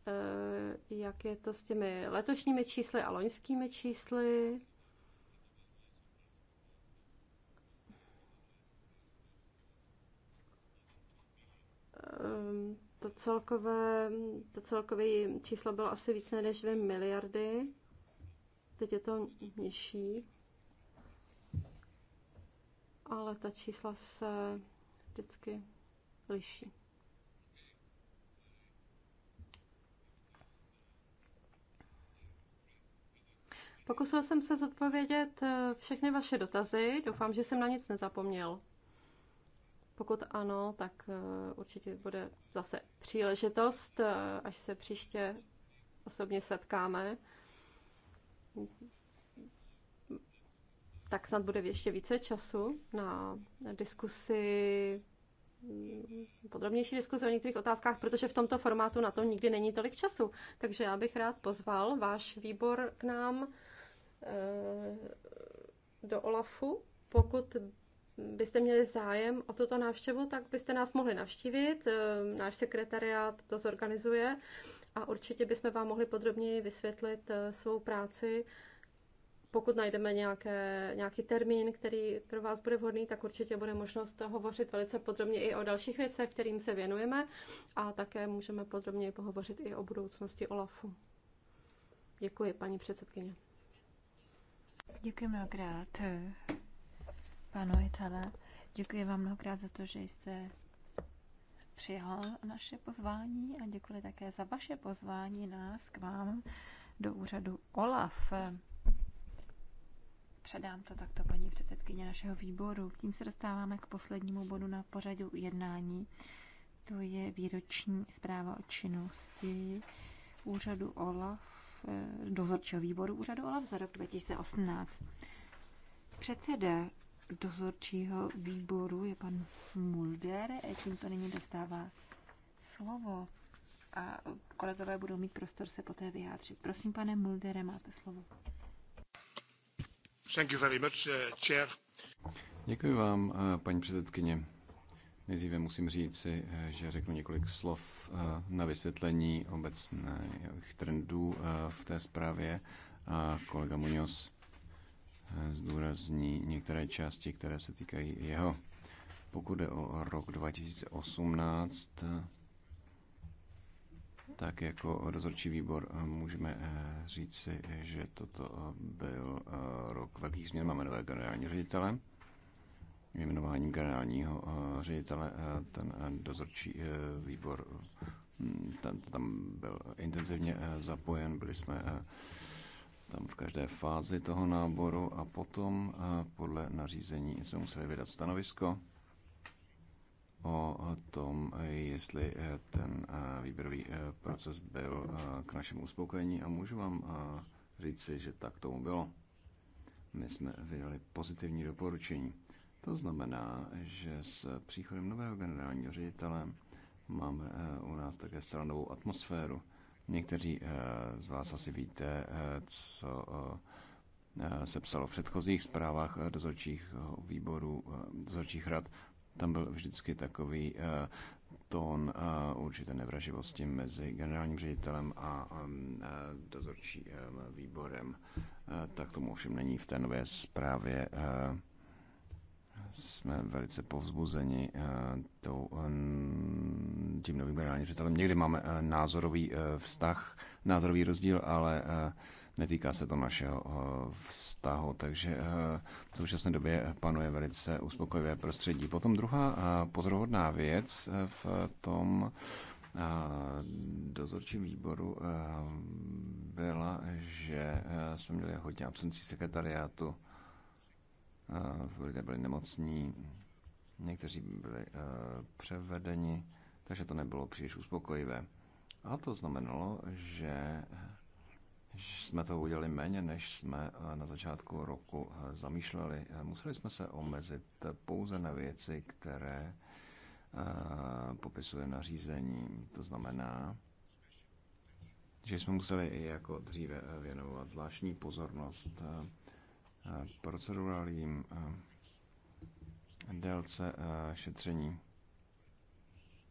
eh, jak je to s těmi letošními čísly a loňskými čísly. Eh, to celkové, to celkové číslo bylo asi více než 2 miliardy. Teď je to nižší ale ta čísla se vždycky liší. Pokusil jsem se zodpovědět eh, všechny vaše dotazy. Doufám, že jsem na nic nezapomněl. Pokud ano, tak eh, určitě bude zase příležitost, eh, až se příště osobně setkáme tak snad bude ještě více času na diskusi, mm, podrobnější diskuse o některých otázkách, protože v tomto formátu na to nikdy není tolik času. Takže já bych rád pozval váš výbor k nám eh, do OLAFu. Pokud byste měli zájem o tuto návštěvu, tak byste nás mohli navštívit. Eh, náš sekretariát to zorganizuje a určitě bychom vám mohli podrobněji vysvětlit eh, svou práci pokud najdeme nějaké, nějaký termín, který pro vás bude vhodný, tak určitě bude možnost hovořit velice podrobně i o dalších věcech, kterým se věnujeme a také můžeme podrobně pohovořit i o budoucnosti OLAFu. Děkuji, paní předsedkyně. Děkuji mnohokrát, panu Itale. Děkuji vám mnohokrát za to, že jste přijal naše pozvání a děkuji také za vaše pozvání nás k vám do úřadu OLAF. Předám to takto paní předsedkyně našeho výboru. Tím se dostáváme k poslednímu bodu na pořadu jednání. To je výroční zpráva o činnosti úřadu OLAF, eh, dozorčího výboru úřadu OLAF za rok 2018. Předseda dozorčího výboru je pan Mulder, a e, tímto nyní dostává slovo a kolegové budou mít prostor se poté vyjádřit. Prosím, pane Muldere, máte slovo. Thank you very much, eh, chair. Děkuji vám, eh, paní předsedkyně. Nejdříve musím říci, eh, že řeknu několik slov na vysvětlení obecných trendů v té zprávě a kolega Munoz zdůrazní některé části, které se týkají jeho. Pokud jde o rok 2018, tak jako dozorčí výbor eh, můžeme eh, říci, že toto eh, byl rok velkých změn. Máme nové generální ředitele, jmenování generálního ředitele, ten dozorčí výbor hm, ten tam byl intenzivně zapojen, byli jsme tam v každé fázi toho náboru a potom podle nařízení jsme museli vydat stanovisko o tom, jestli eh, ten eh, výběrový eh, proces byl k našemu uspokojení a můžu vám říci, že tak tomu bylo. My jsme vydali pozitivní doporučení. To znamená, že s příchodem nového generálního ředitele máme u nás také zcela novou atmosféru. Někteří z vás asi víte, co se psalo v předchozích zprávách dozorčích výborů, dozorčích rad tam byl vždycky takový eh, tón eh, určité nevraživosti mezi generálním ředitelem a eh, dozorčím výborem. Tak tomu ovšem není v té nové zprávě. Jsme velice povzbuzeni tou, tím novým generálním ředitelem. Někdy máme názorový vztah, názorový rozdíl, ale Netýká se to našeho eh, vztahu, takže eh, v současné době panuje velice uspokojivé prostředí. Potom druhá eh, pozoruhodná věc v tom dozorčím výboru byla, že jsme měli hodně absencí sekretariátu. Lidé byli nemocní, někteří byli převedeni, takže to nebylo příliš uspokojivé. A to znamenalo, že jsme toho udělali méně, než jsme eh, na začátku roku eh, zamýšleli. Eh, museli jsme se omezit pouze na věci, které popisuje nařízení. To znamená, že jsme museli i jako dříve věnovat zvláštní pozornost procedurálním délce šetření.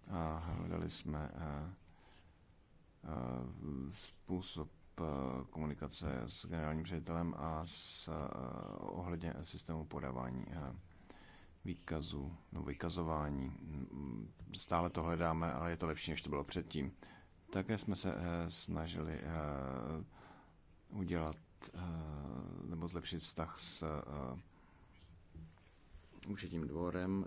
A hledali jsme způsob Eh, komunikace s generálním ředitelem a s eh, ohledně systému podávání eh, výkazu, no vykazování. Mm, stále to hledáme, ale je to lepší, než to bylo předtím. Také jsme se snažili udělat nebo zlepšit vztah s účetním dvorem.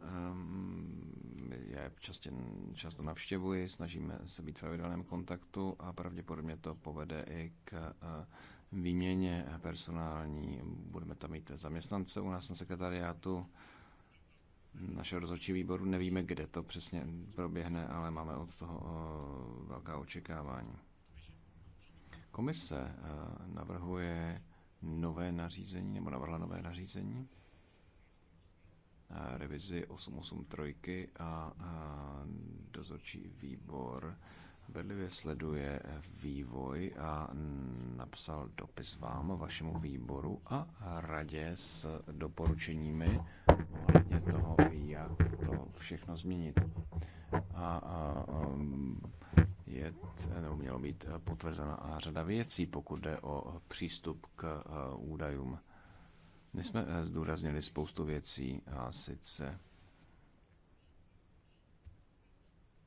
Já ehm, je častě, často navštěvuji, snažíme se být v pravidelném kontaktu a pravděpodobně to povede i k eh, výměně personální. Budeme tam mít zaměstnance u nás na sekretariátu našeho rozhodčí výboru. Nevíme, kde to přesně proběhne, ale máme od toho eh, velká očekávání. Komise eh, navrhuje nové nařízení, nebo navrhla nové nařízení Eh, revizi 883 a dozorčí výbor bedlivě sleduje vývoj a napsal dopis vám, vašemu výboru a radě s doporučeními ohledně toho, jak to všechno změnit. A, a um, je, nebo mělo být potvrzena řada věcí, pokud jde o přístup k eh, údajům. My jsme eh, zdůraznili spoustu věcí a sice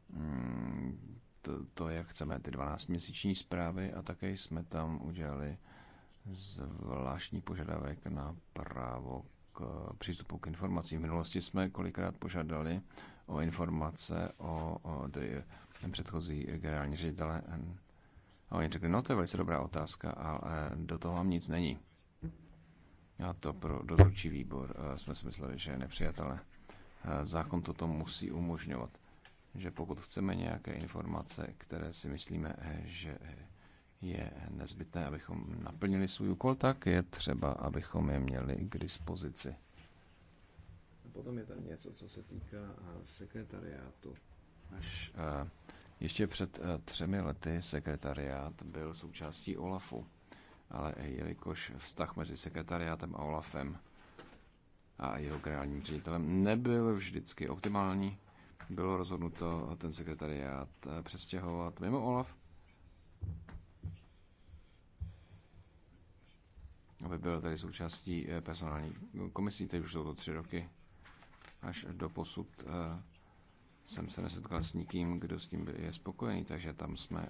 mm, to, to jak chceme ty 12-měsíční zprávy a také jsme tam udělali zvláštní požadavek na právo k eh, přístupu k informacím. V minulosti jsme kolikrát požadali o informace o, o tedy eh, předchozí generální ředitele a oni řekli, no to je velice dobrá otázka, ale do toho vám nic není. A to pro dozorčí výbor jsme si mysleli, že je nepřijatelné. Zákon toto musí umožňovat, že pokud chceme nějaké informace, které si myslíme, že je nezbytné, abychom naplnili svůj úkol, tak je třeba, abychom je měli k dispozici. Potom je tam něco, co se týká sekretariátu. Až ještě před třemi lety sekretariát byl součástí OLAFu ale jelikož vztah mezi sekretariátem a OLAFem a jeho generálním ředitelem nebyl vždycky optimální, bylo rozhodnuto ten sekretariát eh, přestěhovat mimo OLAF, aby byl tady součástí eh, personální komisí, teď už jsou to tři roky. Až do posud eh, jsem se nesetkal s nikým, kdo s tím je spokojený, takže tam jsme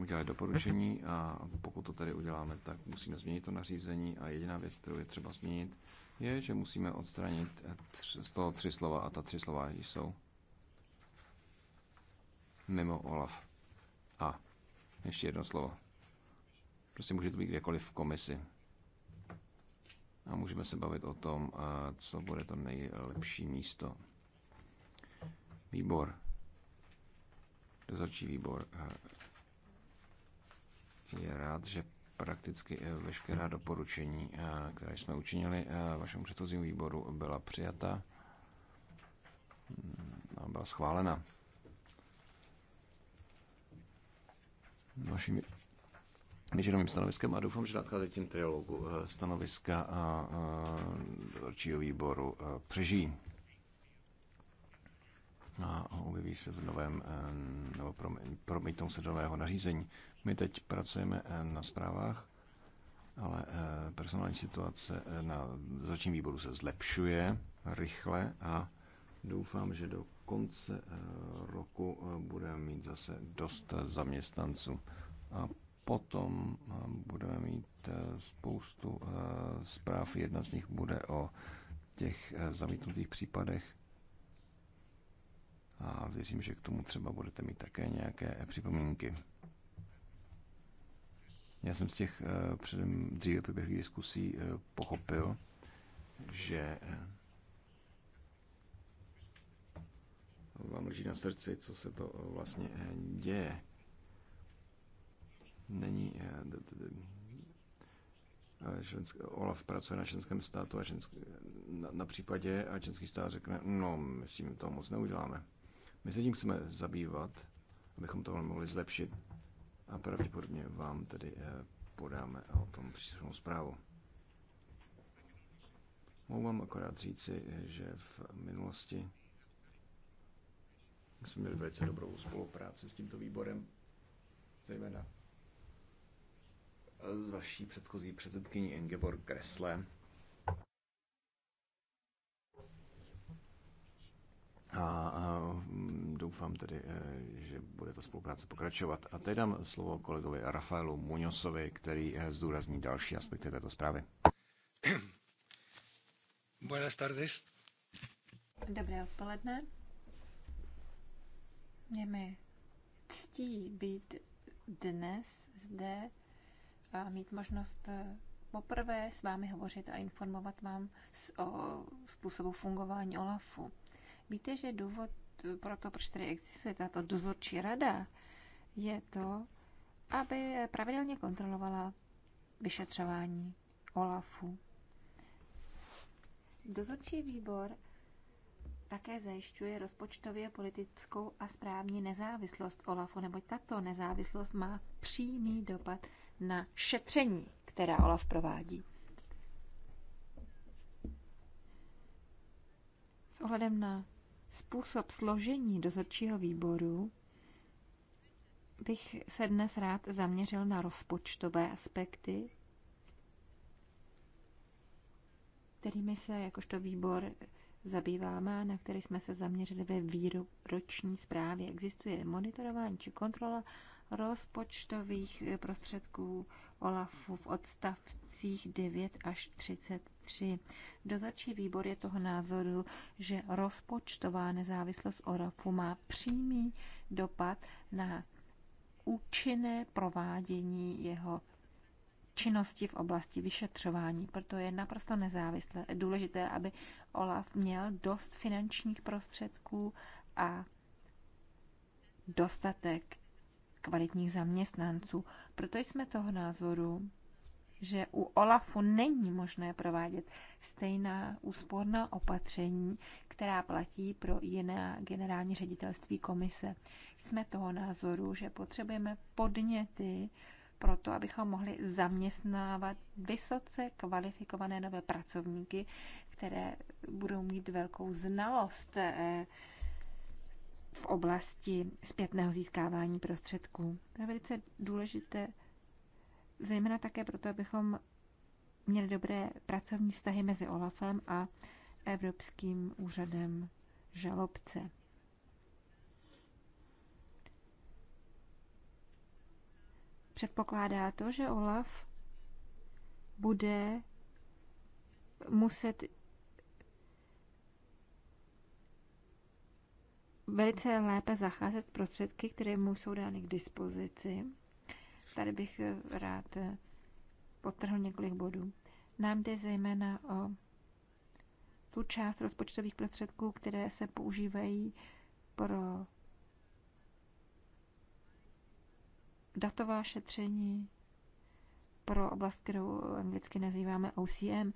udělali doporučení a pokud to tady uděláme, tak musíme změnit to nařízení a jediná věc, kterou je třeba změnit, je, že musíme odstranit z toho tři slova a ta tři slova jsou mimo Olaf. A ještě jedno slovo. Prostě může to být kdekoliv v komisi. A můžeme se bavit o tom, co bude to nejlepší místo. Výbor. Dozorčí výbor eh, je rád, že prakticky eh, veškerá doporučení, eh, které jsme učinili eh, vašemu předchozímu výboru, byla přijata mm, a byla schválena. Vaším většinovým stanoviskem a doufám, že nadcházejícím trialogu stanoviska a dozorčího výboru přežijí a objeví se v novém, nebo promítnou se do nového nařízení. My teď pracujeme eh, na zprávách, ale eh, personální situace eh, na začním výboru se zlepšuje rychle a doufám, že do konce roku budeme mít zase dost zaměstnanců. A potom budeme mít spoustu zpráv. Jedna z nich bude o těch zamítnutých případech. A věřím, že k tomu třeba budete mít také nějaké připomínky. Já jsem z těch eh, předem dříve proběhlých diskusí eh, pochopil, že eh, vám leží na srdci, co se to vlastně děje. Není Olaf pracuje na ženském státu a na, na případě a ženský stát řekne, no, my s tím toho moc neuděláme. My se tím chceme zabývat, abychom tohle mohli zlepšit a pravděpodobně vám tedy eh, podáme o tom příslušnou zprávu. Mohu vám akorát říci, eh, že v minulosti jsme měli velice dobrou spolupráci s tímto výborem, zejména s vaší předchozí předsedkyní Ingeborg Kresle. A, a doufám tedy, eh, že bude ta spolupráce pokračovat. A teď dám slovo kolegovi Rafaelu Muñozovi, který eh, zdůrazní další aspekty této zprávy. [clears throat] Buenas tardes. Dobré odpoledne. Je mi ctí být dnes zde a mít možnost eh, poprvé s vámi hovořit a informovat vám o způsobu fungování OLAFu. Víte, že důvod pro to, proč tady existuje tato dozorčí rada, je to, aby pravidelně kontrolovala vyšetřování OLAFu. Dozorčí výbor také zajišťuje rozpočtově politickou a správní nezávislost OLAFu, neboť tato nezávislost má přímý dopad na šetření, která OLAF provádí. S ohledem na způsob složení dozorčího výboru bych se dnes rád zaměřil na rozpočtové aspekty, kterými se jakožto výbor zabýváme, na který jsme se zaměřili ve výroční zprávě. Existuje monitorování či kontrola rozpočtových prostředků OLAFu v odstavcích 9 až 33. 3. Dozorčí výbor je toho názoru, že rozpočtová nezávislost ORAFu má přímý dopad na účinné provádění jeho činnosti v oblasti vyšetřování. Proto je naprosto nezávislé důležité, aby OLAF měl dost finančních prostředků a dostatek kvalitních zaměstnanců. Proto jsme toho názoru, že u OLAFu není možné provádět stejná úsporná opatření, která platí pro jiné generální ředitelství komise. Jsme toho názoru, že potřebujeme podněty pro to, abychom mohli zaměstnávat vysoce kvalifikované nové pracovníky, které budou mít velkou znalost eh, v oblasti zpětného získávání prostředků. To je velice důležité zejména také proto, abychom měli dobré pracovní vztahy mezi OLAFem a Evropským úřadem žalobce. Předpokládá to, že OLAF bude muset velice lépe zacházet s prostředky, které mu jsou dány k dispozici Tady bych eh, rád eh, potrhl několik bodů. Nám jde zejména o tu část rozpočtových prostředků, které se používají pro datová šetření, pro oblast, kterou anglicky nazýváme OCM.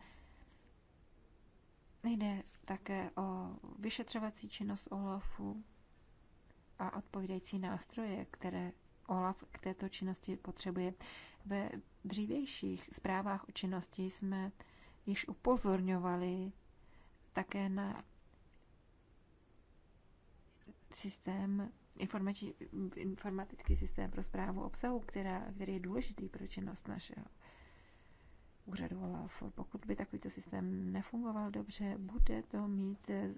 Jde také o vyšetřovací činnost OLAFu a odpovídající nástroje, které OLAF k této činnosti potřebuje. Ve dřívějších zprávách o činnosti jsme již upozorňovali také na systém informační, informatický systém pro zprávu obsahu, která, který je důležitý pro činnost našeho úřadu OLAF. Pokud by takovýto systém nefungoval dobře, bude to mít eh,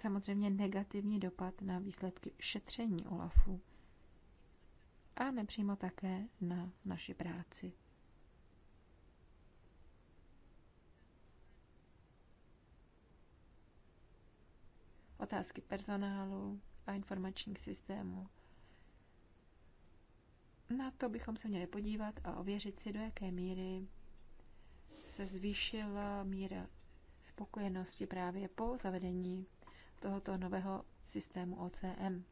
samozřejmě negativní dopad na výsledky šetření OLAFu a nepřímo také na naši práci. Otázky personálu a informačních systémů. Na to bychom se měli podívat a ověřit si, do jaké míry se zvýšila míra spokojenosti právě po zavedení tohoto nového systému OCM.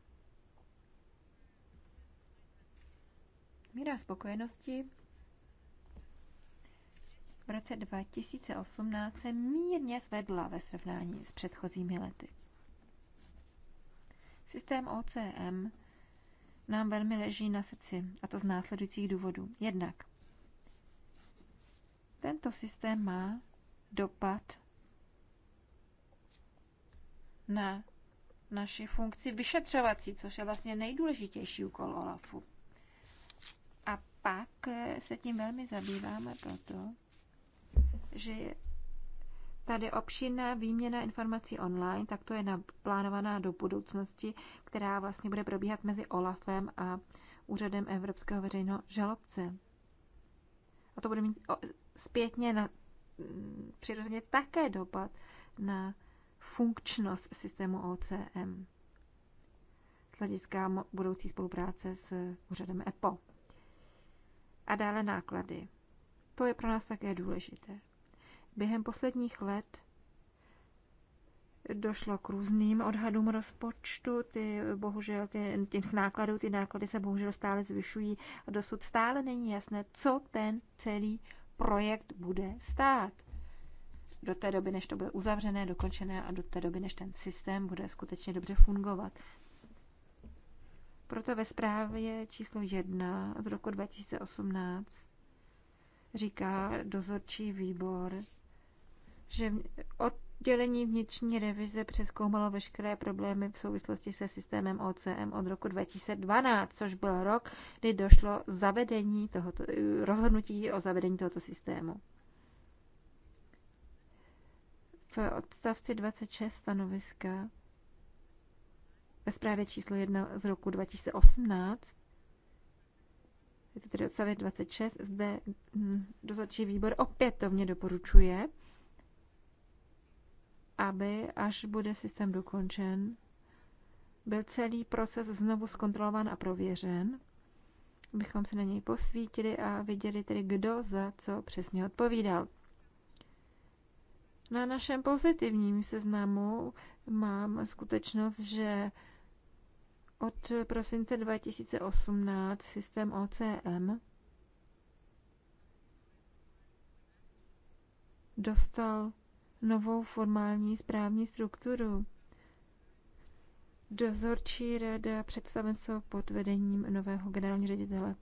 Míra spokojenosti v roce 2018 se mírně zvedla ve srovnání s předchozími lety. Systém OCM nám velmi leží na srdci, a to z následujících důvodů. Jednak, tento systém má dopad na naši funkci vyšetřovací, což je vlastně nejdůležitější úkol OLAFu pak eh, se tím velmi zabýváme proto, že je tady obšinná výměna informací online, tak to je naplánovaná do budoucnosti, která vlastně bude probíhat mezi OLAFem a Úřadem Evropského veřejného žalobce. A to bude mít zpětně na, mm, přirozeně také dopad na funkčnost systému OCM z hlediska budoucí spolupráce s úřadem EPO. A dále náklady. To je pro nás také důležité. Během posledních let došlo k různým odhadům rozpočtu. Ty, bohužel, ty, těch nákladů, ty náklady se bohužel stále zvyšují a dosud stále není jasné, co ten celý projekt bude stát. Do té doby, než to bude uzavřené, dokončené a do té doby, než ten systém bude skutečně dobře fungovat. Proto ve zprávě číslo 1 z roku 2018 říká dozorčí výbor, že oddělení vnitřní revize přeskoumalo veškeré problémy v souvislosti se systémem OCM od roku 2012, což byl rok, kdy došlo zavedení tohoto, rozhodnutí o zavedení tohoto systému. V odstavci 26 stanoviska ve zprávě číslo 1 z roku 2018, je to tedy odstavec 26, zde hm, dozorčí výbor opětovně doporučuje, aby, až bude systém dokončen, byl celý proces znovu zkontrolován a prověřen, abychom se na něj posvítili a viděli tedy, kdo za co přesně odpovídal. Na našem pozitivním seznamu mám skutečnost, že od prosince 2018 systém OCM dostal novou formální správní strukturu. Dozorčí rada představenstvo pod vedením nového generálního ředitele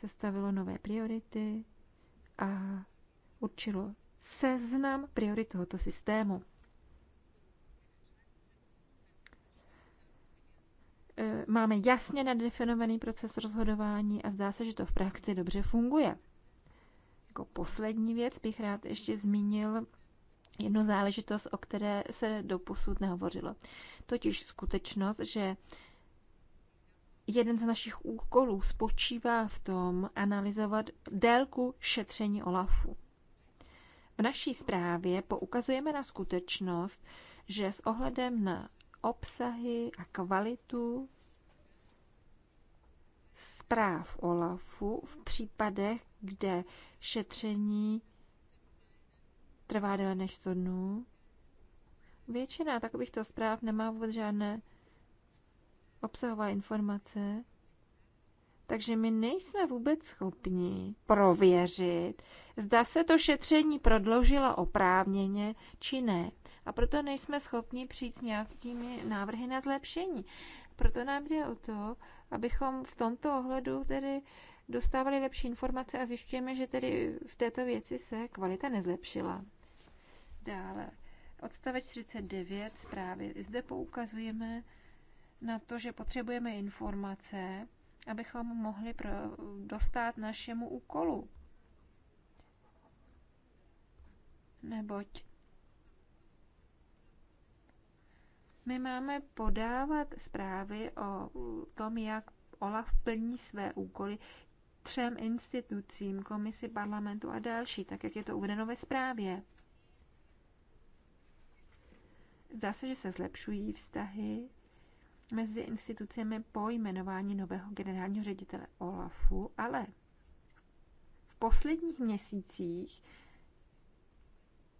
sestavilo nové priority a určilo seznam priorit tohoto systému. E, máme jasně nadefinovaný proces rozhodování a zdá se, že to v praxi dobře funguje. Jako poslední věc bych rád ještě zmínil jednu záležitost, o které se doposud nehovořilo. Totiž skutečnost, že jeden z našich úkolů spočívá v tom analyzovat délku šetření OLAFu. V naší zprávě poukazujeme na skutečnost, že s ohledem na obsahy a kvalitu zpráv OLAFu v případech, kde šetření trvá déle než 100 dnů. Většina takovýchto zpráv nemá vůbec žádné obsahové informace, takže my nejsme vůbec schopni prověřit, zda se to šetření prodloužilo oprávněně či ne. A proto nejsme schopni přijít s nějakými návrhy na zlepšení. Proto nám jde o to, abychom v tomto ohledu tedy dostávali lepší informace a zjišťujeme, že tedy v této věci se kvalita nezlepšila. Dále, odstavec 49 zprávy. Zde poukazujeme na to, že potřebujeme informace, abychom mohli pro, dostat našemu úkolu. Neboť My máme podávat zprávy o tom, jak OLAF plní své úkoly třem institucím, komisi, parlamentu a další, tak jak je to uvedeno ve zprávě. Zdá se, že se zlepšují vztahy mezi institucemi po jmenování nového generálního ředitele OLAFu, ale v posledních měsících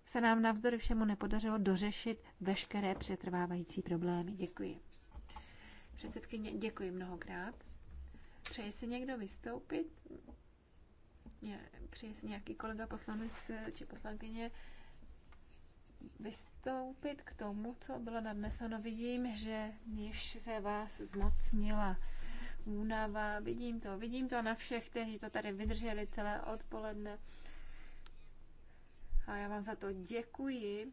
se nám navzdory všemu nepodařilo dořešit veškeré přetrvávající problémy. Děkuji. Předsedkyně, děkuji mnohokrát. Přeji si někdo vystoupit? Přeji si nějaký kolega poslanec eh, či poslankyně vystoupit k tomu, co bylo nadneseno. Vidím, že již se vás zmocnila únava. Vidím to, vidím to na všech, kteří to tady vydrželi celé odpoledne. A já vám za to děkuji.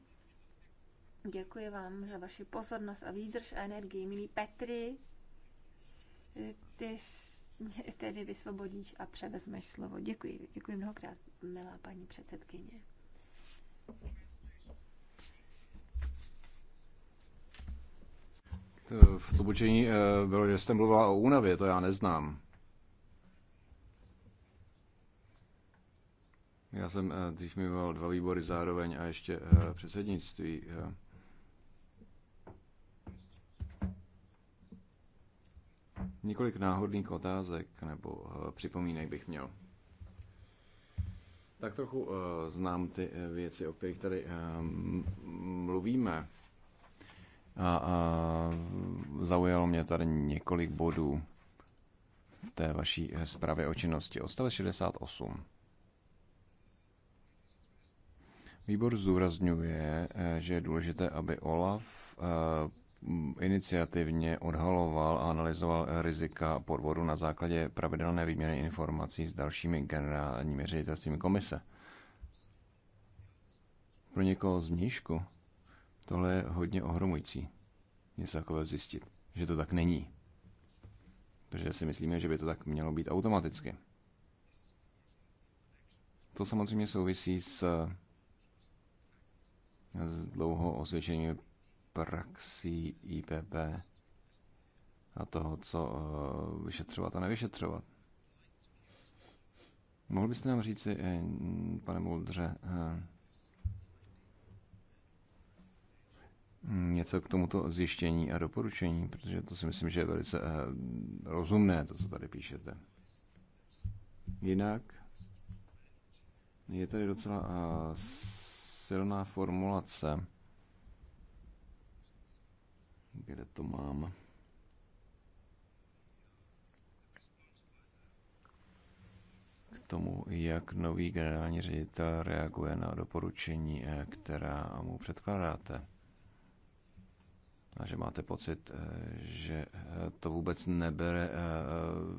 Děkuji vám za vaši pozornost a výdrž a energii. Milí Petri, ty mě tedy vysvobodíš a převezmeš slovo. Děkuji. Děkuji mnohokrát, milá paní předsedkyně. V tlumočení eh, bylo, že jste mluvila o únavě, to já neznám. Já jsem eh, dřív měl dva výbory zároveň a ještě eh, předsednictví. Eh. Několik náhodných otázek nebo připomínek bych měl. Tak trochu znám ty věci, o kterých tady mluvíme. A, a zaujalo mě tady několik bodů v té vaší zprávě o činnosti. Odstavec 68. Výbor zdůrazňuje, eh, že je důležité, aby OLAF eh, iniciativně odhaloval a analyzoval rizika podvodu na základě pravidelné výměny informací s dalšími generálními ředitelstvími komise. Pro někoho z vnějšku tohle je hodně ohromující něco takové zjistit, že to tak není. Protože si myslíme, že by to tak mělo být automaticky. To samozřejmě souvisí s s dlouho osvědčením praxí IPP a toho, co eh, vyšetřovat a nevyšetřovat. Mohl byste nám říci, eh, pane Muldře, eh, něco k tomuto zjištění a doporučení, protože to si myslím, že je velice rozumné, to, co tady píšete. Jinak je tady docela silná formulace. Kde to mám? tomu, jak nový generální ředitel reaguje na doporučení, eh, která mu předkládáte. A že máte pocit, eh, že eh, to vůbec nebere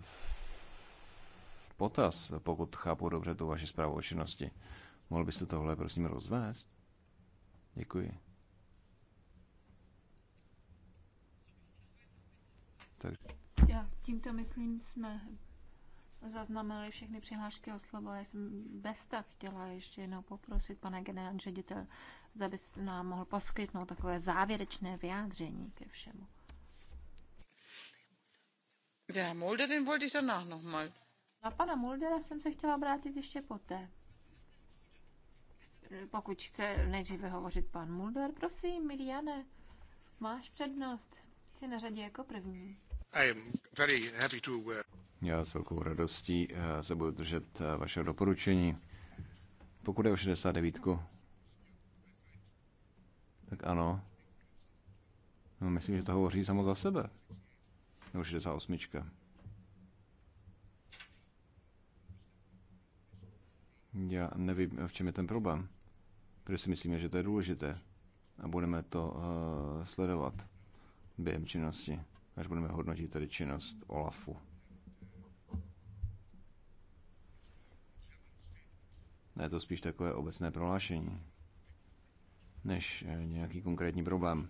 v potaz, pokud chápu dobře tu vaši zprávu o činnosti. Mohl byste tohle prosím rozvést? Děkuji. Tak. Já tímto myslím, jsme zaznamenali všechny přihlášky o slovo. Já jsem bez tak chtěla ještě jednou poprosit pana generální ředitel, zda by nám mohl poskytnout takové závěrečné vyjádření ke všemu. Der Herr Mulder, den wollte ich danach nochmal. Na pana Muldera jsem se chtěla obrátit ještě poté. Pokud chce nejdříve hovořit pan Mulder, prosím, Jane, máš přednost. Jsi na řadě jako první. I am very happy to... Uh, Já s velkou radostí uh, se budu držet uh, vašeho doporučení. Pokud je o 69, tak ano. No, myslím, že to hovoří samo za sebe. Nebo 68. Já nevím, v čem je ten problém protože si myslíme, že to je důležité a budeme to eh, sledovat během činnosti, až budeme hodnotit tady činnost OLAFu. Je to spíš takové obecné prohlášení, než eh, nějaký konkrétní problém.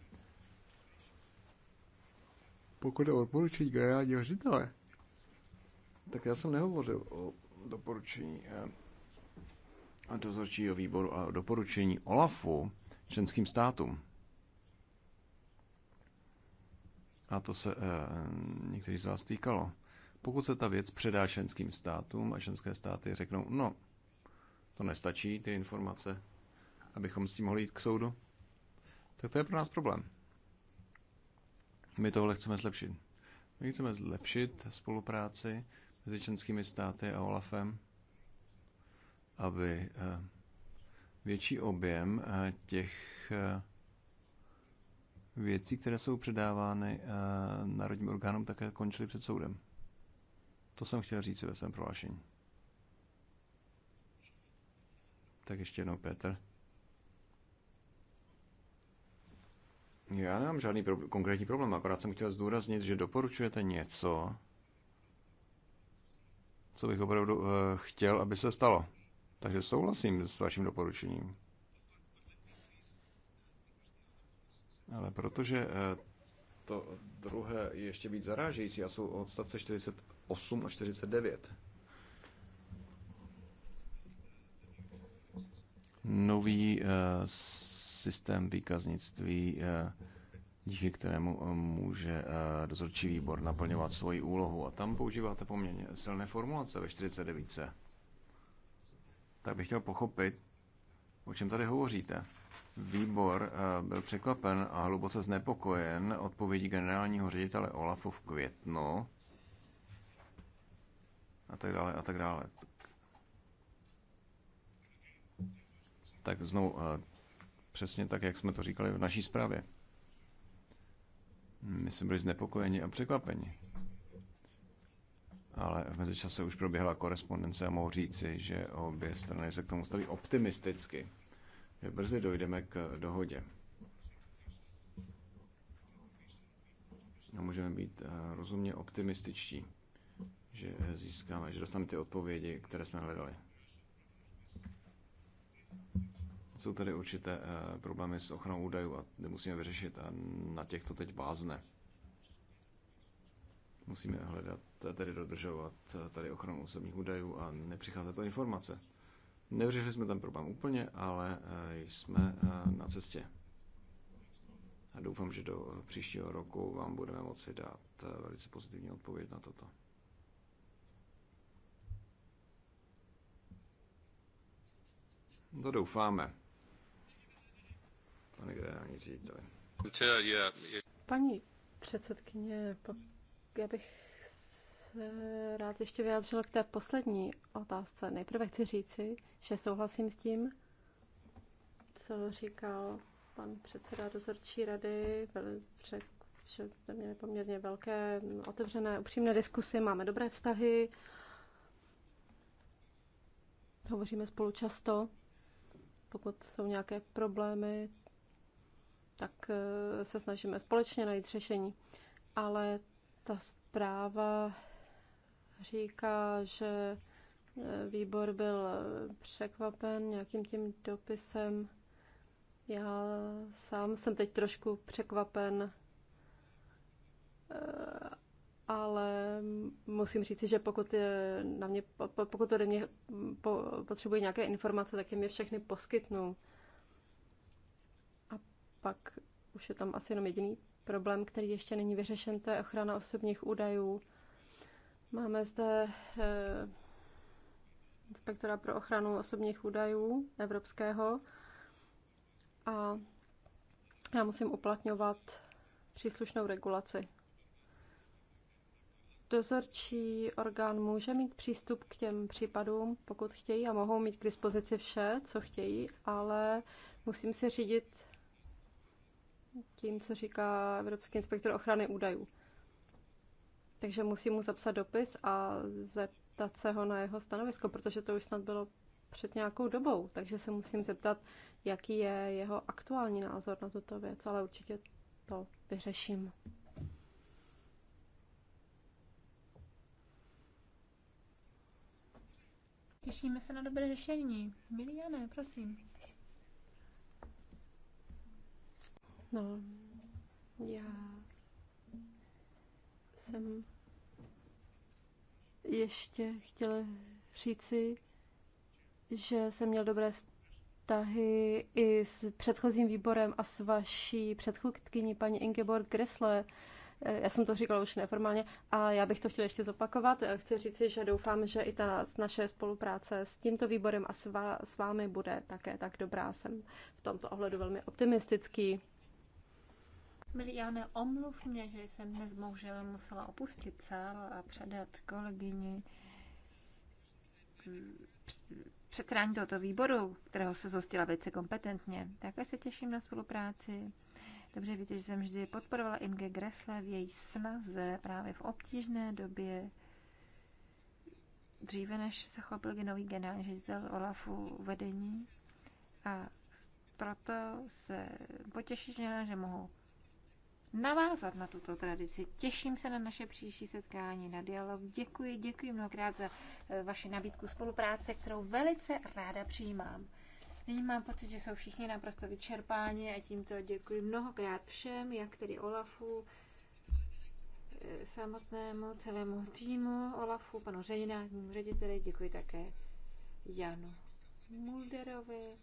Pokud je o doporučení generálního ředitele, tak já jsem nehovořil o doporučení eh, dozorčího výboru a doporučení OLAFu členským státům. A to se e, eh, některý z vás týkalo. Pokud se ta věc předá členským státům a členské státy řeknou, no, to nestačí, ty informace, abychom s tím mohli jít k soudu, tak to je pro nás problém. My tohle chceme zlepšit. My chceme zlepšit spolupráci mezi členskými státy a OLAFem aby eh, větší objem eh, těch eh, věcí, které jsou předávány národním orgánům, také končily před soudem. To jsem chtěl říct ve svém prohlášení. Tak ještě jednou, Petr. Já nemám žádný pro- konkrétní problém, akorát jsem chtěl zdůraznit, že doporučujete něco, co bych opravdu uh, chtěl, aby se stalo. Takže souhlasím s vaším doporučením. Ale protože eh, to druhé je ještě víc zarážející a jsou odstavce 48 a 49. Nový uh, systém výkaznictví, uh, díky kterému může uh, dozorčí výbor naplňovat svoji úlohu. A tam používáte poměrně silné formulace ve 49 tak bych chtěl pochopit, o čem tady hovoříte. Výbor eh, byl překvapen a hluboce znepokojen odpovědí generálního ředitele Olafu v květnu a tak dále a tak dále. Tak znovu, eh, přesně tak, jak jsme to říkali v naší zprávě. My jsme byli znepokojeni a překvapeni ale v mezičase už proběhla korespondence a mohu říci, že obě strany se k tomu staví optimisticky, že brzy dojdeme k dohodě. A můžeme být eh, rozumně optimističtí, že získáme, že dostaneme ty odpovědi, které jsme hledali. Jsou tady určité eh, problémy s ochranou údajů a ty musíme vyřešit a na těch to teď vázne. Musíme hledat, tedy dodržovat eh, tady ochranu osobních údajů a nepřicházet o informace. Nevřešili jsme ten problém úplně, ale eh, jsme eh, na cestě. A doufám, že do příštího roku vám budeme moci dát velice pozitivní odpověď na toto. To doufáme. Pane generální řediteli. Paní předsedkyně, já bych se rád ještě vyjádřila k té poslední otázce. Nejprve chci říci, že souhlasím s tím, co říkal pan předseda dozorčí rady, řekl, že jsme měli poměrně velké otevřené, upřímné diskusy, máme dobré vztahy, hovoříme spolu často. Pokud jsou nějaké problémy, tak eh, se snažíme společně najít řešení. Ale ta zpráva říká, že eh, výbor byl eh, překvapen nějakým tím dopisem. Já sám jsem teď trošku překvapen, eh, ale musím říci, že pokud, je na mě, pokud ode mě potřebuje nějaké informace, tak jim je všechny poskytnu. A pak už je tam asi jenom jediný Problém, který ještě není vyřešen, to je ochrana osobních údajů. Máme zde eh, inspektora pro ochranu osobních údajů evropského a já musím uplatňovat příslušnou regulaci. Dozorčí orgán může mít přístup k těm případům, pokud chtějí, a mohou mít k dispozici vše, co chtějí, ale musím se řídit tím, co říká Evropský inspektor ochrany údajů. Takže musím mu zapsat dopis a zeptat se ho na jeho stanovisko, protože to už snad bylo před nějakou dobou, takže se musím zeptat, jaký je jeho aktuální názor na tuto věc, ale určitě to vyřeším. Těšíme se na dobré řešení. Miliane, prosím. No, já jsem ještě chtěla říci, že jsem měl dobré vztahy i s předchozím výborem a s vaší předchůdkyní paní Ingeborg Gressle. Já jsem to říkala už neformálně a já bych to chtěla ještě zopakovat. Chci říci, že doufám, že i ta naše spolupráce s tímto výborem a s vámi bude také tak dobrá. Jsem v tomto ohledu velmi optimistický. Miliane, omluv mě, že jsem dnes bohužel musela opustit sál a předat kolegyni mm, předsedání tohoto výboru, kterého se zhostila velice kompetentně. Také se těším na spolupráci. Dobře víte, že jsem vždy podporovala Inge Gressle v její snaze právě v obtížné době dříve, než se chopil nový generální ředitel Olafu vedení. A proto se potěšit, že mohu navázat na tuto tradici. Těším se na naše příští setkání, na dialog. Děkuji, děkuji mnohokrát za eh, vaši nabídku spolupráce, kterou velice ráda přijímám. Nyní mám pocit, že jsou všichni naprosto vyčerpáni a tímto děkuji mnohokrát všem, jak tedy Olafu, eh, samotnému celému týmu Olafu, panu ředinátnímu řediteli, děkuji také Janu Mulderovi.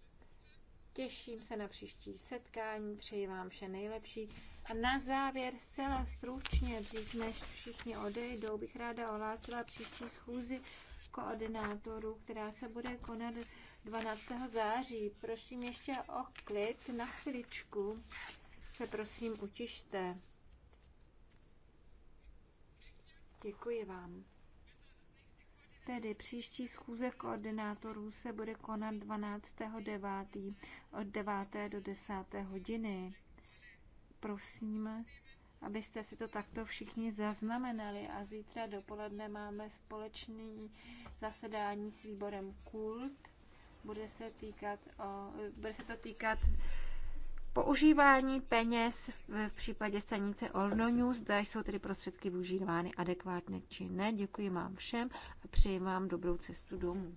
Těším se na příští setkání, přeji vám vše nejlepší a na závěr zcela stručně, dřív než všichni odejdou, bych ráda ohlásila příští schůzi koordinátorů, která se bude konat 12. září. Prosím ještě o klid na chviličku. Se prosím utište. Děkuji vám. Tedy příští schůze koordinátorů se bude konat 12.9. od 9. do 10. hodiny prosím, abyste si to takto všichni zaznamenali. A zítra dopoledne máme společný zasedání s výborem KULT. Bude se, týkat o, bude se to týkat používání peněz v případě stanice Olno News, zda jsou tedy prostředky využívány adekvátně či ne. Děkuji vám všem a přeji vám dobrou cestu domů.